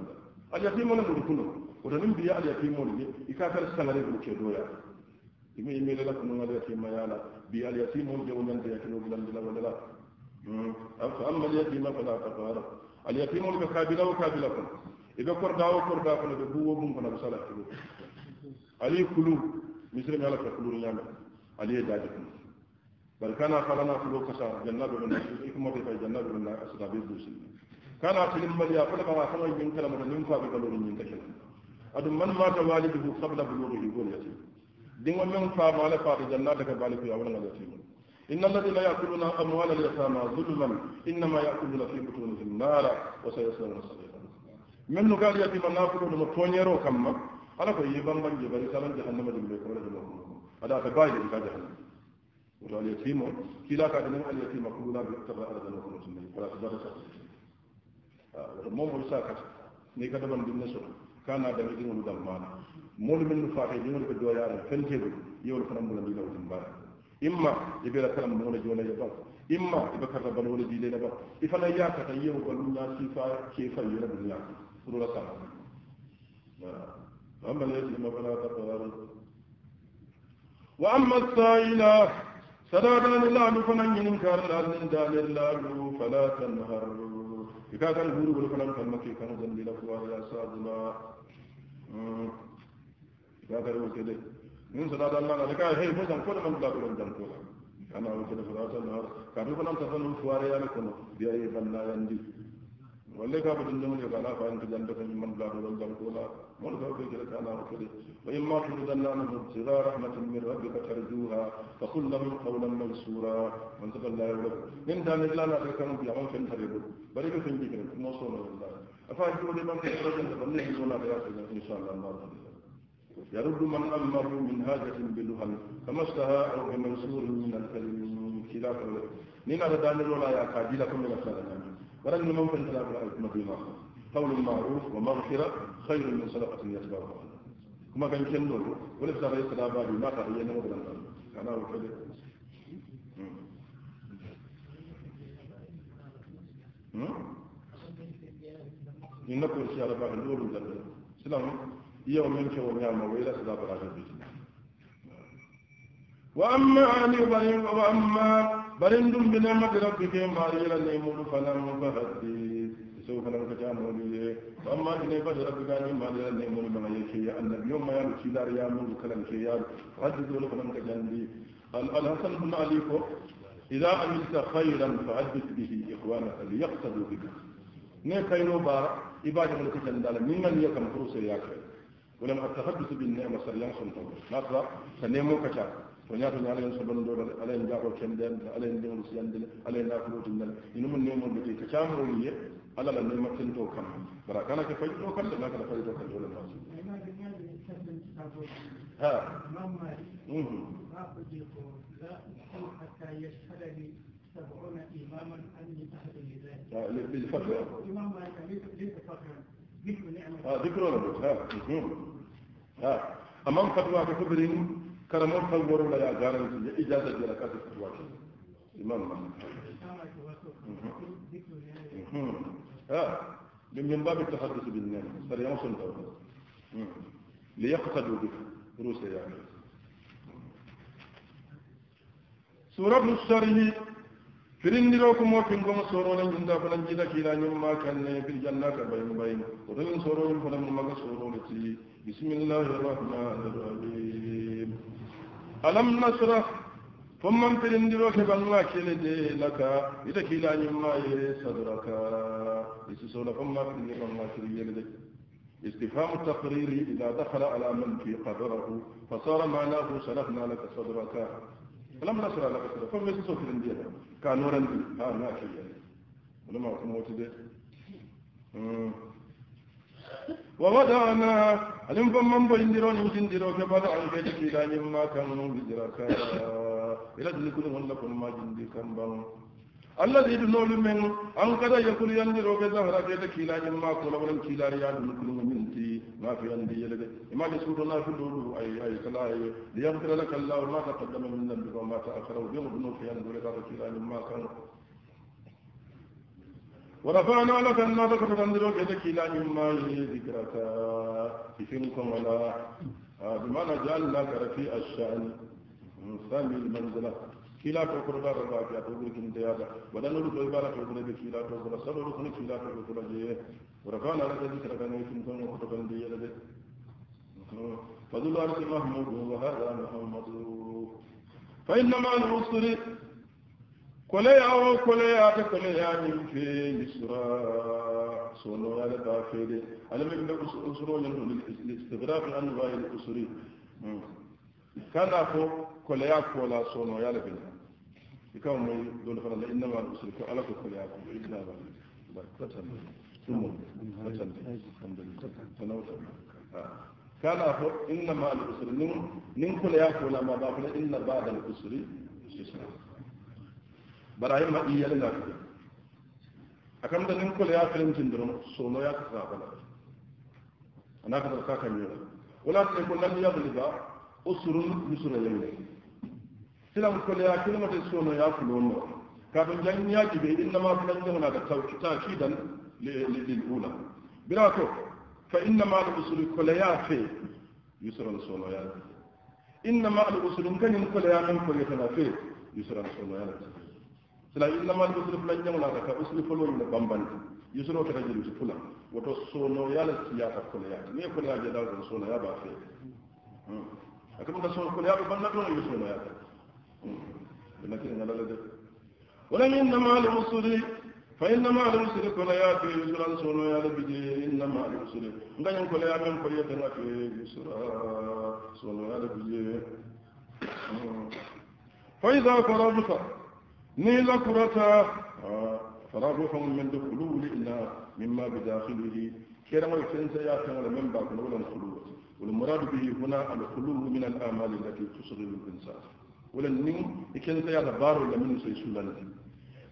alyatimona mulu kuno otanim biya alyatimolu je ikakar sangare ɗum ke doya imi imilela kunon alyatima yala biya alyatimol je wonanta yakilo gilandila walela fa amma alyatima fala taqara alyatimol ɓe kabila o kabila kono eɓe korda o korda kono ɓe duwo mum kono ɓe sala kulu ali kulu misirmi ala ka kuluru ñame aliye daji kono bari kana falana kulo kasa jannaɓe ɗo na hikmote fay jannaɓe ɗo na asata ɓe businni كان أقل من يقول ما كان يمكن لما ننفع ببلوغ من كشف أدم من مات والده قبل بلوغه يقول يتيم دين ومن فاء ما لفاء جناتك بالك يا ولد يتيم إن الذين يأكلون أموال اليتامى ظلما إنما يأكلون في بطونهم نارا وسيصلون سعيرا من قال يتيم ناكل متونيرو كما أنا كي يبان من جبل سلام جهنم جبل كبر جبل هذا كبايد جهنم واليتيم كلا كان اليتيم كلنا بيكتب على ذنوبهم ولا كبر سعيرا woto mo mol sa kata ni ka daban dinne so kana da bidin wol dal mana mol min fa ta dinol ko doya na fente do yol fana mo ni lawtin bara imma ibira kalam mo le jona yaba imma ibaka da ban wol di le ba ifana ya kata yew ko lunya sifa ke fa yira dunya sura sa amma yati ma fala ta qarar wa amma sa'ila sadadana la nu fanan yin kar la nan dalil la fala tanhar ika kan guru bulu kalam kan maki kan zan bila kuwa ya sa dula ika kan wuce dai min da dan nan ika hey mun san ko da mun da kullun dan ko ana wuce da sada dan nan kan kullun ta sanin kuwa ya ne kono biya yi banna yandi walla ka batin da mulka ala fa an ka janda kan man la dole da dole mun ka ka kira kana ko kire wa in ma tu danna na mubsira rahmatan min rabbika tarjuha fa qul lahum qawlan mansura man ta Allah ya min da ne lana ka kan biya man kan tare bu bari ka kan kira kuma so na Allah afa ji wani man ka kira da ban ne so na da ya insha Allah Allah يرد من أمر من هاجة بلهن فما استهاء بمنصور من الكلم كلاك نينا ردان لولا يا كاجي لكم من السلام ولكن ورجل ممكن لا يكون في ناقص قول معروف ومغفرة خير من صدقة يتبعها وما كان كنول ولبس غير صدابة بما تحيينا وبلا أنا أقول إنكم سيارة بعد الأول سلام يوم ينشر ويعمل ويلا سلام على جبريل وأما أني وأما برند بنعمة ربك ما يلا نيمون فلا مبهدي سوف نرجع نولي وأما إني بس ربك أني ما يلا نيمون ما أن اليوم ما يمشي دار يا من كلام شيع رجل دول فلم قال الحسن بن عليك إذا عملت خيرا فعدت به إخوانك ليقتدوا بك ne kayno ba ibaji mun ko tan dala min ngal yakam furuse yakay wala ma tahaddathu bin ni'ma sar yan sun taw ta فنياتو ني علي سبن دو دال علي نجاكو كين دين علي نديرو سيان دين علي ناكو دين دال ني من نيمو دي تي كامرو ني الا لا نيمو كين تو كام برا كانا كي فاي تو كان لا كان فاي تو كان دولو باسي ها نعم ما حتى يشهد لي سبعون اماما اني اهل لذلك. بالفتوى. اماما ليس فقرا. ذكر نعمه. اه ذكر ها. ها. امام فتوى كفر كرم الله ورولا يا جارم يا إجازة يا ركعت الصلاة إمام ما ها من باب التحدث بالنعم ترى ما صنعت ليقتدوا بك روسيا يعني سورة مشتري فرين نروك مو فين كما سورونا جندا فلان جدا كيرا نيوم ما كان نيوم في الجنة كباين باين ورين سورونا فلان مما سورونا بسم الله الرحمن الرحيم ألم نشرح فمن في الاندروك بالماك يلدي لك إذا كلا يما صدرك يسسول فما في الاندروك يلدي استفهام التقرير إذا دخل على من في قدره فصار معناه شرحنا لك صدرك ألم نشرح لك صدرك ثم يسسول في الاندروك كانوا رندي ها ناكي ولما أكون موتدي انا ألم فمن بندرو نمسندرو كبدا عن كيدك إلى نما كانوا بجركا إلى ذلك لكم ما جندي كان بان الذي يدنول من أن قد يكون يندرو كزهرا كيدك إلى نما كولا ولم كيلا رياد لكل من تي ما في عندي يلد ما يسود الله في الدور أي أي صلاة ليغفر لك الله ما تقدم من ذنبك وما تأخر ويغفر في عندك إلى نما كانوا ورفعنا لك النادك تنظرك إليك إلى مما ذكرك إثنكم ولا آه، بمعنى جعلناك رفيع الشأن سامي المنزلة كلا تقول بار الباب يا تقول انت ديابا ولا نقول كل بار تقول بك كلا تقول سلو ركن كلا تقول جيه ورفعنا لك ذكرك إثنكم وخطبا ديابا فضل الله محمود وهذا محمد فإنما العسر كلي او كلي اك كلي امين في سورة سونو على تافيد انا من الاسرون الاستغراق عن باقي الاسري كان اكو كلي اك ولا سونو على بين يكون من دون فضل انما الاسر على كلي اك الا كان اكو انما الاسر من كلي اك ولا ما باقي الا بعد الاسري bara yema iya la ko akam da nin ko ya firin tin drum so no ya ka bala ana ka ka kan yo wala ta ko lam yabliga usrun usra yamne silam ko ya kilma de so no ya fulo no ka ban jan ya ji be inna ma fulan da na da tauki ta shi dan lil ula bila ko fa inna ma al usri ko ya fi yusra so no ya inna ma al usri kan ko ya min ko ya fi yusra so no ya sila innamal usri fulan ñamulata ka usri folon ne bambanti yusuro kata jiri fula woto sono yala siyata koleyaata ni koleya je daw ko sono ya ba fe akam da sono koleya ba na don yusuro ya ta dina ki ngala de wala min namal usri fa innama al usri koleya fi yusuro sono yala bije innama al usri ngayon koleya men koleya ta na fi yusuro sono yala bije fa iza farajta نذكرة لكرتا آه، من دخول إلا مما بداخله كرما يفنسى يا ولا من بعد ولا الخلود والمراد به هنا الخلود من الآمال التي تصغر الإنسان ولا النين يكنسى يا بارو لمن سيسولنا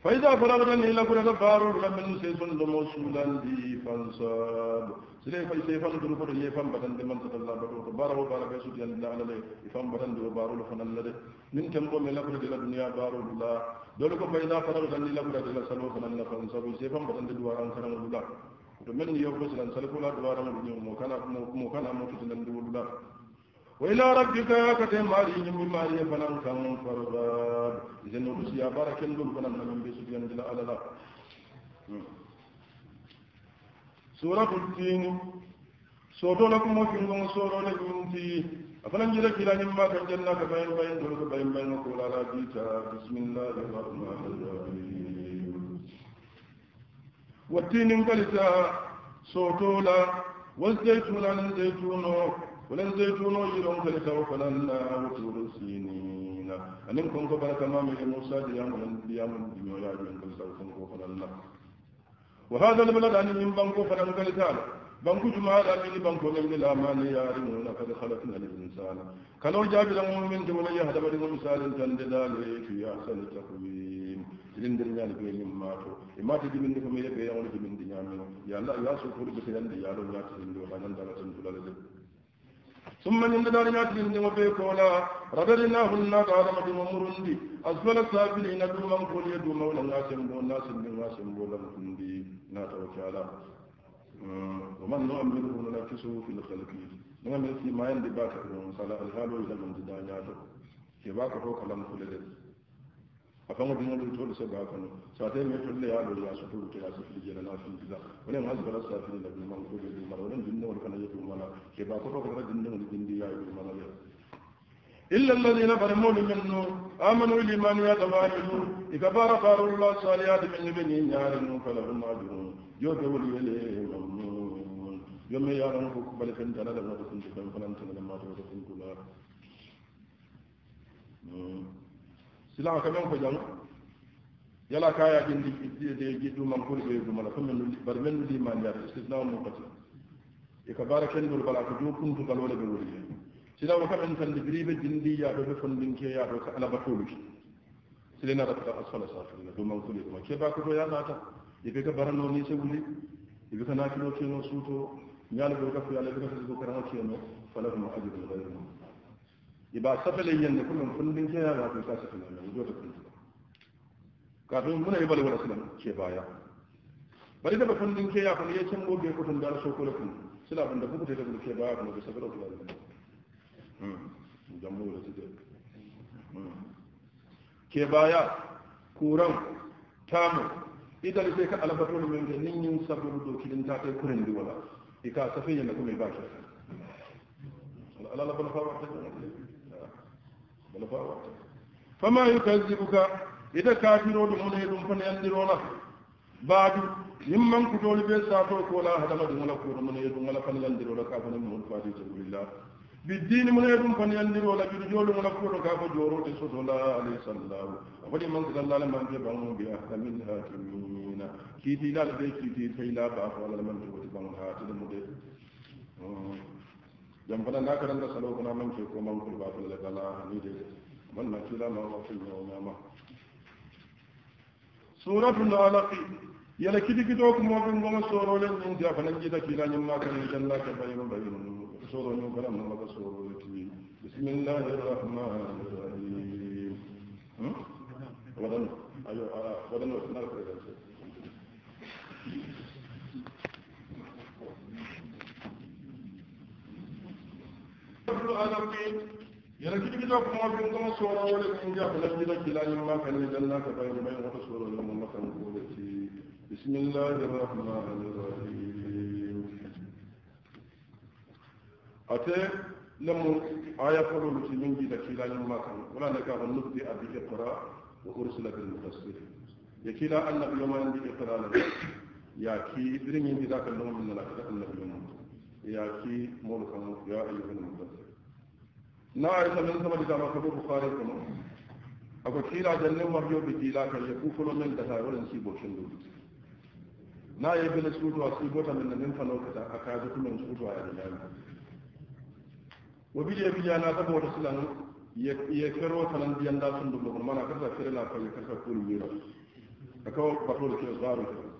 فإذا فرغت أني لكن كفار لمن سيف لموصولا لي فانصاب سليف سيف لكن فرغ يفهم بدن من تطلع بدو باره بارك يسود يلد على لي يفهم بدن دو بارو لفن لدي من كم قوم لكن إلى الدنيا بارو الله دولك فإذا فرغت أني لكن إلى سلو فنن فانصاب سيف بدن دو بارو لفن لدي to men ni yow ko silan sal ko la do waram ni mo wa ila rabbika kate maariñi mi maariye banan kan farbaad isen oɗo siya bara ken ɗol banan kamen ɓe sugandila alala suratul tini sotola kumo fingon sorole ɗumti afanan jira kilañimma ka janna ka bayen bayen ɗol ko bayen bayen kolala bita bisimillahi rahmanirrahim wattinin kalita sotola wa zeytuna nen zeytuno ولا زيتون يرون كلك وفلن وطور سنين أن كنت برك ما من موسى ديام ديام ديام يا جن كل سوكم وفلن وهذا البلد أن من بنكو فلن كلك بنكو جماعة من بنكو من الأمان يا رمونا قد خلقنا الإنسان كلو جاب المؤمن ولا يهدب الإنسان تندلال في أحسن تقويم irin da nyal be min mato e mata jimin ko mi be yawon jimin dinyami ya Allah ya so ko be tan da yalo ya tan ثم من دار ياتي من وبيك ولا رددناه الناس على مدي ومرندي أسفل السافلين دوما قول يدو ولا الناس من الناس من الناس من ولا مرندي ناتوك على ومن من نعمله ننافسه في الخلق نعمل في ما يندباك صلاة الهالو إلى من دار كي كباك روك لم كل ذلك أفهم بما لم تقول سبعة كانوا ساعتين يقول لي هذا يا سطول كلا سفلي جل لا كذا ولا ما زبر السافرين لكن ما نقول لهم ولا جنة ولا كنا يقول ملا كبا كفر كنا جنة ولا جندي يا يقول ملا إلا الذين فرموا منه آمنوا الإيمان ويتباهدوا إكبار قاروا الله الصالحات من بني نار فلهم أجر جوت ولي يوم يارن كوك بلكن جل لا نقول كن فلان تنا ما تقول كن كلا silaxa ka men ko jang yala kaya jindi ji ɗuman pour ɓeyduman fo men bar men ndu limandiar sisna mu qati e ka bara ken ndur bala ko jokuntu galole ɓe wori hen sina o kamen tan ndigriɓe jindi yaɗo ɓe fondinke yaɗo ka alabatoluki silena rata asfala safirna ɗuman pour ɓeyduman keba koto yalata eɓe ka barano ni se wuli eɓe ka nakino keno suuto ñalo ɓe ka fuyala ɓe ka fasiko karano keno falahuma ajirum gayrumum iba safale yende kulum fundin ke ya to sa sa tunan do da fundin Kafin muna yi wala sulam ke baya bari da fundin ke ya kun ya cin gobe kudin da so ko kun sila da buku te da ke baya kuma da safale to hmm. da hmm jambo da tide ke baya kuran tamu idan sai ka albato ne men nin yin sabu do ta kai kurin duwala wala ika safiya na kuma ba shi fara ta بل فاوت فما يكذبك إذا كافرون من يدون فنيندرون بعد يمن كتول بيساتو كولا هذا ما دون لكور من يدون ولا فنيندرون كافرون من فادي سبيل الله بالدين من يدون فنيندرون بالجول من لكور كافر جورو تسوت الله عليه السلام أولي من صلى الله عليه وسلم بأنه بأحكم الحاكمين كيتي لا لبيك كيتي فإلا بأفعل من تبتبان هاتي المدير jam fana na ka da salo kuna man ke ko man kurba ba da kala ni dai man na kila ma wa fil yawma ma suratul alaq yala kidi kido ko mo bin goma soro len ni da fana jida kila nyum ma kan jalla ka bayin bayin soro ni kala man ma soro ti bismillahir rahmanir rahim hmm wadan ayo wadan na ko dulu ala ki yara ki ki dok mo bin ko so na wala ko ja ko lafi da kilani ma kan ni dalla ka bayin bayin ko so na mo ma kan ko ci bismillahir rahmanir rahim ate lamu aya ko lu ci min ji da kilani ma kan wala na ka ban nubdi abi iqra wa ursila bil mufassir ya kila annabi yawma indi iqra la ya ki dirin yin da kan mun na la ka annabi yawma ya ci mulkan ya ayyuka na mutasir na ayi sanin sama da dama kabo bukhari kuma ako kila janne marjo bi kila kan ya ku kulo men da ta wurin si bokin do na ayi bin su to asu bota men nan fa no kata aka ji kuma su to ayi da nan wa bi je bi ya na ta bo da sulan ya kero sanan biyan da sun do kuma na karta kira na fa ya karta kun yi ra aka ba to da kira zaru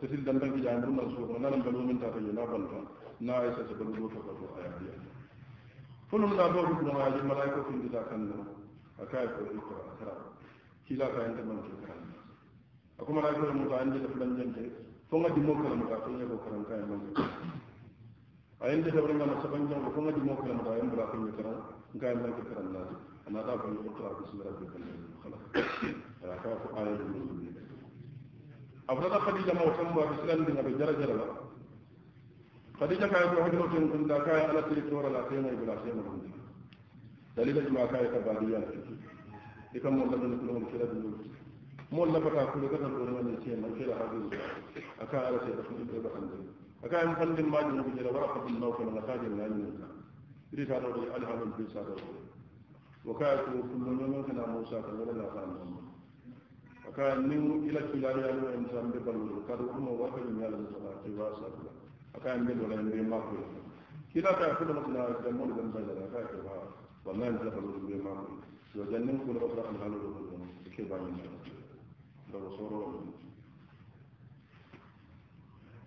sëriñ dañ dañ ci jaay mu na suuf na lam ba lu mën ta tay na ban fa na ay sa ba lu do fa ko ay ay fu lu na do ko ma ji malaay ko fi ndi ta kan na kay ko ni ko xara ci la ka ñu mëna ci kan ko ma lay ko mu tan ji def lañ leen te fo nga di mo ko mu ka fi ñe ko karam kay mo ay ndi te nga ma sa bañ ñu fo nga di mo ko mu tay mu ra fi ñu karam ngay mëna ci karam na ana da ko ñu ko tra ko ci rabbi kan khala ra ka ko ay أبدا خديجة ما وتم بسلام بن أبي درجة لما خديجة كان يقول حجرة من ذاك أنا تريد ورا لا تيم ولا تيم دليل جماعة كان كبارية إذا مولا من كلهم كلا بنور مولا فتا كل كذا كل من يسير من كلا هذا أكا على شيء دخل في هذا خندق أكا يوم خندق ما جنوا بجلا ورا قبل النوم من أكاد من أي من إذا هذا ألهم في سادة وكاتب كل من كان موسى كان ولا لا كان محمد aka nin ila kilari ya nuna insan da balu kar kuma wa ka dunya da sana ce ba sa kula aka yin da wala ne ma ko kila ka kula da na da mu da ban da ka ke ba wallahi da balu ne ma ko to jannin ku da ofra halu da ku ke ba ni da rasulu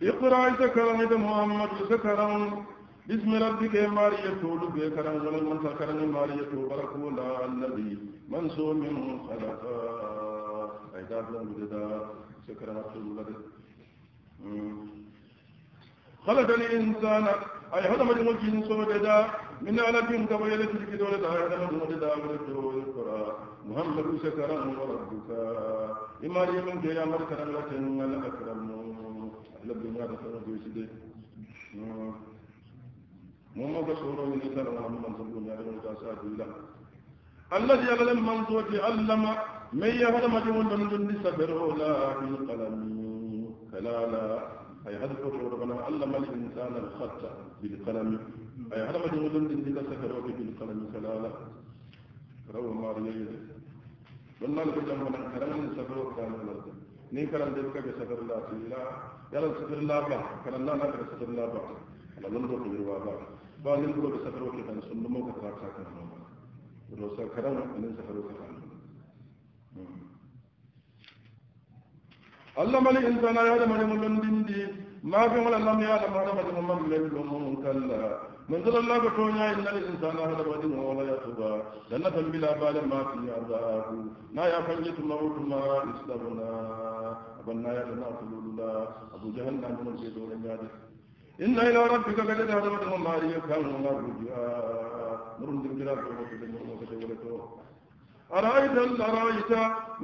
اقرأ ذكرا إذا محمد ذكرا بسم ربك ماريا تول بكرا ولمن ذكرني ماريا تول بركولا الذي من سوء من خلقا استعداد لهم لدى سكرات الولد خلق الإنسان أي هذا مجموع الجنس ومجدا من على جنك ويلي تلك دولة أي هذا مجموع الجنس ومجدا محمد سكرم وربك إما ريمن جي أمر كرم لكن الأكرم أهل الدنيا رسول الله سيدي مما قصوره من إنسان محمد صلى الله عليه وسلم الذي يبلغ منظور علم من يهد مجهول من دون سبره لا القلم فلا لا أي هذا الحضور ربنا علم الإنسان الخط بالقلم أي هذا مجهول من دون سبره بالقلم فلا لا روى ماريا لما لقد أمنا كلام سبره كان الأرض ni kalan de ka sadar la tilla yala sadar la ba kalan la na ka sadar la ba la lon do بقى wa ba ba ni ko sadar ko kan sunno mo ka ta ka لو ذكرنا أن نزفر الله ملي إنسان يا من من دندي ما في ولا لم يا من من من من كلا من ذل الله بكونيا إن الإنسان هذا بدين ولا يتوبا جنة بلا بال ما في عذاب نا يا فنجت موت ما إسلامنا أبنا يا لنا الله أبو جهل نعم من جدول النادي إن إلى ربك قد ذهب وتم ما لي كان وما رجاء نرم ذكرى أرأيت أرأيت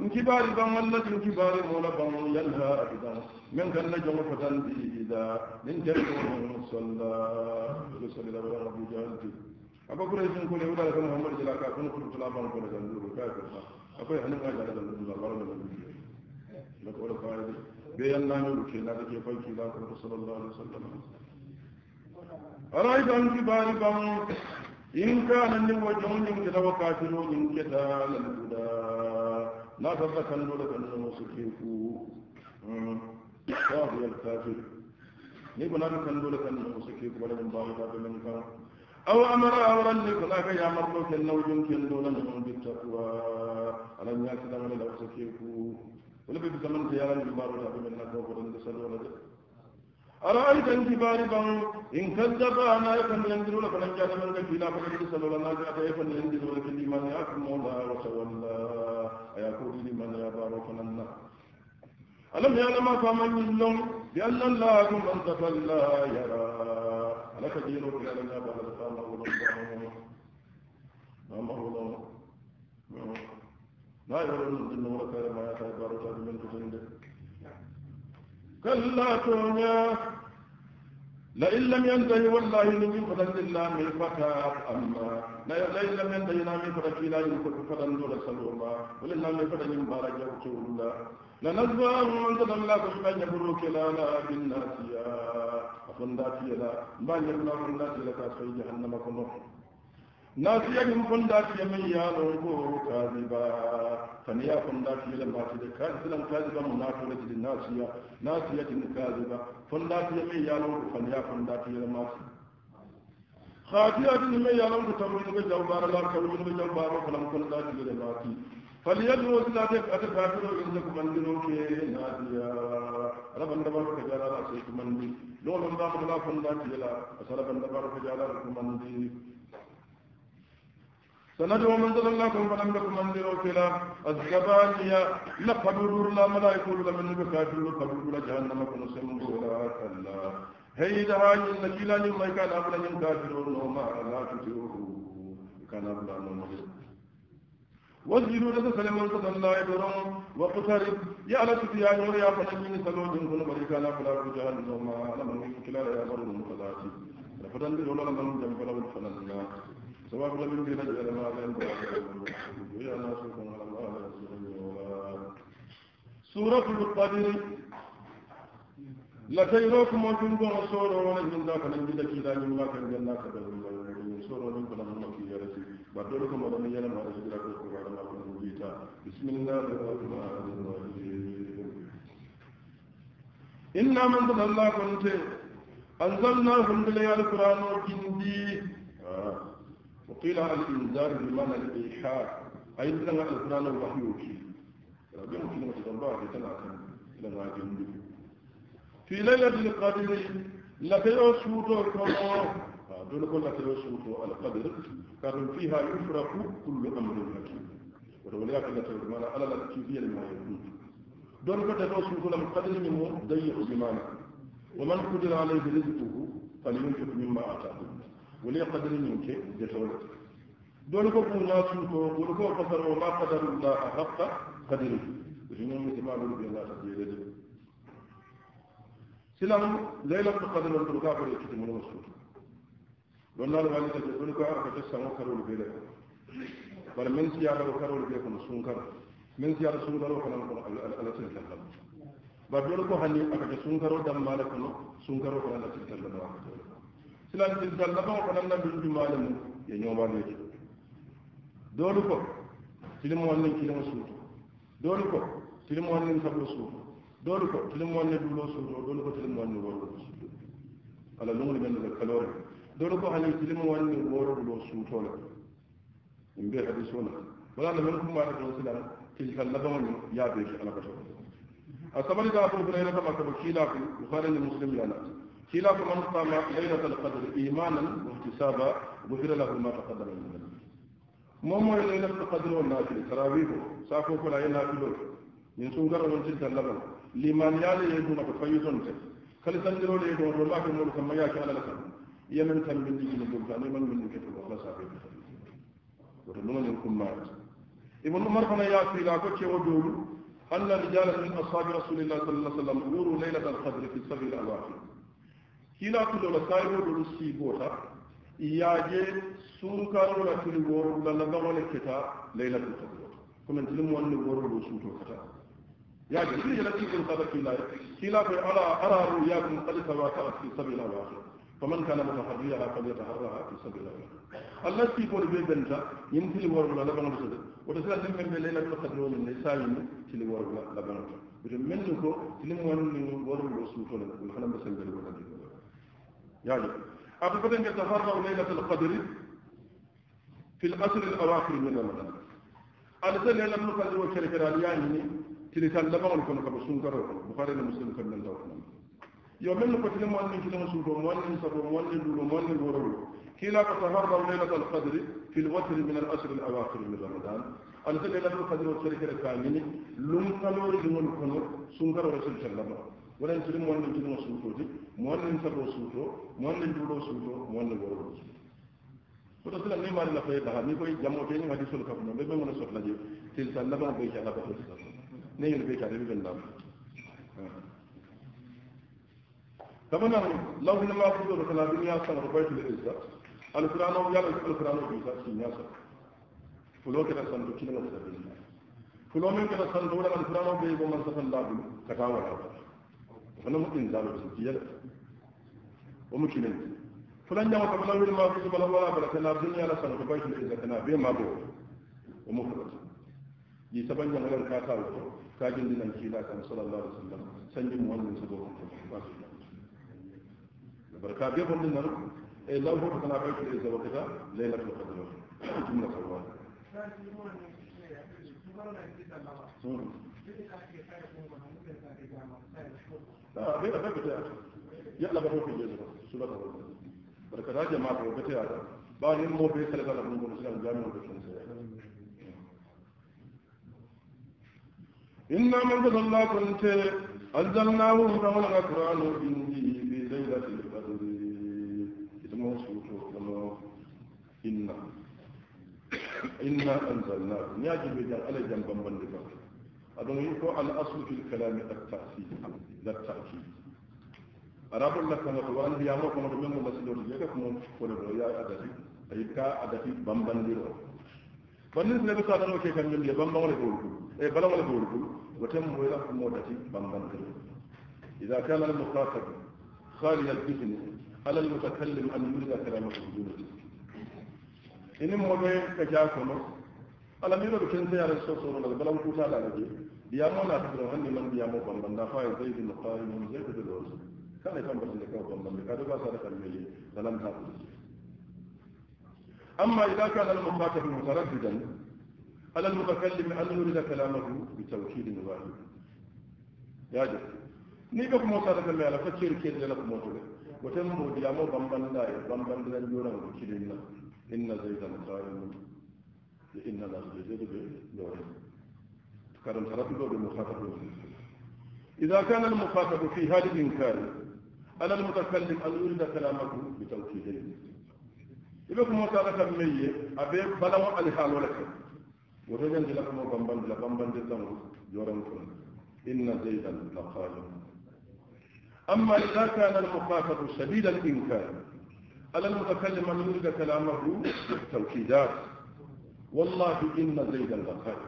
من كبار بان الله من كبار مولا بان ينهى أبدا من كان نجم فتن بإذا من جرد صلى صلى الله عليه وسلم جانتي أبا كريس كل يوم لك محمد جلاك أكون كل طلاب أن كل جانور كافر أكو يعني ما جالس الله ولا نبي لك ولا كاري بيان نامي وكيلا لك يفعل كيلا صلى الله عليه وسلم رأيت الجبال بموت إن كان من وجههم كذا وكافرون إن كذا للهدى لا تتكلم لك أن نسكيكو صاحب الكافر نيكون هذا كان لك أن نسكيكو ولا من ضاغطة من كان أو أمر أمرا لك لا كي أمر لك أن نوجم كن دولا نهم بالتقوى على الناس لا ولا سكيكو ولا بيبقى من خيارا من بارو لا بمن لا كوفر أن تسأل ولا أرأيت انتباربا إن كذب أنا يفن ينزل لك لن جاد من كفيلا فقد يسأل لنا جاد يفن ينزل لك لمن يأكل مولا وتولى أيقول لمن يبار لنا ألم يعلم فمن منهم بأن الله من تولى يرى لك دينه لأن يبار فما هو ما هو لا يرى الظلم ولا كرم ما يتعبار من تجنده كلا تونيا لئن لم ينتهي والله لم يقل إلا من فتى أما لئن لم ينتهي لا من فتى لا يقل فلن دون سلو الله ولن من فتى من بارك رسول الله لنزوى من تدم لا تشبه يبروك لا لا بالناس يا أخن ذاتي لا ما يبنى من الناس لك أسفل جهنم كنوح ناسيا كن داتي من يالو كاذبا فنيا كن داتي لما تجد كاذبا كاذبا منافق لجد ناسيا ناسيا كاذبا كن داتي من يالو فنيا كن داتي لما تجد خاطئة من يالو تمرين جوبار لا كوين جوبار فلم كن داتي لما تجد فليدعو ذلك أتكافر عندك من دنوك ناديا رب أن دبر فجالا رأسيك من دي لو لم داخل لا فندات يلا أسرب أن دبر فجالا رب من دي سندعو من ذل لكم فلم يكن منذروا كلا الزبانية لقبر لا ملائكة لمن بكافر لقبر لجهنم كن سمبولا كلا هيدا هاي النجيلا لما كان أبلا من كافر وما لا تتعوه كان أبلا من وزيروا لك سلم القد الله يدرون وقترب يا لا تتيا نور يا فنجين سلوج كن بريكا لا فلا جهنم وما لمن كلا يا برون فلا تتعوه لفتن بلولا لمن جنفلا فلا تتعوه سواء لم يمكن أن يجعل ما بين ويا ناس على الله سورة القدر لتيروكم وجنبهم سورة ولد من ذاك لم يدك إلى جملة كان جنة سورة من كل من في يرسي بدركم ولم يلم على سبيل القرآن ما كنتم جيتا بسم الله الرحمن الرحيم إنا من ذل الله كنت أنزلناه من ليال القرآن وجندي آه. وقيل الإنذار بمعنى الإيحاء أي لنا القرآن الوحي وكي ربنا كلمة الله تنعكم لنا جنبه في ليلة القدر لقيا سورة كما دون كل لقيا سورة القدر كان فيها يفرق كل أمر حكيم ولولا كلمة المعنى على الكيفية لما يكون دون كل لقيا سورة القدر منه ضيق بمعنى ومن قدر عليه رزقه فلينفق مما آتاه ولا قدر منك جتول دولك كنا سوق ولك قدر وما قدر الله حق قدر وجنون ما بقول الله تعالى سلام ليلة القدر والبركة في الكتاب والرسول والله لو عليك تقول لك عرفت السماء كرول بيلك بل من سيارة كرول بيلك نسونكر من سيارة سونكر وكنا على سنة الله بل دولك هني أكتر سونكر ودم مالك سونكر وكنا على سنة الله silan silsal labaŋo fanaŋ na dulu jumaa le mu ye ñoomaanu ye doolu ko tilimool niŋ kilimo suutu doolu ko tilimool niŋ sabulu suutu doolu ko tilimool ne duuloo suutu doolu ko tilimool niŋ wooroo suutu ala luŋolu meŋ le kaloore doolu ko hani tilimool niŋ wooroo duloo suutoo le ñiŋ bee hadisoo na wala na meŋ kummaata toŋ silaŋ silsal labaŋo ñiŋ yaa bee ke ala ka to a sabali daa fo fana yelata ma kabo kiilaa ko bukhari ni muslim yaa naati كلا فمن قام ليلة القدر إيمانا واحتسابا غفر له ما تقدم من ذنبه مومو ليلة القدر والنافل تراويح سافو كلا ينافل من سوغر من سلطة اللبن لمن يالي يدون فيزون كل سنجرو ليدون والله كمول كما ياكي على لكم يمن كان من دين الدبتان يمن من كتب الله سافو وتنون يكون معك ابن عمر فانا ياتي لا كوتشي وجوه أن رجالا من أصحاب رسول الله صلى الله عليه وسلم غوروا ليلة القدر في السبع الأواخر kila kulola kayirolu siigota iyaje sunkarola tili woro lalagawole keta laylatul qadr komin tili monni worolu suuto keta yaje tili yala tikil kada kila kila be ala araru yakum qad tawaka fi sabila wahid faman kana mutaharriya ala qad yataharraha fi sabila wahid allah siigol be benta yim tili woro lalagawole suuto wata sila timmen be laylatul qadr woni ne sawin tili woro lalagawole suuto men ko tili monni worolu suuto le kono hana basal be wala يعني أعتقد أن تهرب ليلة القدر في الأسر الأواخر من رمضان أرسل ليلة القدر والشركة الرياني تلتان لبغل كنك بسنكر بخاري المسلم كبن الله يوم من قتل مؤمن كلمة سنكر مؤمن سبو مؤمن دور مؤمن ورور كلا تتهرب ليلة القدر في الوتر من الأسر الأواخر من رمضان أرسل ليلة القدر والشركة الرياني لم تلور جمال كنك سنكر رسول الله wala en tuli moolu nañ tulumo suutoti moolu nañ saroo suuto moolu nañ duuloo suuto moolu nañ woroloo suuto koto sila ni maari la faye daxa ni koy jammoo ke ñinga di solu kafu no ɓe ɓe ngona sohla je til sa lafaŋo ɓey cala ba sila ne ngene ɓey cala ɓe ɓen laam tamana law hina ma fuɗoto kala duniya sanato baytul izza alquran o yala alquran o juusa siña sa fulo keta santo kinala sa ɓen fulo men keta santo waɗa alquran o ɓey bo man safan laabulu kata wala wala فنم إنزال بسكية ومكلم فلن يوم قبل من ما في سبلا ولا بلا كنا الدنيا لا سنة بيت إذا كنا بما بو ومفرد يسبن يوم غير كاتار كاجن لنا كيلا كان صلى الله عليه وسلم سنجم وان سبوا بركة بيهم لنا إذا هو كنا بيت إذا وكذا ليلة القدر جملة سواه آه غير باب بتاعته يلا بروح الجزر سلطة الله بركة راجع ما بروح بتاعته يعني. بعد مو بيت سلطة الله بنقول سلام جامع وبيت إنا من قد الله كنت أنزلناه رمضان القرآن إنجي في ليلة القدر اسمه سورة الله إنا إنا أنزلناه يجب أن على جنب من لفاته أظن يقول الأصل في الكلام التأصيل لا التأكيد أراب لك نقوان هي أمر كما تبين من مسلور يدك من فكرة رؤيا أدفي أي كا أدفي بمبن ديرو بنين سنبي ساتنو كي كان يلي بمبن ولا دورو أي بلا ولا دورو وتم ولا موتتي بمبن ديرو إذا كان المخاطب خالي الإذن على المتكلم أن يلقى كلامه بدون إذن إن مبين كجاكم ala miro be kente ya rasul sallallahu alaihi wasallam ko tala nabi biya mo na tiro hanni man biya mo ban ban da fa zaid bin qaim zaid bin lawz kana kan basin ka ban ban ka doga sada kan mele dalam ta ku amma idza kana al mukhatab mutaraddidan ala al mutakallim an yurid kalamahu bi tawhid wahid ya ji ni ga mo sada kan mele fa cin ke da ko mo to wata mo biya mo ban ban da ban ban da yoran ku kidin na inna zaidan qaimun إن الله جزيل بلورهم كرم ترتب بالمخاطب إذا كان المخاطب في هذا الإنكار أنا المتكلم أن يريد كلامه بتوكيدين إذا كنت مرتبة مية أبي بلغ على حال ولك ورجل لك مرتبان لك مرتبان لك إن زيدا لقال أما إذا كان المخاطب شديد الإنكار أنا المتكلم أن يريد كلامه بتوكيدات والله إن زيد الغفار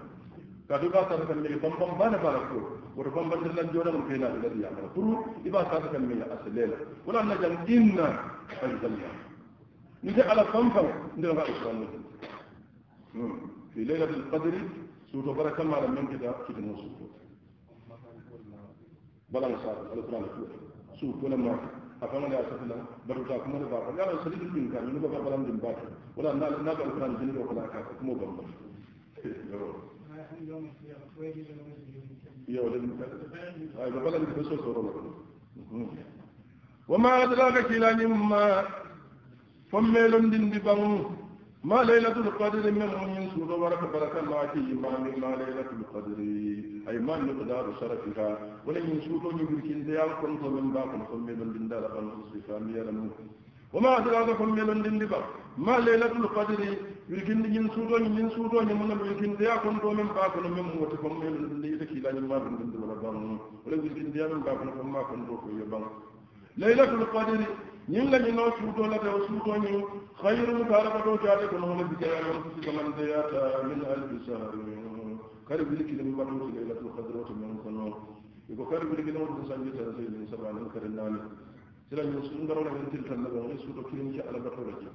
كافي با سارك مي بام بام بانا بارا كو ور بام بام دلان جورا من كينا الذي يعمل فرو إبا كان مي أسلل ولا نجم إن زيد الغفار نجي على بام بام نجم على إسلام في ليلة القدر سورة بركة ما لم ينكد في الموسوس بلان سارك على إسلام سورة لما أفهم لا أسف الله برتا كم هذا بارك يا رسول الله من كان من بقى بلان دم بارك ولا نا نا بقى بلان جنب ولا كاف كم هو بلان يا ولد هاي بلان بس وصورة وما أدراك إلى ما فملون دين بانو ما ليلة القدر منهم من سورة ورك بركة الله فيهما مما ليلة القدر أي ما مقدار شرفها ولن يسوطوا من بركين ديال كنت من باقن خمي من دين دار أن أصفها ميرمو وما أدراكم من من دبر ما ليلة القدر بركين دين سوطوا من سوطوا من بركين ديال كنت من باقن من موتكم من دين ديال كيلا من دين دبر ولن بركين ديال من باقن خمي من دين دبر laylatul qadri ñin la ñu noo suutoo la tew suutoo ñu xayrul kaarakato jaate kono hono bijaya won fusi samanteyata min alfi sahrin kadi wilikide mi mbaɗuti laylatul qadri oto men kono iko kadi wilikide mo ɗum sanjitata seydin sabanen kadi naani sila ñin su ngarona men tiltanna ɓe one suuto kirinci alabatola ji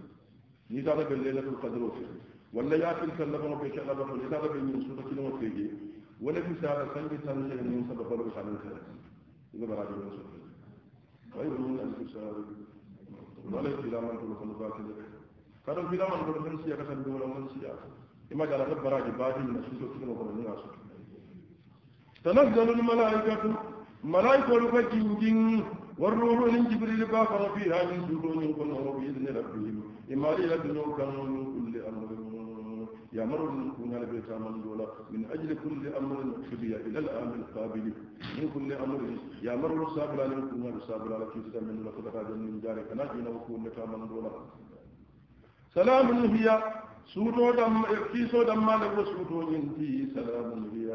ni tata ɓe laylatul qadri o fii walla yaatin talla kono ɓe keɗa bato ni tata ɓe ñin suuto kilimo feeje wona fisara sanjitan seydin sababaloɓe kanen kadi ɗiɓe mbaɗaji men sofi way bu ñu ci sa wala ci la man ko ko ba ci def faram bi la man ko dañ ci yakatan bi wala man ci ya ima gala ko baraji ba di na ci so ci ko ñu asu tanaz galu ni malaikatu malaika lu ko ci ngi war lu lu ni jibril ba ko fi ha ni du ko ñu ko no bi ni rabbi ima ila du ñu kan ñu يأمر الملكون البيت من دولا من أجل كل أمر قضي إلى الآن القابل من كل أمر يأمر الصابر أن يكون الصابر على كيسة من لقد من ذلك نجينا وكون لك من دولا سلام هي سوتو دم في سو دم ما لو سوتو ينتي سلام هي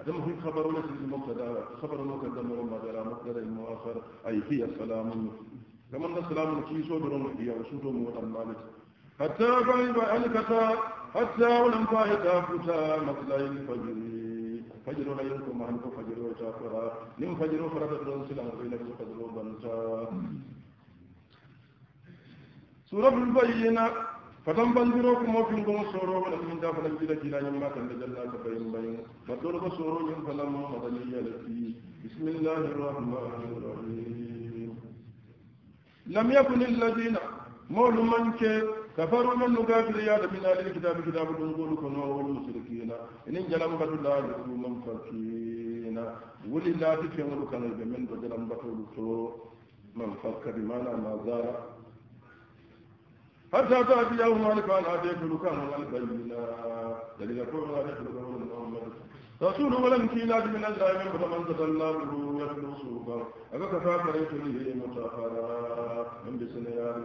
أدم هي خبر ولا مبتدا خبر ما مبتدا مبتدا المؤخر أي هي سلام كمان أن سلام كيسو دم هي وسوتو مبتدا حتى بعد ذلك حتى ولم فايت أفتا مثل الفجر فجر ليلكم ينكم أنك فجر وشافرا لم فجر فرد الرسل أنك إلى فجر بنتا سورة البينة فتم بنجروكم وفين كم سورو ولم من دافن الجيل جيلا يما كان جلنا كبين بين فدور بسورو يم فلم مدنيا لكي بسم الله الرحمن الرحيم لم يكن الذين مول منك كفروا من نكافر يا من آل الكتاب كتاب الأنقول كما والمشركين المشركين إن جلم بطل الله من فكينا ولي لا تفهموا كان من جلم بطل من فكر بمعنى ما زال حتى تأتي يوم مالك أن أتيت لكان البينا دليل كون أتيت لكان أمر رسول ولم كيلاد من الله من فمن تطلع به يتلو سوقا أكفى فريق به متأخرا من بسنيان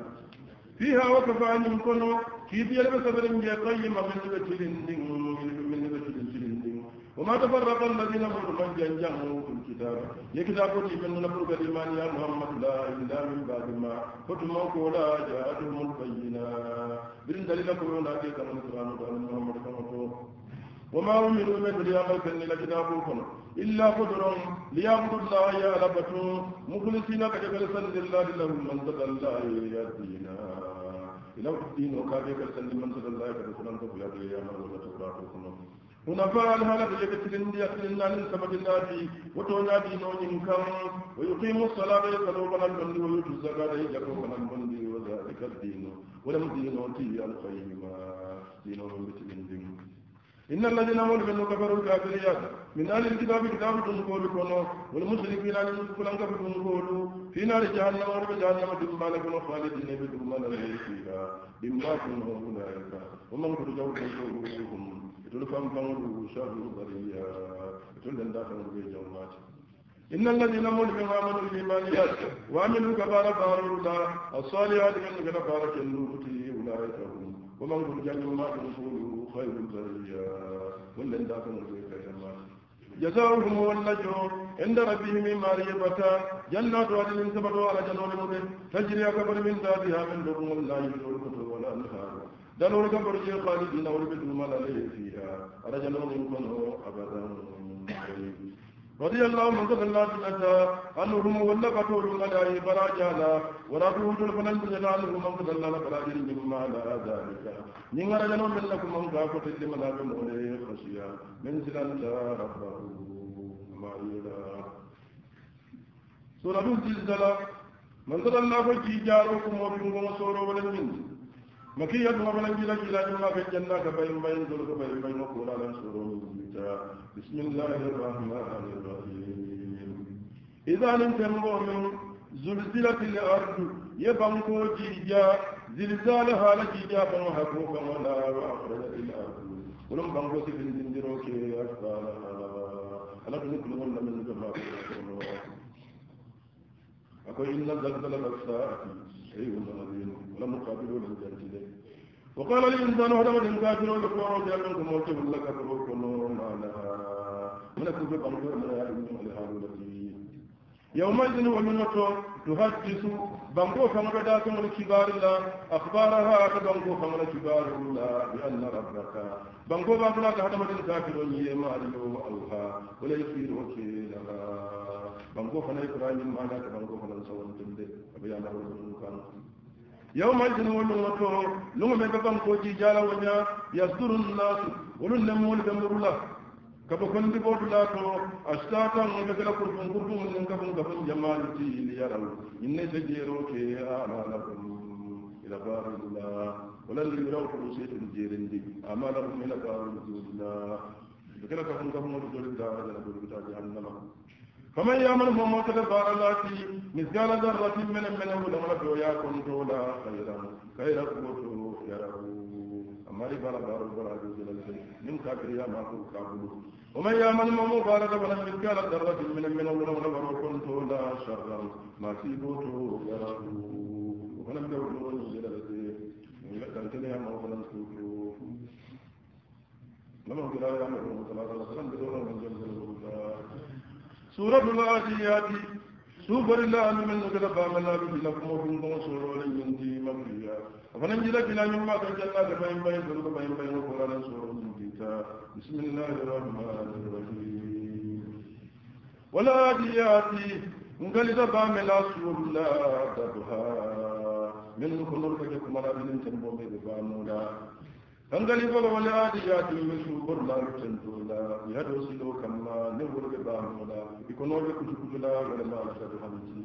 فيها وكفى عنهم كنوا كيف يلبس بلن يا قيم من بتلين من بتلين تلين وما تفرق الذين فرقوا من جنجهم في الكتاب يكتاب من نبرك الإيمان يا محمد لا إلا من بعد ما فتموك ولا جاءتهم البينات بلن دليل كورونا كيف من القرآن محمد كما وما أمروا من ليعبدوا إلا كتابكم إلا قدرهم ليعبدوا الله يا ربكم مخلصين كجبل سند الله لهم من تدلى يدينا لو الدين وكافيك السلم من سد الله فلسلم تقول هذه يا من ولا تقرأ السنة هنا فعل هذا يكتلن يكتلن عن سبب الله وتونا دين وينكم ويقيم الصلاة يصلوا من البند ويؤتوا الزكاة يجروا من البند وذلك الدين ولم دين وتي القيمة دين ومثل دين إن الذين أمنوا بأنه كفروا الكافريات من أهل الكتاب كتاب تنقول كنو والمشركين أن ينقول أنك تنقول في نار جهنم ورب جهنم دمما لكم خالدين بدون بدمما لكم فيها دمما كنو أولئك ومن ترجعوا تنقولهم تلكم فانقلوا شر ضريا تلكم داخل بجنات إن الذين أمنوا ملهم آمنوا بالإيمانيات وأمنوا كبار فاروا الصالحات من كبار كنوتي أولئك هم ومن ترجعوا ما تنقولوا خير البرية ولا إن داكم رزقك جمال جزاؤهم هو النجور عند ربهم ماريبتا جنات عدن سبت على جنون مبين تجري كبر من تابها من لهم لا يجور كتب ولا أنهار دلور كبر جي خالدين أولبتهم على فيها رجل منكم أبدا رضي الله عنه رضي الله تعالى أنهم ولا قتولوا على براجانا ولا تهجر فلن تجعلهم من قد الله براجل مما لا ذلك نين رجلوا من لكم من قافة لمن أبن عليه خشيا من سلان لا ربه ما إلا سورة الزلزلة من قد الله فجي جاروكم وبنكم وصوروا ولن منه مكي يدنا من جل جل إما في الجنة بين بين ذلك بين بين وقول على سرور بسم الله الرحمن الرحيم إذا ننتم من زلزلة الأرض يبنكو جيجا زلزالها لجيجا فنحكو فنولا وأخرجت الأرض ولم بنكو سفن زندرو كي أفضالها ألا تذكرون من جماعة أقول إن زلزلة الساعة شيء عظيم لم قابلوا الجاهلين وقال الإنسان هذا من كافر وكفار جاهلكم وكفر لك فروكم ما لها من كفر أمر من يعلم لهذا يومئذ ومنته تحدث بانكو فمر داكم الكبار الله أخبارها تبانكو فمر كبار الله بأن ربك بانكو بانكو هذا من كافر يما أليو أوها ولا يصير وكيلها بانكو فنا إكرام ما لك بانكو فنا سوى تندي أبي أنا رسول كانوا yawma idin wolu ngoto lungu me babam ko ji jala wonya yasdurun nas wolun ne mol be murula kaba kon di bodu la to astata ngi be kala kurfun kurfun ngi kabun kabun jamalu ti ni yaraw inne se jero ke ala lakum ila barillah walan yuraw rusitun jirindi amalakum ila barillah be kala kabun kabun wolu da ala lakum ta jahannama فمن يعمل مماكة دار الله مثقال ذرة من من ولا من وياكم تولى خيرا خيرا قوته يره أما لي دار بارا بارا جل من كافر يا ما هو كافر ومن يعمل مماكة ولا مثقال ذرة من من ولا من بيا تولى شرا ما في قوته يره ولم يقولوا جل جل يمكن تلها ما ولم تقولوا لما قال يا محمد صلى الله عليه وسلم بدون من جل جل سورة العاديات سوبر الله أن من ذكر بام الله لكم كمو بنكم سورة لمن دي مبريا فمن جل بلا من ما كان جل بين ينبغي سورة بين ينبغي القرآن سورة من ديتا بسم الله الرحمن الرحيم ولا من قال إذا بام الله سورة لا تبها من كل ركعة كمالا من تنبوه بامولا hangali bolo wala adi jaati min subur la rutan dola yado silo kamma ne wurbe ba mola ikono be kutu kutu la wala ma sadu hamti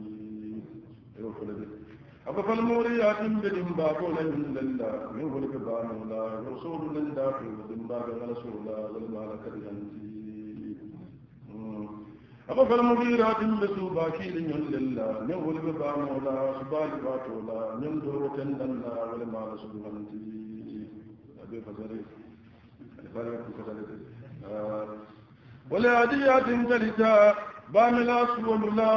ero kole be aba fal mori yaatim be dim ba ko la min lalla ne wurbe ba mola rasulun lalla ko dim ba ga rasulullah wala ma sadu hamti aba fal mori yaatim be su ba ki le min lalla ne wurbe ba mola subali ba to la min do tan lalla wala ma sadu hamti البيض الوريد البريكم كذلك ولعدية جلسة بامل أسول لا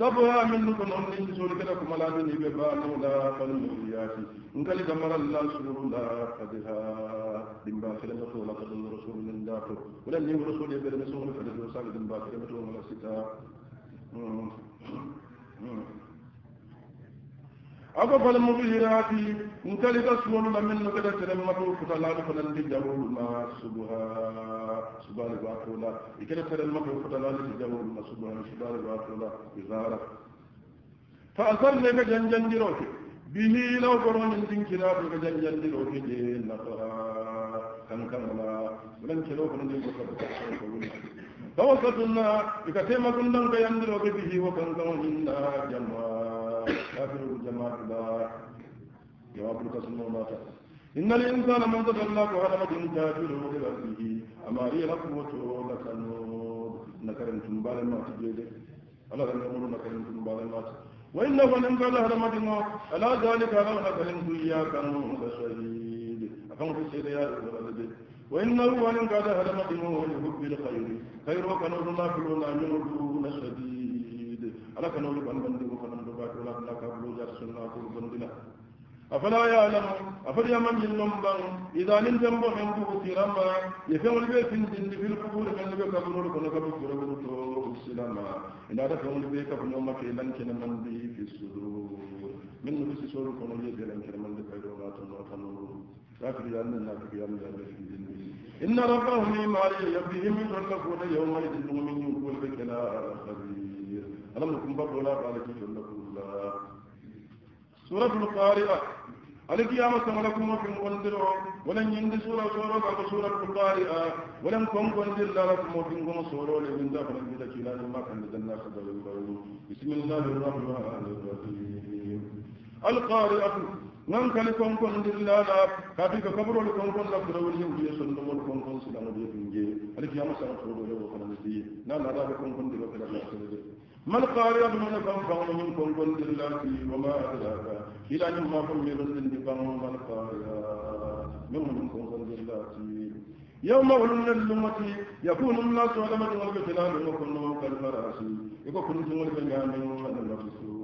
دبها من لبن أمني سول كلكم لا دني ببانو لا فالمريات نكالي دمر الله سول لا قدها دمبا خلنا طول قد الرسول من داخل ولا نيم رسول يبر نسول فلسول سال دمبا خلنا طول من الستاء ako fala mubhirati ntali ka suwolu la min no kada tere matu futa laalu fana ndi jawolu ma subha subhani wa ta'ala ikada tere matu futa laalu ndi jawolu ma subhani subhani wa ta'ala izara fa asarne ka janjandiro ke bihi law goro min dinkira ka janjandiro ke je nafara kankanala bulan kelo kono ndi ko ko tawakkalna ikatema kundan ka yandiro ke bihi wa kankanala jamma كافر جماعة الله جواب القسم والله إن الإنسان من ذكر الله على مدن كافر بربه أما هي لقوة لكنور نكرم تنبال ما تجيده ألا تنمر نكرم تنبال ما وإنه من قال هذا مدن ألا ذلك لو نكرم إياك نور شهيد أفهم في الشيء يا رب وإنه من قال هذا مدن لحب الخير خير وكنور الله كلنا من شديد ألا كنور أن بندق كبات ولا كلا كبلوجا سنة كل أفلا يعلم أفلا يمن جنن إذا نلزم بهم بوتيرما يفهم البيت في في القبور من بيك أبنور كنا كبكور بنور السلام إن هذا فهم البيت في يوم كيلان كنا من بي في الصدور من نفس سور كنا يدلان كنا من بيك أبنور كنا كبكور لكن يعلم الناس يعلم الناس في الجن إن ربهم ما يبهم يتلقون يومئذ من يقول بك لا خبير ألم نكن برد ولا قال كيف لكم الله سورة القارئة القيامة لكم وكم وندروا ولن يند سورة سورة بعد سورة القارئة ولن كم وانذر لكم وكم كم سورة لمن دفن بذلك لا لما كان لدنا خبر بسم الله الرحمن الرحيم القارئة nan kali konkon dillala kafi ka kabro le konkon la سورة wali سورة sondo mon konkon وانذر لكم وكم binge سورة amasa ko do yo kana ni na na da konkon dillala kala kala ما القارئة من فنفعل من كنكن لله وما أدراك إلى ما كن من الزندقا وما القارئة من كنكن لله يوم ولن الأمة يكون الناس على مدى والبتلال وكل من كالفراشي يكون كل من يعمل من النفس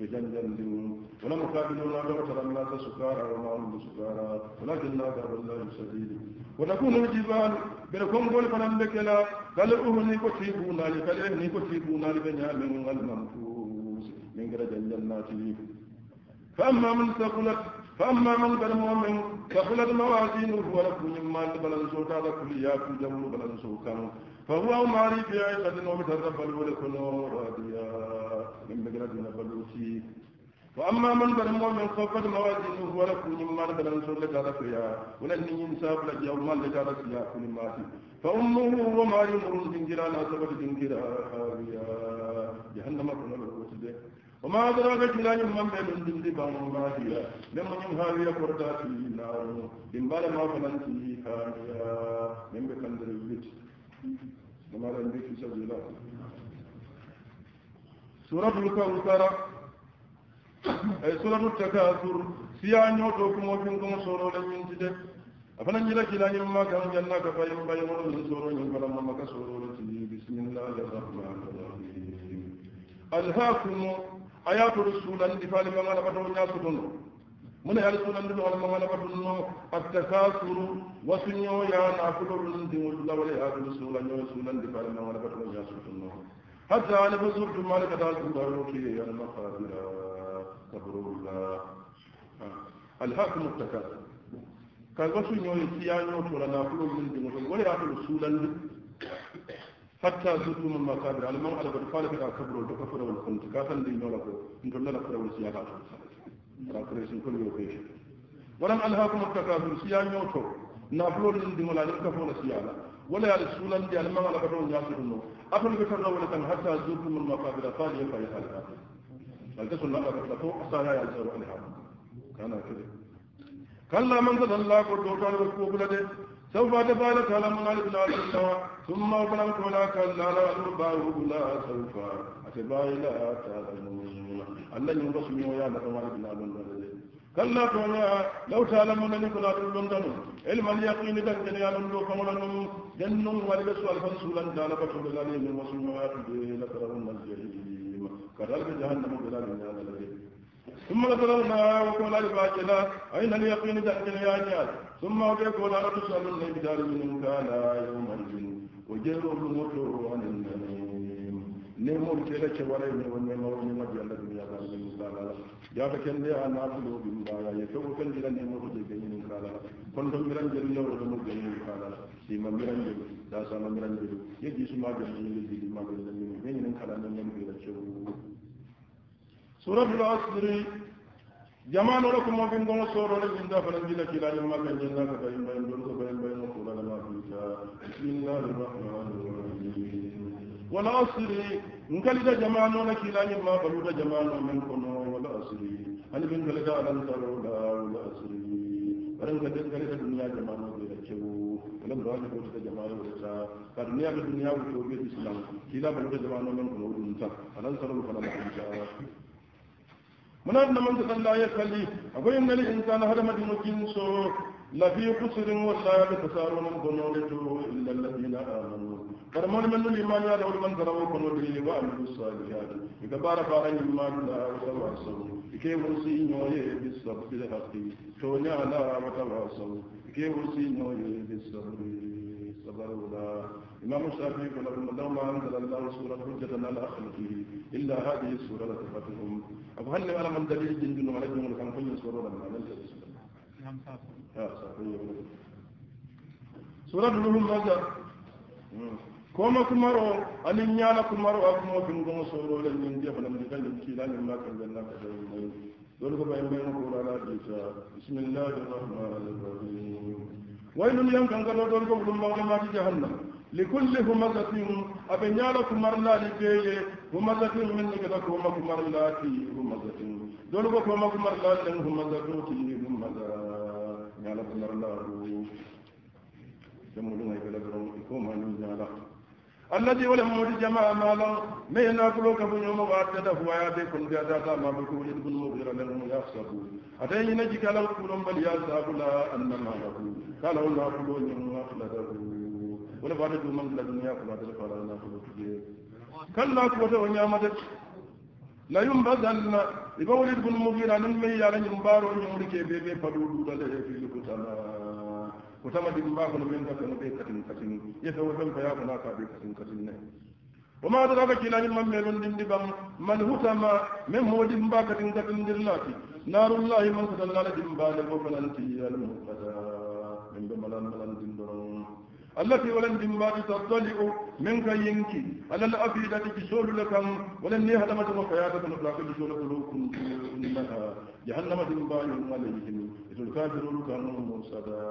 لهم بجنجن ولا مقابلون أدوة الناس سكارى وما هم سكارى ولكن أكثر الله سبيل وتكون الجبال بلكم قول فلم بكلا قال أهني كتيبونا لك الأهني كتيبونا لك نعمل المنفوس من قرد الجنات فأما من ثقلت فأما من بل مؤمن ثقلت موازينه ولكم يمان بلن سوتا لكل ياكل جمل بلن سوكا فهو ماري في عيشة ومتر بل ولكن راضيا من مجردنا بلوسي وأما من بل مؤمن خفت موازينه ولكن مما لك ننصر لك على فيها ولن ينساب لك يوما لك على فيها كل ما فأمه وماري مرون جنجرا ناسبت جنجرا جهنم كنا بالوسيلة وما أدراك إلى يوم من بين الدين بان الله لما يوم هاوي قرطاتي نار إن بال ما فلنتي هاوي من بكندر البيت kamara ndi kisa jela surat al-kawthar ay eh, surat al-takathur siya nyoto ko mo fin ko soro le min tide afana nyira kila nyi ma ga janna ka fayu bayu mo soro nyi ko lamma maka soro le tide bismillahir rahmanir rahim alhaakum ayatu rasulan difali ma ngala patu nyaso من هل من العلماء علم ولا بدنو التكاثر وسنيو يا ناكلو من دين ولا ولا هذا سنن يو سنن دل علم ولا بدنو يا سنن حتى أنا بزرت مالك كذا دار في يا المقر لا صبر الله الحاكم التكاثر كذا وسنيو يا ولا من دين ولا هذا سنن حتى زرت من مقابر علم ولا بدنو قال بك صبر وتكفر والكنت كافن دين ولا كنت لا كفر وسيادات calculation ko yo ko walam alhaakum takasur siya ñoto nafulo nin dimola nin kafola siyala wala yaade suulandi ala magala ka too ñaasutu no atol ɓe tarla wala kan hatta zurtumul maqabira faaliye faye haalihaakum alta sunna akatla fo asaya yaal saro alihaakum kana kede kalla man sadalla ko dowtaane wa kuubula de سوف تفعل تعلمون على بلاد الله ثم وبلغت ولا كلا لا سوف أتباعي لا تعلمون الله ينبخني ويا نتمنى بنا لندن كلا تونا لو تعلمون أنك لا لندن علم اليقين دكتن يا لندن فمنا جن ولد سؤال فنسولا دانا بطول الله من وصول وعبد لترون الجحيم كذلك جهنم بلا من هذا الذي ثم لترونها وكل الباجلة أين اليقين تأتي الياجال ثم وجهكم لا تسألون بدار من كان يوم الجن وجروا الموت عن النبي nemolu tela keɓaray ne wonne mawonima jalla duniyagal min kalala jata kende a naatulo ɗum mbaya ye fewo Ya mbiran nemoto je gañinin kalala kono to mbiran jelu lewre mo gañinin kalala sima mbiran jelu dasama mbiran jelu yeji suma jamjinile jiɗi magalina min gañinin kala nemen mbira cewu suratul asri jamano la ko mo bin gongo soro la bin dafa la dina kila ni makka ni la ka bay bay ndon ko bay bay ko la ma fi ta bismillahir rahmanir والعصر إن كان لدى جمعنا كلا مما قلوا جمعنا من كنا والعصر هل من كلا جعلا ترولا والعصر ولم تدل إذا الدنيا جمعنا بلا جو ولم راجع كلا جمعنا بلا فالدنيا بالدنيا وتوبية الإسلام كلا بلغ جمعنا من كنا والعصر فلن سروا فلن سروا من أن من تصلى يصلي أقول إن الإنسان هذا مدين لا في قصر وسائل فسار الظنون إلا الذين آمنوا kada mon men no liman ya dawul man zarawo kono dili wa amru salihati ika bara bara ni man la tawasaw ike wursi nyoye bisabbi haqqi to nya la wa tawasaw ike wursi nyoye bisabbi صبر ولا إمام الشافعي يقول لهم لولا أنزل الله سورة حجة على خلقه إلا هذه السورة لتفتهم أبو هل أنا من دليل جند ولكن من كان كل سورة لما نزل نعم صافي سورة لهم ماذا كما كمرو أن ينالا كمرو أكمو بنكم سورو لنجن دي فلم يكن يمشي لا يملا كان لنا كذلك ذلك بين بين قول على عيسى بسم الله الرحمن الرحيم ويل يمكن قالوا ذلك كلهم ما في جهنم لكل همزة أبن يالا كمرلا لكي همزة من لكذا كما كمرلا كي همزة ذلك كما كمرلا لن همزة كي همزة يالا كمرلا رو يمولون أي بلا الذي ولهم جماعة مالا ما يناكلوك من يوم وعدته وعادكم جاداتا ما بكول ابن مغير لهم يحسبون أتين نجي لو كلهم بل يحسب لا أن ما يقول قالوا ناكلون يوم أخلده ولبعد من لدنيا فلا فلا ناكل كجير كلا قوة ونعمتك لا ينبذن يقول ابن مغير أن المي على ينبارو يملك بيبي فلو دولا في الكتاب ko tama di ɗum mbaa kono min kaɓe no ɓe katin katin yeso woɗon ko yaako naaka ɓe katin katin nayi o maata kaka cilañil mam mee ɗon ndinndi ɓam man hutama même mo waɗi ɗum mbaa katin katindirnaaki naarullahi man kotan lala ɗi mbaane fofananti yalmuhaa التي ولن دمبات تطلع منك ينكي على الأفيدة بسول لكم ولن يهدمت مخياتة مطلق بسول قلوبكم لها جهنم دمبائهم عليهم إذ الكافرون كانوا مرصدا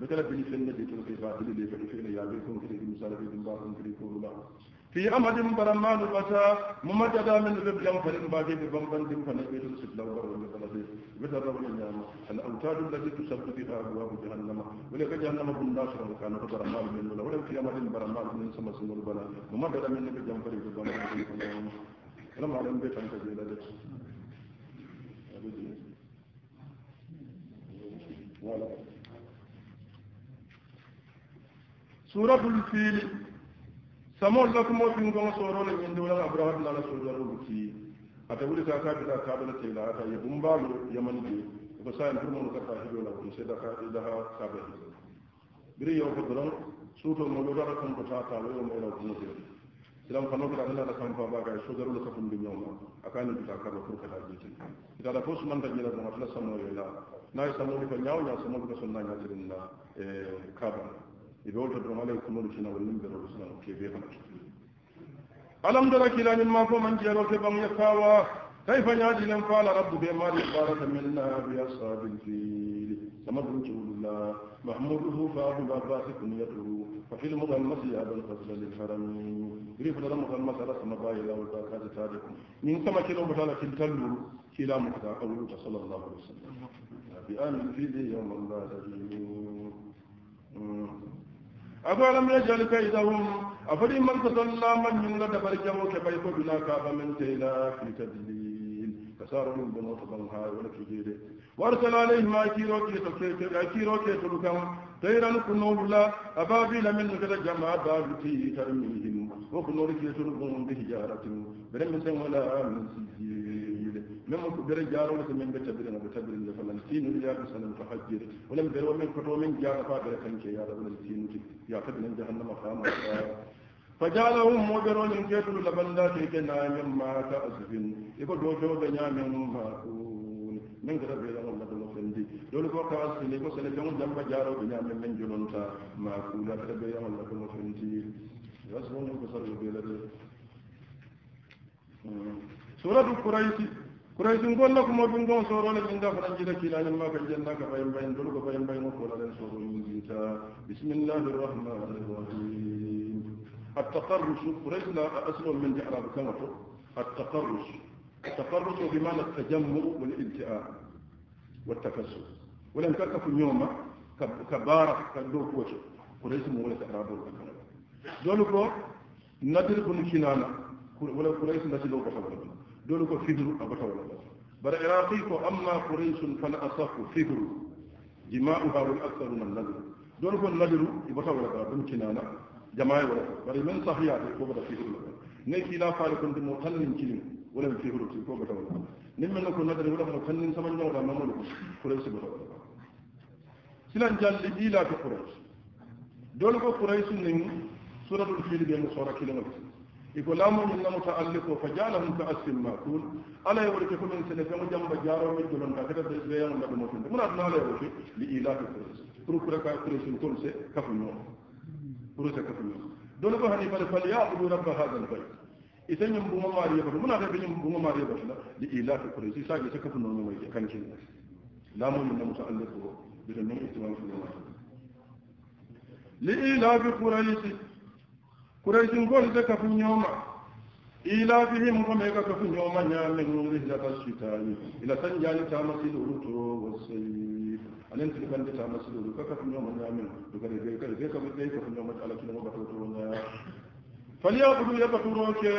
بكلا بني سنة تلقي قاتل لي فلفين يا بكم كريم سالفين باكم كريم في أمد برمان الفتاة ممجدا من ذب جنفر فلن باقي ببنبن دم فنبيل سبلا ورون بلدي وذروا النعم الأوتاد التي تسبت بها أبواب جهنم ولك جهنم ابن ناصر وكان برمان من ولا ولو في أمد برمان من سما سنور بلا ممجدا من ذب جنفر فلن ببنبن دم فنبيل لما علم بيت أنت جيلا لك سورة الفيل samol la kuma fin gonga soro le min dole ga bra na so da rubuti ata wuri ka ka da ka da te la ata ya bumba lu yaman ji ko sa en turmo ka ta hido la ko se da ka da ka ba biri yo ko don su to mo da ka ko ta ta lo mo la ko te idan kano ka da ka kan ba ga so da lu ka kun bi nyoma aka ni ta ka ba ko ka da ji ita da ko su man ta jira da ma fala samo yo la na yi ko nyaaw nyaaw samo ko sunna nyaaw jirin na e eh, ka ba ibe wolta ɗon alay ko noɗutina wallimbero ɗutina o kebe hanki alamdara kilañin ma fo man jeero ke ɓam yakkawa kayfa ñaaɗinen faala rabbu be maari baraka minna bi ashabil fiili samadu rasulullah mahmuduhu faabul abbasi kunyatuhu fa fil mugammas yaabal fasla lilharami iri fotata mugammas ala sama baayi lawol ba kaati taade ko min sama kilomo tala tin talluru kiilamu kata awluta sallallahu alih wa sallam bi amin fiili yawma allah dajimu أفلم يجعل كيدهم أفري من تسلى من من دبر جمو كبيت بلا كاب من تيلا في تدليل فسار من بنوت بنها ولك جيدي وارسل عليهما كيرو كيتو كم طيرا كنور لا أبابيل من كذا جماعة بابتي ترميهم وكنور كيتو بهم بهجارة برمسا ولا من سيسير مما كبير جارو لك من بتبر أبو تبر لفلسطين يا بسن متحجر ولم بير ومن كتو من جار فابر كنك يا رب فلسطين يا تبر جهنم خام فجعلهم مجرون كتل لبن لا تتنا مما تأسفن يقول دوشو بنيا مما من كتب إلى الله المخلدي دول كو كاسل كو سنجون دم جارو بنيا من جنونتا ما كولا كتب إلى الله المخلدي يسمون كسر بيلد سورة قريش كريزون قول لكم أبن دون سورة لبن دخل أجل كلاي ما في الجنة كفين بين دلوك فين بين مقول لن سورة ينجيتا بسم الله الرحمن الرحيم التقرس كريز لا أسلو من جعل بكما التقرس التقرس بمعنى التجمر والإلتئاء والتكسر ولم تكف يوما كبارة كدوك وشو كريز مولة أعراب الأكبر دولوك نادر كنانا ولا كريز نسلوك فبرنا dole ko fidiru a bata wala bara iraqi ko amma quraish fala asahu fidiru jima'uha wal aktharu man nadir dole ko nadiru i bata wala dum kinana jama'a wala bari men sahiya ko bata fidiru ne kila fara kon dum tannin kilim wala fidiru ko bata wala nin men ko nadiru wala ko tannin sama nyawda mamudu quraish bata wala silan jalli ila ko quraish dole ko quraish nin suratul fil bi musara kilim يقول لا من إنما تألقه فجعلهم كأسف ماكول ألا يورك من سنة كم جنب جارو من جلون كذا بيان من الموتين من أدنى لا يورك لإله كريس كرو كرا كريس كل سه كفنون كرو سه كفنون دول بهني بل فليعبدوا رب هذا البيت إذا ينبو ما ماري يبرد من أدنى ينبو ما ماري يبرد لإله كريس ساجي سه ما يجي كان كذي لا من إنما تألقه بدون إستماع الله لإله كريس kuraisin gol be kafu ila ilafihim ko me ka kafu ñooma ñaamen rihlata sitani ila sanjani tamasiluhu to wasayif anen tili bande tamasiluhu ka kafu ñooma ñaamen dugare be kare be ka be kafu ñooma ala kinamo batotoro ñaa falyabudu yabaturo ke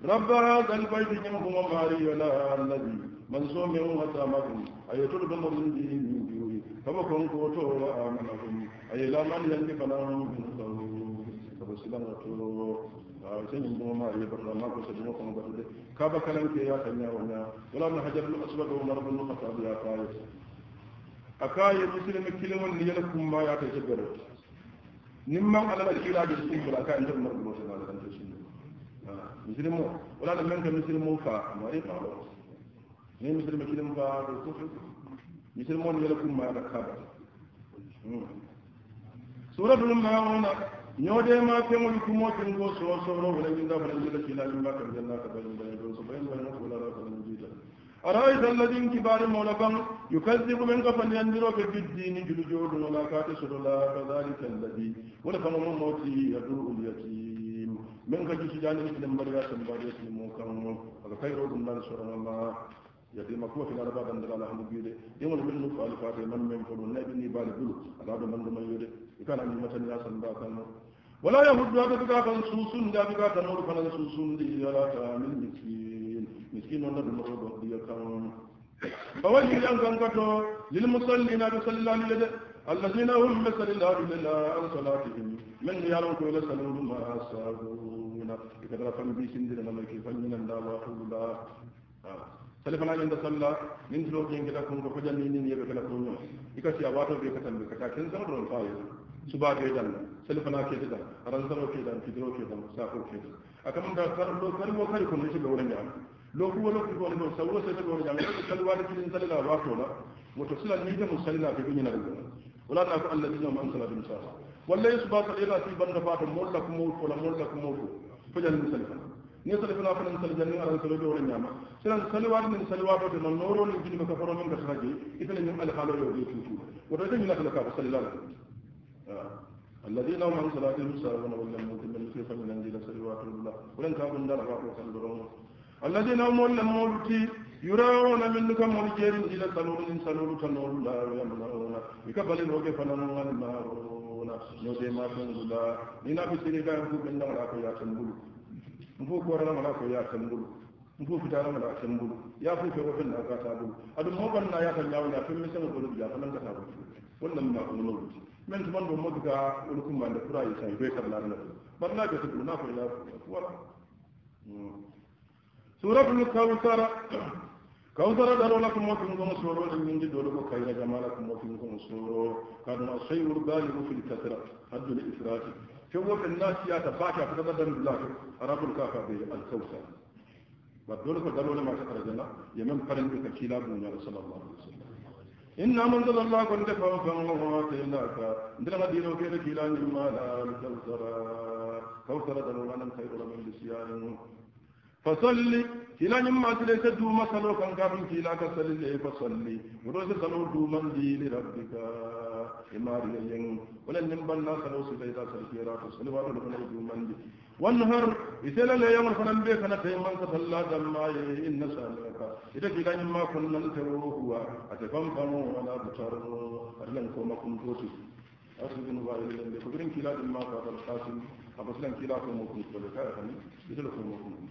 rabba hada albayti ñambumo maariyola nabi man somewu hatamakum aye tolu ɗomo min dihi min juuri to wa amanahum aye lamani yandi fanahum min silaŋo tuuro señin boma ye barna mako sañino kono batude kaba kalanke ya kaña o ña wala na hajarul aswad o mara bunu khatab ya kaye akaye musilimi kilimol ni yela kumba ya kay sebere nimman alala kilaje simbra ka nder mara bunu sala tan to sinde musilimo wala na men ka musilimo fa ma e falo ni musilimi kilim fa to kufu musilimo ni yela kumba ya kaba suratul mauna ñoode ma kemol kumo ken go so soro wala min da bana jila kila min bakar janna ka bani da don so bayin wa na wala ra kan jita araita alladhin kibar mawlakan yukazzibu min qafan yandiro ke bidini julu jodu wala ka ta suru la ka zalika alladhi wala kan mun moti yadu al yatim min ka ji jani ki dan barga san bari su mu kan mu ka kai rodun nan sura Allah يدي مكوة في الأربعة عند الله الحمد لله يوم من نفع الفاتحة من من فضل النبي نبال بلو على هذا من من يريد كان عندي مثلا ياسن باكنا ولا يهد أبدك كان سوسن أبدك كان أول كان سوسن دي ولا تعمل مسكين مسكين ولا بالمرض دي كان فوجه أن كان كتو للمصلين أبي الله عليه الذين هم بسل الله لله عن صلاتهم من يعلم كل سلوم ما سابون كتلا فن بي سندر لما يكفن من الله وحول الله سلفنا عند صلى من سلوكين كتلا كن رفجا يبقى لكم يكسي أباتو بيكتن بكتا كنزا رفايا suba ke dan silfana ke dan ranzaro ke dan fitro ke dan safo ke dan akamun da kar lo kar mo kar ko ne shi da wurin jam lo ku lo ku ko no sawo sai da wurin jam ko kalwa da kin salila wa to la wato sulan ni da musallila ke kunya na wala ta ku alladina ma ansala bin sa walla yusba ka ila fi banda fatu mollakum mawtu la mollakum mawtu fajal musallila ni salifana fana sal janni ala salo do wona ma silan salawat min salawat do non noro ni jinni ka foro min ka sahaji itana nyum al halo yo do tutu wato tan ni la ka sallallahu alaihi wasallam الذين هم عن صلاتهم ساهون ولم يتمل في فمن انزل سلوات الله ولن كابن دار الله وسلم الذين هم ولم يرتي يراون منك مرجر الى سلول سلول كنور لا يمنعون يكبل الوجه فنمون المارون نودي ما تنزل لنا في سيرك يقول بنا ولا كويا تنبلو نفوك ورنا ولا كويا تنبلو nfo fitara mala kan bulu ya fi fi wafin da aka ta bulu adu mo banna ya kan yawo na fin misan bulu ya fanan ka ta bulu wannan ma men to man do mo ga wala kum man da fura yi sai be kar la na bar na ga tudu na ko ya wala suratul kawthar kawthar da rola kum mo kum mo soro da min di dole ko kayra jamala kum mo kum mo soro kan asayru balighu fil kathra hadd al israf fi wa fil nas ya tabaka fa da dan billah arabul kafa bi al kawthar ba dole ko da rola ma ta karjana yemen farin ka kila bunya sallallahu alaihi wasallam إن أنزل الله كنت فوقا وواصينا كا إنت لغا دينو كيرا كيلا نما لا بكوثرا كوثرا دلولانا خير من لسيان fasalli kila ñim masile ka duma salo kan katum kila ka sali le fasalli woto si salo duuman li li rabbika imariya yeŋ wala nim banna salo ra sitayta salkirato sali watole fana duumandi har isela le yaŋol fanan be kana tay man ka salla ma dammaye inna salaka ita kila nan konnante wo huwa ate fanfano wala butarno ata lan koma asu bin ba ile lende ko birin kila ɗum ma ka tal kasim a basilan kila ko mo kun ko le kaya kani ita ko mo kun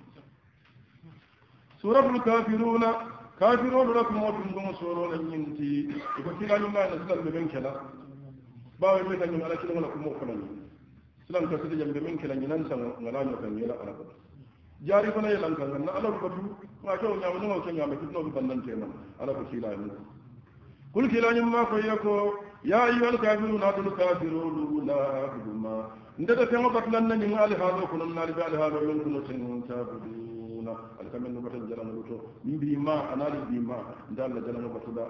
suratul kafiruna kafiruna la kuma tun gumu soro la nyinti ko kila lu ngana sila be ben kala ba we be tan ala kila wala kuma ko ne sila ka sita jambe men kala nyinan san ngala nyo kan yela ala jari fana yelan kan na ala ko tu ma to nya mo no ken ya me kitno bi bandan tema ala ko kila ni kul kila ma ko yako ya ayyuhal kafirun adul kafirun la kuma ndada tan batlan nan ni ala hado kunan na ala hado lon kunan tan tabudu sunna al kamen no batal jalan luto mbi ma anali bi ma dalla jalan batula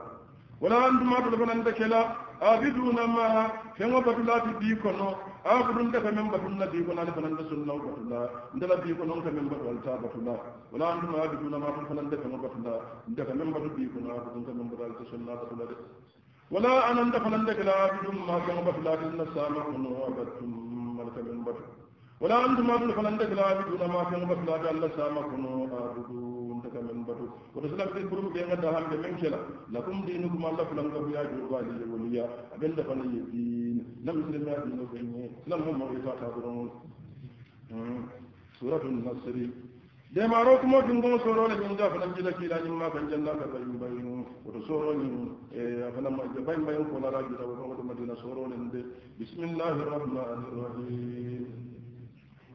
wala antum ma to banan dakela abiduna ma fengo batula ti bi kono abudun da kamen batula bi kono banan da sunna batula ndala bi kono kamen batula ta batula wala antum ma abiduna ma to banan da kamen batula ndaka men batu bi kono abudun kamen batula ta sunna batula wala anan da banan dakela abidun ma kan batula tin na sama kono abatum ولا أنتم عبد فلن تكلا عبدون ما في غبت لا جعل ساما كنوا عبدون تك من بدو ورسل في البروم بيانا دهام كلا لكم دينكم الله فلن تبيا جوالي وليا أبن دفن يدين لم يسلم يا دين وبيني لم هم إذا تابرون سورة النصر دما روكم جنگو سورو لے جنگا فلم جلا کیلا جنما کن جننا کا بین بین اور سورو نی فلم بین بین کو لارا جدا وہ إيه، مدینہ بسم الله الرحمن الرحیم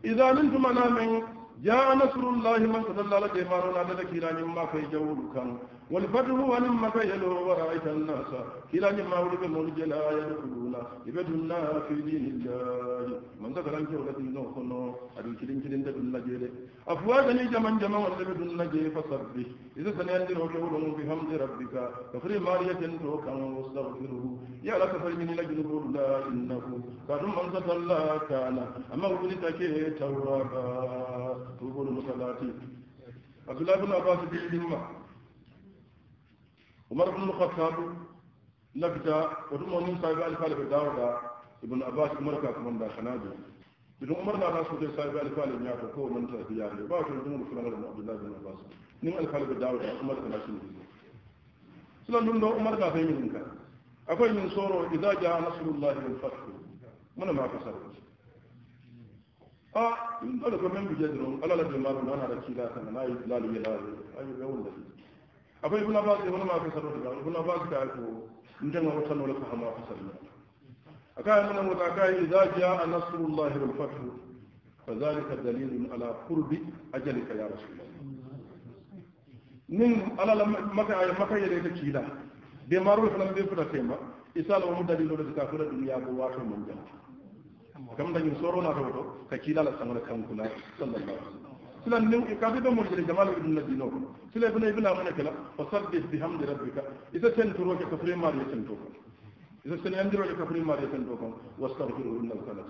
إذا منتم أنا جاء نصر الله من صلى الله عليه وسلم ما كي جولكم والفتح ولما بينه ورأيت الناس كلا لما ولد مولج لا يدخلون يبدون في دين الله من ذكر أن جولة نوخنو أدو كلين كلين دبن نجيلي أفواجا جمن جمن ولبدون نجي فصبه إذا سنيندر وكولهم بحمد ربك تفري مارية توكا واستغفره يا لك فالمن لجنه لا إنه فأدم من ذكر الله كان أما ولدك توابا تقول مصلاتي عبد الله بن عباس بن عمر بن الخطاب لقدا ودم من صاحب الفال بداودا ابن عباس عمر كا كمان دا خناجو بدون عمر لا ناس كده صاحب الفال نيا كو من تبيان با تو دم رسول الله عبد الله بن عباس نين الفال بداودا عمر كا ناس سلان دون عمر كا فهمي دين كا اكو من سورو اذا جاء نصر الله والفتح من ما كسر اه ان لكم من بجدرون الله لا بمارون انا ركيلا كان ما يدلال يلال اي أيوة، يقول لك أبي ابن عباس يقول ما أفسر له الله ابن عباس تعرفه من جمع وطن ولا فهم أفسر له أكاي من أكاي إذا جاء نصر الله والفتح فذلك دليل على قرب أجلك يا رسول الله نين على لم ما كان ما كان يريد كيلا دمارو فلم يفرح تما إسال أمور دليل ولا ذكر الدنيا بواسطة من جمع كم دين صورنا رودو كيلا لسنا كم كنا صلى الله عليه وسلم سلا نيو إكابي دم مجرد جمال ابن الذين سلا ابن ابن أمنا كلا فصدق بحمد ربك إذا سنتروا كفرين ما يسنتوك إذا سنندروا كفرين ما يسنتوك واستغفروا إن الكلام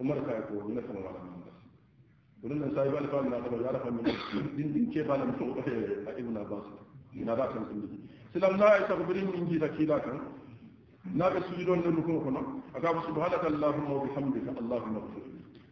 عمر كايكو من سمع على من بس ولن سايب ألف أنا أقول يا رب من دين دين كيف أنا مسوق ابن عباس نراكم سندي سلا لا يستغفرين من جيدا كيلا كان ناقص سجدون لنكون هنا أكاب سبحانك اللهم وبحمدك اللهم اغفر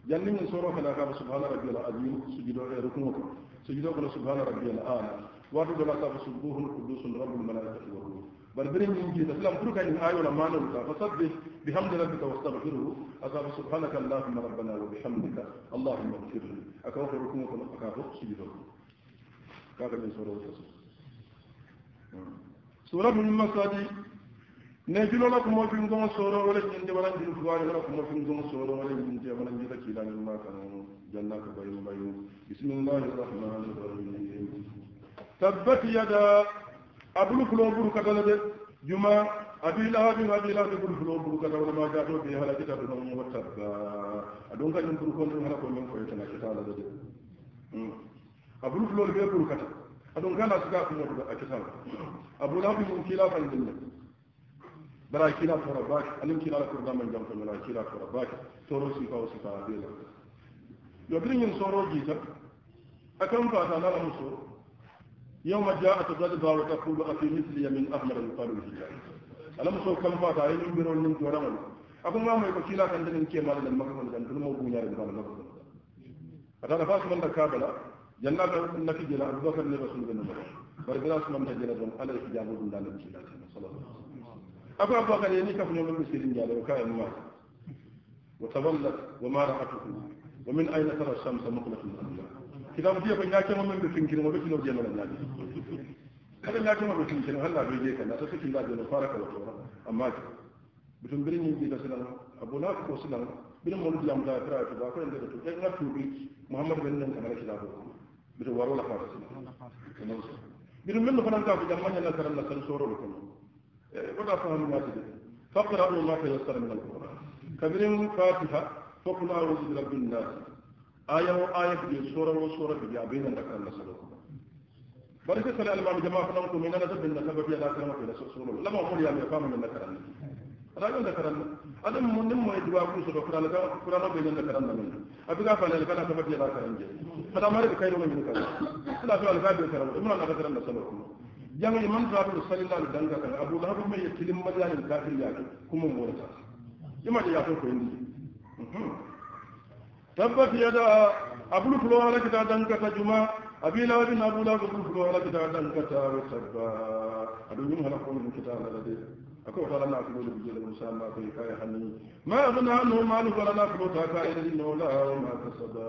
janni min soro kana ka subhana rabbiyal azim sujudo e rukumu ko sujudo ko subhana rabbiyal ala wadu do la ka subbuhul qudus rabbul malaikati wa ruh bar bere min ji da lam burka ni ayo la manu ta fasabbih bihamdi rabbika wastaghfiruhu azaba subhanaka allahumma rabbana wa bihamdika allahumma ighfir li akaw ko rukumu ko ka ko sujudo ka ka min soro ko sura min masadi nei juloola ko moo fin gomo sooroo wala ñinde wala njiru fuwaani wala ko moo fin gomo sooroo wala ñinde wala njira kiilaanel maa kano janna ko bayum bayu bisimillahi rrahmani rrahim tabbat yada abulu fuloo buru katala de juma abilaabi abilaabi buru fuloo buru katawala maa jaatoo bee hala kita do noon wa tabba adun ka ñin buru kondon hala ko min koyetana kitaala de de abulu fuloolu bee buru kata adun kana sugaa ko mootuga a kitala abulaabi mum kiilaa fanndinne برای کیلا کرد باش، الان کیلا کرد دامن جام تو برای کیلا کرد باش، تو رو سیپا و سیپا دیل. یا بریم سر رو گیز، اکنون که آنها نمیشود، یوم جا اتفاقی دارد من احمر نفرم شد. الان میشود کم فاتا این میرون نیم دورامان. اکنون ما میگو کیلا کندن این کیمال دن مکان دن دن مو بونیار دن مکان دن. اگر نفاس من دکابلا، جنگ دارد نکی جلا، دوکر نیب سوند نمیشود. برگراس من دکابلا دن، الله اجازه دن دانم کیلا کنم. صلوات الله. أبو أبو قال يني كفن يوم المسيرين جاله وكان ما وتظلت وما رأته ومن أين ترى الشمس مقلة الأنوار كتاب دي أبو ناكي ومن بفنكين وبكين وجينا للنادي هذا ناكي ومن بفنكين هلا بيجيك أنا تسكي الله جل فارك وطورا أما كي بتنبرني بيجا سلام أبو ناكي وسلام بين مولد يام لا ترى تبا كل عندك تو إيه نفسه بي محمد بن نعم كمان كتابه بتو وارو لا فارس بين من فنان كافي جمعنا لا ترى لا تنسورو لكم ولا فهم ما أبو الله في تيسر من القرآن كبيرهم فاتحة فقل أعوذ برب الناس آية وآية في سورة وسورة في جابين لك أن بارك الله كسل الإمام جماعة فلوكم من أنا تبين سبب إلى كلمة إلى سورة لما أقول يا مقام من لك أن rayon da karan adam mun nan mai duwa ku su da kurana da kurana bai nan karan da mun abi ga fara kana ta fadi da karan je fara mare da kai ne mun karan ila to alga da karan ibn yang imam tabiru sallallahu alaihi wasallam abu lahab mai yakilin mallahin kafir ya kuma morata ima da ya ko indi tabbat da abu lahab wala kita dan ta juma abila wa bin abu lahab abul kulwa wala kita danka ta sabba adu min hala ko mun kita la de akwai wala na ku dole bijira musa ma kai kai hannu ma abuna annu malu wala na ku ta kai da dinna wala ma kasaba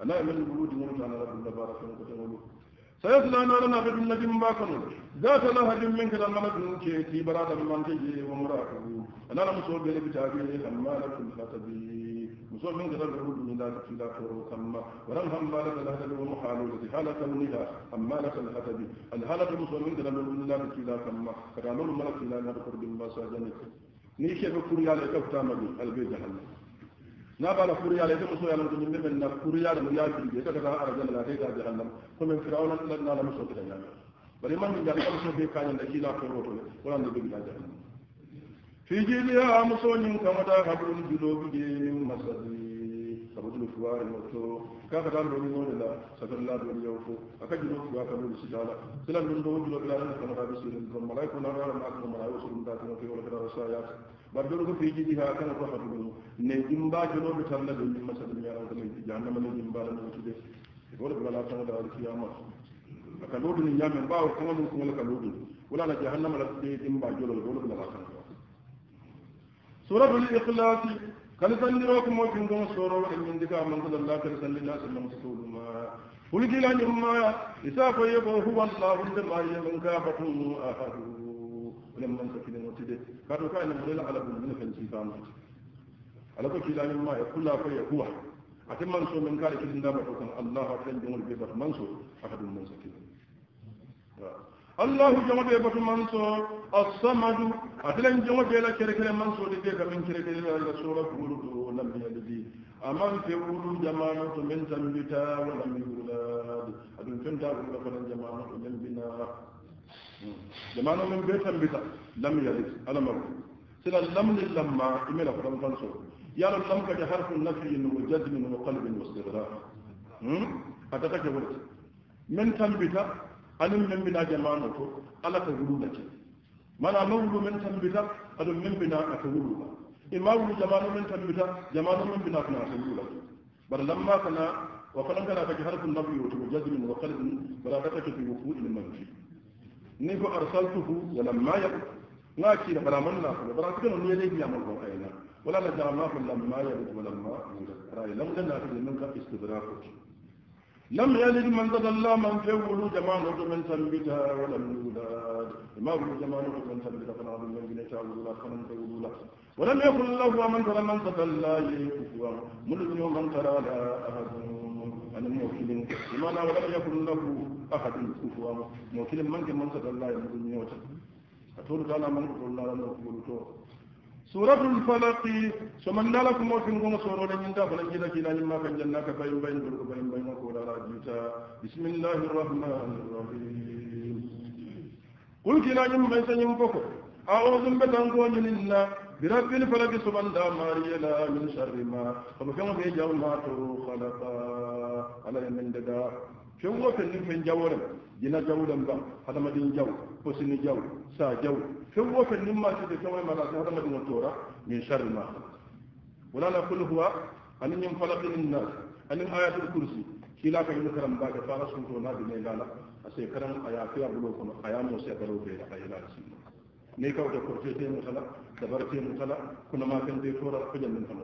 ana min buludin mutana rabbul baraka kun سيصلى نارا بجملة ما كنوا ذات لهج منك لما نكون في براءة من تجي ومراته أنا لم اصور بين بتابعه لما لكم خطبي مصور منك لما نقول من ذات في ذات وكما ولم هم مالك الهجل ومحالو التي حال كونها أما لك الخطبي الهلك مصول منك لما نقول من ذات في ذات كما فقالوا الملك لا نذكر بالمساجد نيشة بكريال إكفتامه البيت جهنم na bala kuriya le dum so yalla dum be men na kuriya dum ya ci be kata arjal la dai ga jahannam ko men firawna la na la muso ta yalla bari man ngal ko so be kanya da kila ko roto le wala ndo be ga jahannam fi jiliya muso nyin kamata habrun julobi de masadi sabudul fuwar moto ka ka dan doni non la sabir la doni yow ko aka julo fuwa ka doni si dala silan dun do julo la na kamata bi sirin kon na ra ma ko malaikuna ra ko ko ra sa ya bar dolu ko fiji di ha kana ko hatu dum ne dimba jolo do tan la dum dimba sa dum yaran kala ji janna ma dimba la dum tude wala bala tan da al kiyama aka lodu ni nyame bawo ko ngol ko ngol ka lodu wala na jahannama la de dimba jolo do wala bala tan suratul ikhlas kala tan diro ko mo tin gom soro wala min dika man ko Allah kala tan lillah sallam rasuluma ulgi la nyumma isa ko yebo huwa Allahu de ma yebanka fatu ahadu lamman sakina mutide kato ka ina mulela ala kun min kan ci samu ala ko kila min ma ya kula ko ya huwa atin man so min kare kidin da ba kan Allah kan jumul bi ba man so akadun man sakin Allah jama be batu man so as-samadu atlan jama be la kere kere man so de be ka min kere kere la sura buru lam yalidi aman fi wuru to min tambita wa lam yulad adun tun da ko kan to min bina jamano min be tambita lam yalit ala maru sila lam lil lamma imela ko tan so yalo lam ka harfu nafi wa jazm wa qalb wa istighraq hmm ataka ke wala min tambita anin min bina jamano to ala ka wulu da ke mana mawlu min tambita adon min bina aka wulu ba imamu jamano min tambita jamano min bina kana aka wulu bar lamma kana وقد كان في حرف النفي وجزم وقلب ولا تكفي وقوع المنفي نيكو أرسلته ولما يبلغ ناكير بلا من ناكل بلا تكن نيلي بيا من هو أينا ولا لجعلناه لما يبلغ ولما يبلغ رأي لم لناكل منك استدراكه لم يلد من ذا الله من فول جماعة من ثبتها ولم يولد إمام جماعة من ثبتها فنعم من جنة عبدالله فمن فول ولم يكن له من ذا من ذا الله يكفوا ملك من ترى لا أحد أنا موكل لا ولم يكن له aka dinga tsufuwa ba mu kilin manke man ya a na man suratul falaq so man dala kuma kin goma soro da nin da falaq da kina nin ma janna ka bayin bayin da bayin bayin ko da rajuta bismillahir rahmanir rahim kul kina nin mai sanin wani a'udhu bi tanqoni lillah bi rabbil falaq suban da mariyala min sharri ma kuma kan bai jawma to ala yamin daga fen wo fen ni fen jaworen jina jawɗan ba hadamadin jaw posini jaw sa jaw fen wo fen nin maside fen wayma lati hadamadin o tora min charri ma walana kul huwa anin ñin falaqin innas anin ayatul kursi kila ka yinu karam baake fara sunto na dine lala ase karam aya kila bulo kono aya mo se daro be ay la sunno ne kaw to korte te mo kala dabar te mo kala kuna ma kan de tora ko jam min kono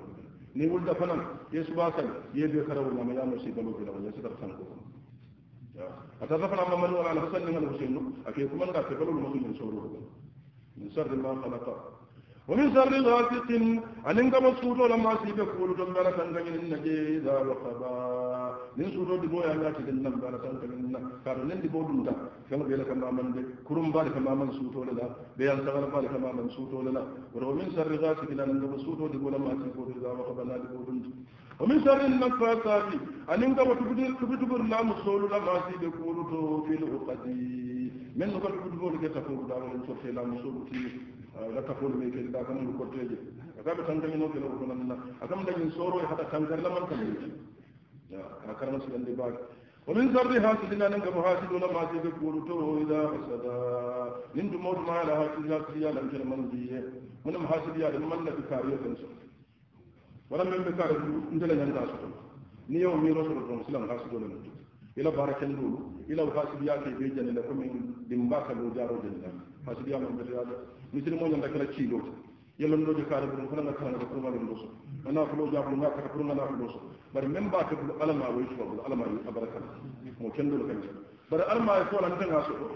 ne wul da fanam yesu ba kan ye be karawu ma ya mo se daro be la yesu dar tan ko ata safara ma manu ala hasan ni ngana musinnu ake kuma ngata ke balul musinnu soro min sarri ma khalaqa wa min sarri ghasiqin anin ga masudo lamma sibe kulu don bara kan ganin naje da waqaba nin sudo di boya ngata din nan bara kan ganin na karo nin di bodum da kan be la kan man de kurum ba da kan man suto la da be yan sagar ba da kan man suto la wa min sarri ghasiqin anin ga masudo di boya ma sibe kulu da waqaba la di bodum ومن شر النفاثات أنك وتبتبر لا مصول لما سيد كورته في العقد من نقل تبتبر لك تقول دعوة الانصر في لا مصول la tafol me kel da kam lu ko teje ka be tan dangino ke lo ko nan na akam dangin soro e hata kan garla man kan ya ka karma su dan de ba wa min zarri hasidina nan ga muhasidu la ma ji ga kuru to ida asada min du mod ma la hasidina ya lan kel man diye mun muhasidu ya lan man la bi kariyo kan so wala même ɓe kaare ndele ñani gaa sotono ni yo miro soto toon silan gaa sotole no ila bara kelluɗu ila hasidiya ke be janila comme dimbaka ɗo jaro janila hasidiya man ɓeteyaɗo misiri mo ñanda kala ciilote yellonɗoje kaare ɓurum fulanga kalaga pour ngaɗum ɗo so ana fulo jaɓuɗo ga kata pour ngana fulo so bari même mbate ɓuɗo alama woy suwaɓuɗo alama yi abara kala mo kenduɗo kañje bare alama e folanitega soto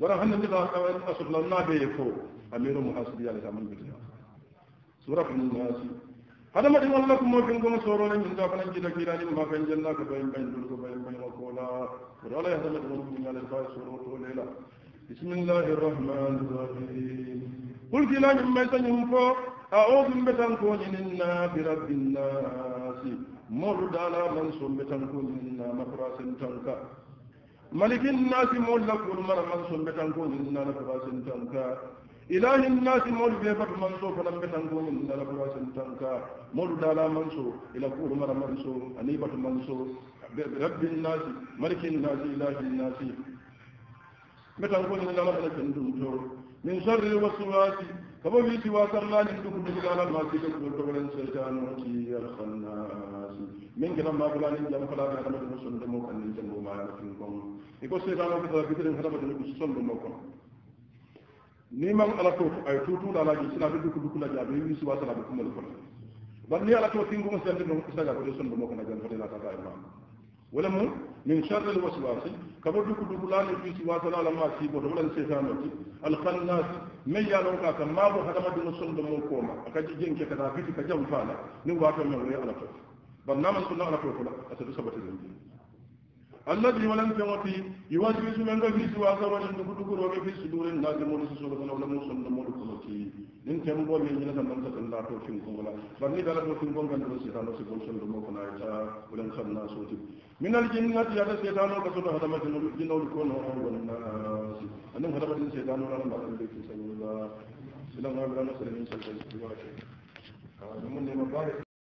wara hannde ndiɗa a sotla naabe e fo amiro mo hasidiya le ka man ɓeteya suratu nnasi hadamadiŋo la kumoo feŋ gomo sooro la ñiŋ daa fanaŋ jita kiiraaniŋ maa feŋ jenna ka bayin bayin dulu ka bayin bayin wa koola kodo ala ye hadamadiŋo ñiŋ ala faa sooro toole la bisimillahi rahmani rahim kul kiila ñiŋ mayta ñiŋ fo aoodum be tan koo ñiniŋ na bi rabbi nnaasi moolu daala maŋ som be tan koo ñiniŋ na mafarasin tanka malikin naasi moolu la kuolu mara maŋ som be tan koo ñiniŋ na mafarasin tanka إله الناس مول بيبك منسو فلم بنانكو من دار براس تنكا مول دالا منسو إلى كور مر منسو أني أنيبة منسو رب الناس ملك الناس إله الناس بتنكو من دار براس تنكا من شر الوسواس كما في سواك الله نحن كل على ما في كل تقولن سيطان وكي الخناس من كلام ما بلا نجم فلا نعلم المسلم دمو كان نجم وما يعرفون يقول سيطان وكذا بيتر فلا بدل المسلم دمو كان ni man ala to ay tutu la la sina be dukku dukku la jabe ni suba sala be kumal ko ban ni ala to tingu mo sante non ko ga ko son mo ko na jan fadila ta ay ma wala mo min sharr waswas ka bo dukku dukku la ni suba sala la ma ci bo do la se sama ci al khannas me ya lon ka ka ma bo hadama dun son do mo ko ma ka ji jenke ka da fiti ka jam fala ni wato men re ala to ban na ma sunna ala to ko la asa do sabata zanji الذي ولم تمتي يوجد من في سوى زوج تقدر وفي صدور الناس مولى سورة ولا موسى مولى كمتي إن كان بول من جنة من تكن لا توفين كملا فني دلنا توفين كم كان رسي تانو سكون سند مو كنا إتا ولم خدنا سوتي من الجنة يا سيدانو كسر هذا ما جنول جنول كون هو الناس أنا هذا ما جنول سيدانو أنا ما أقول لك سيدنا الله سلام عليكم ورحمة الله وبركاته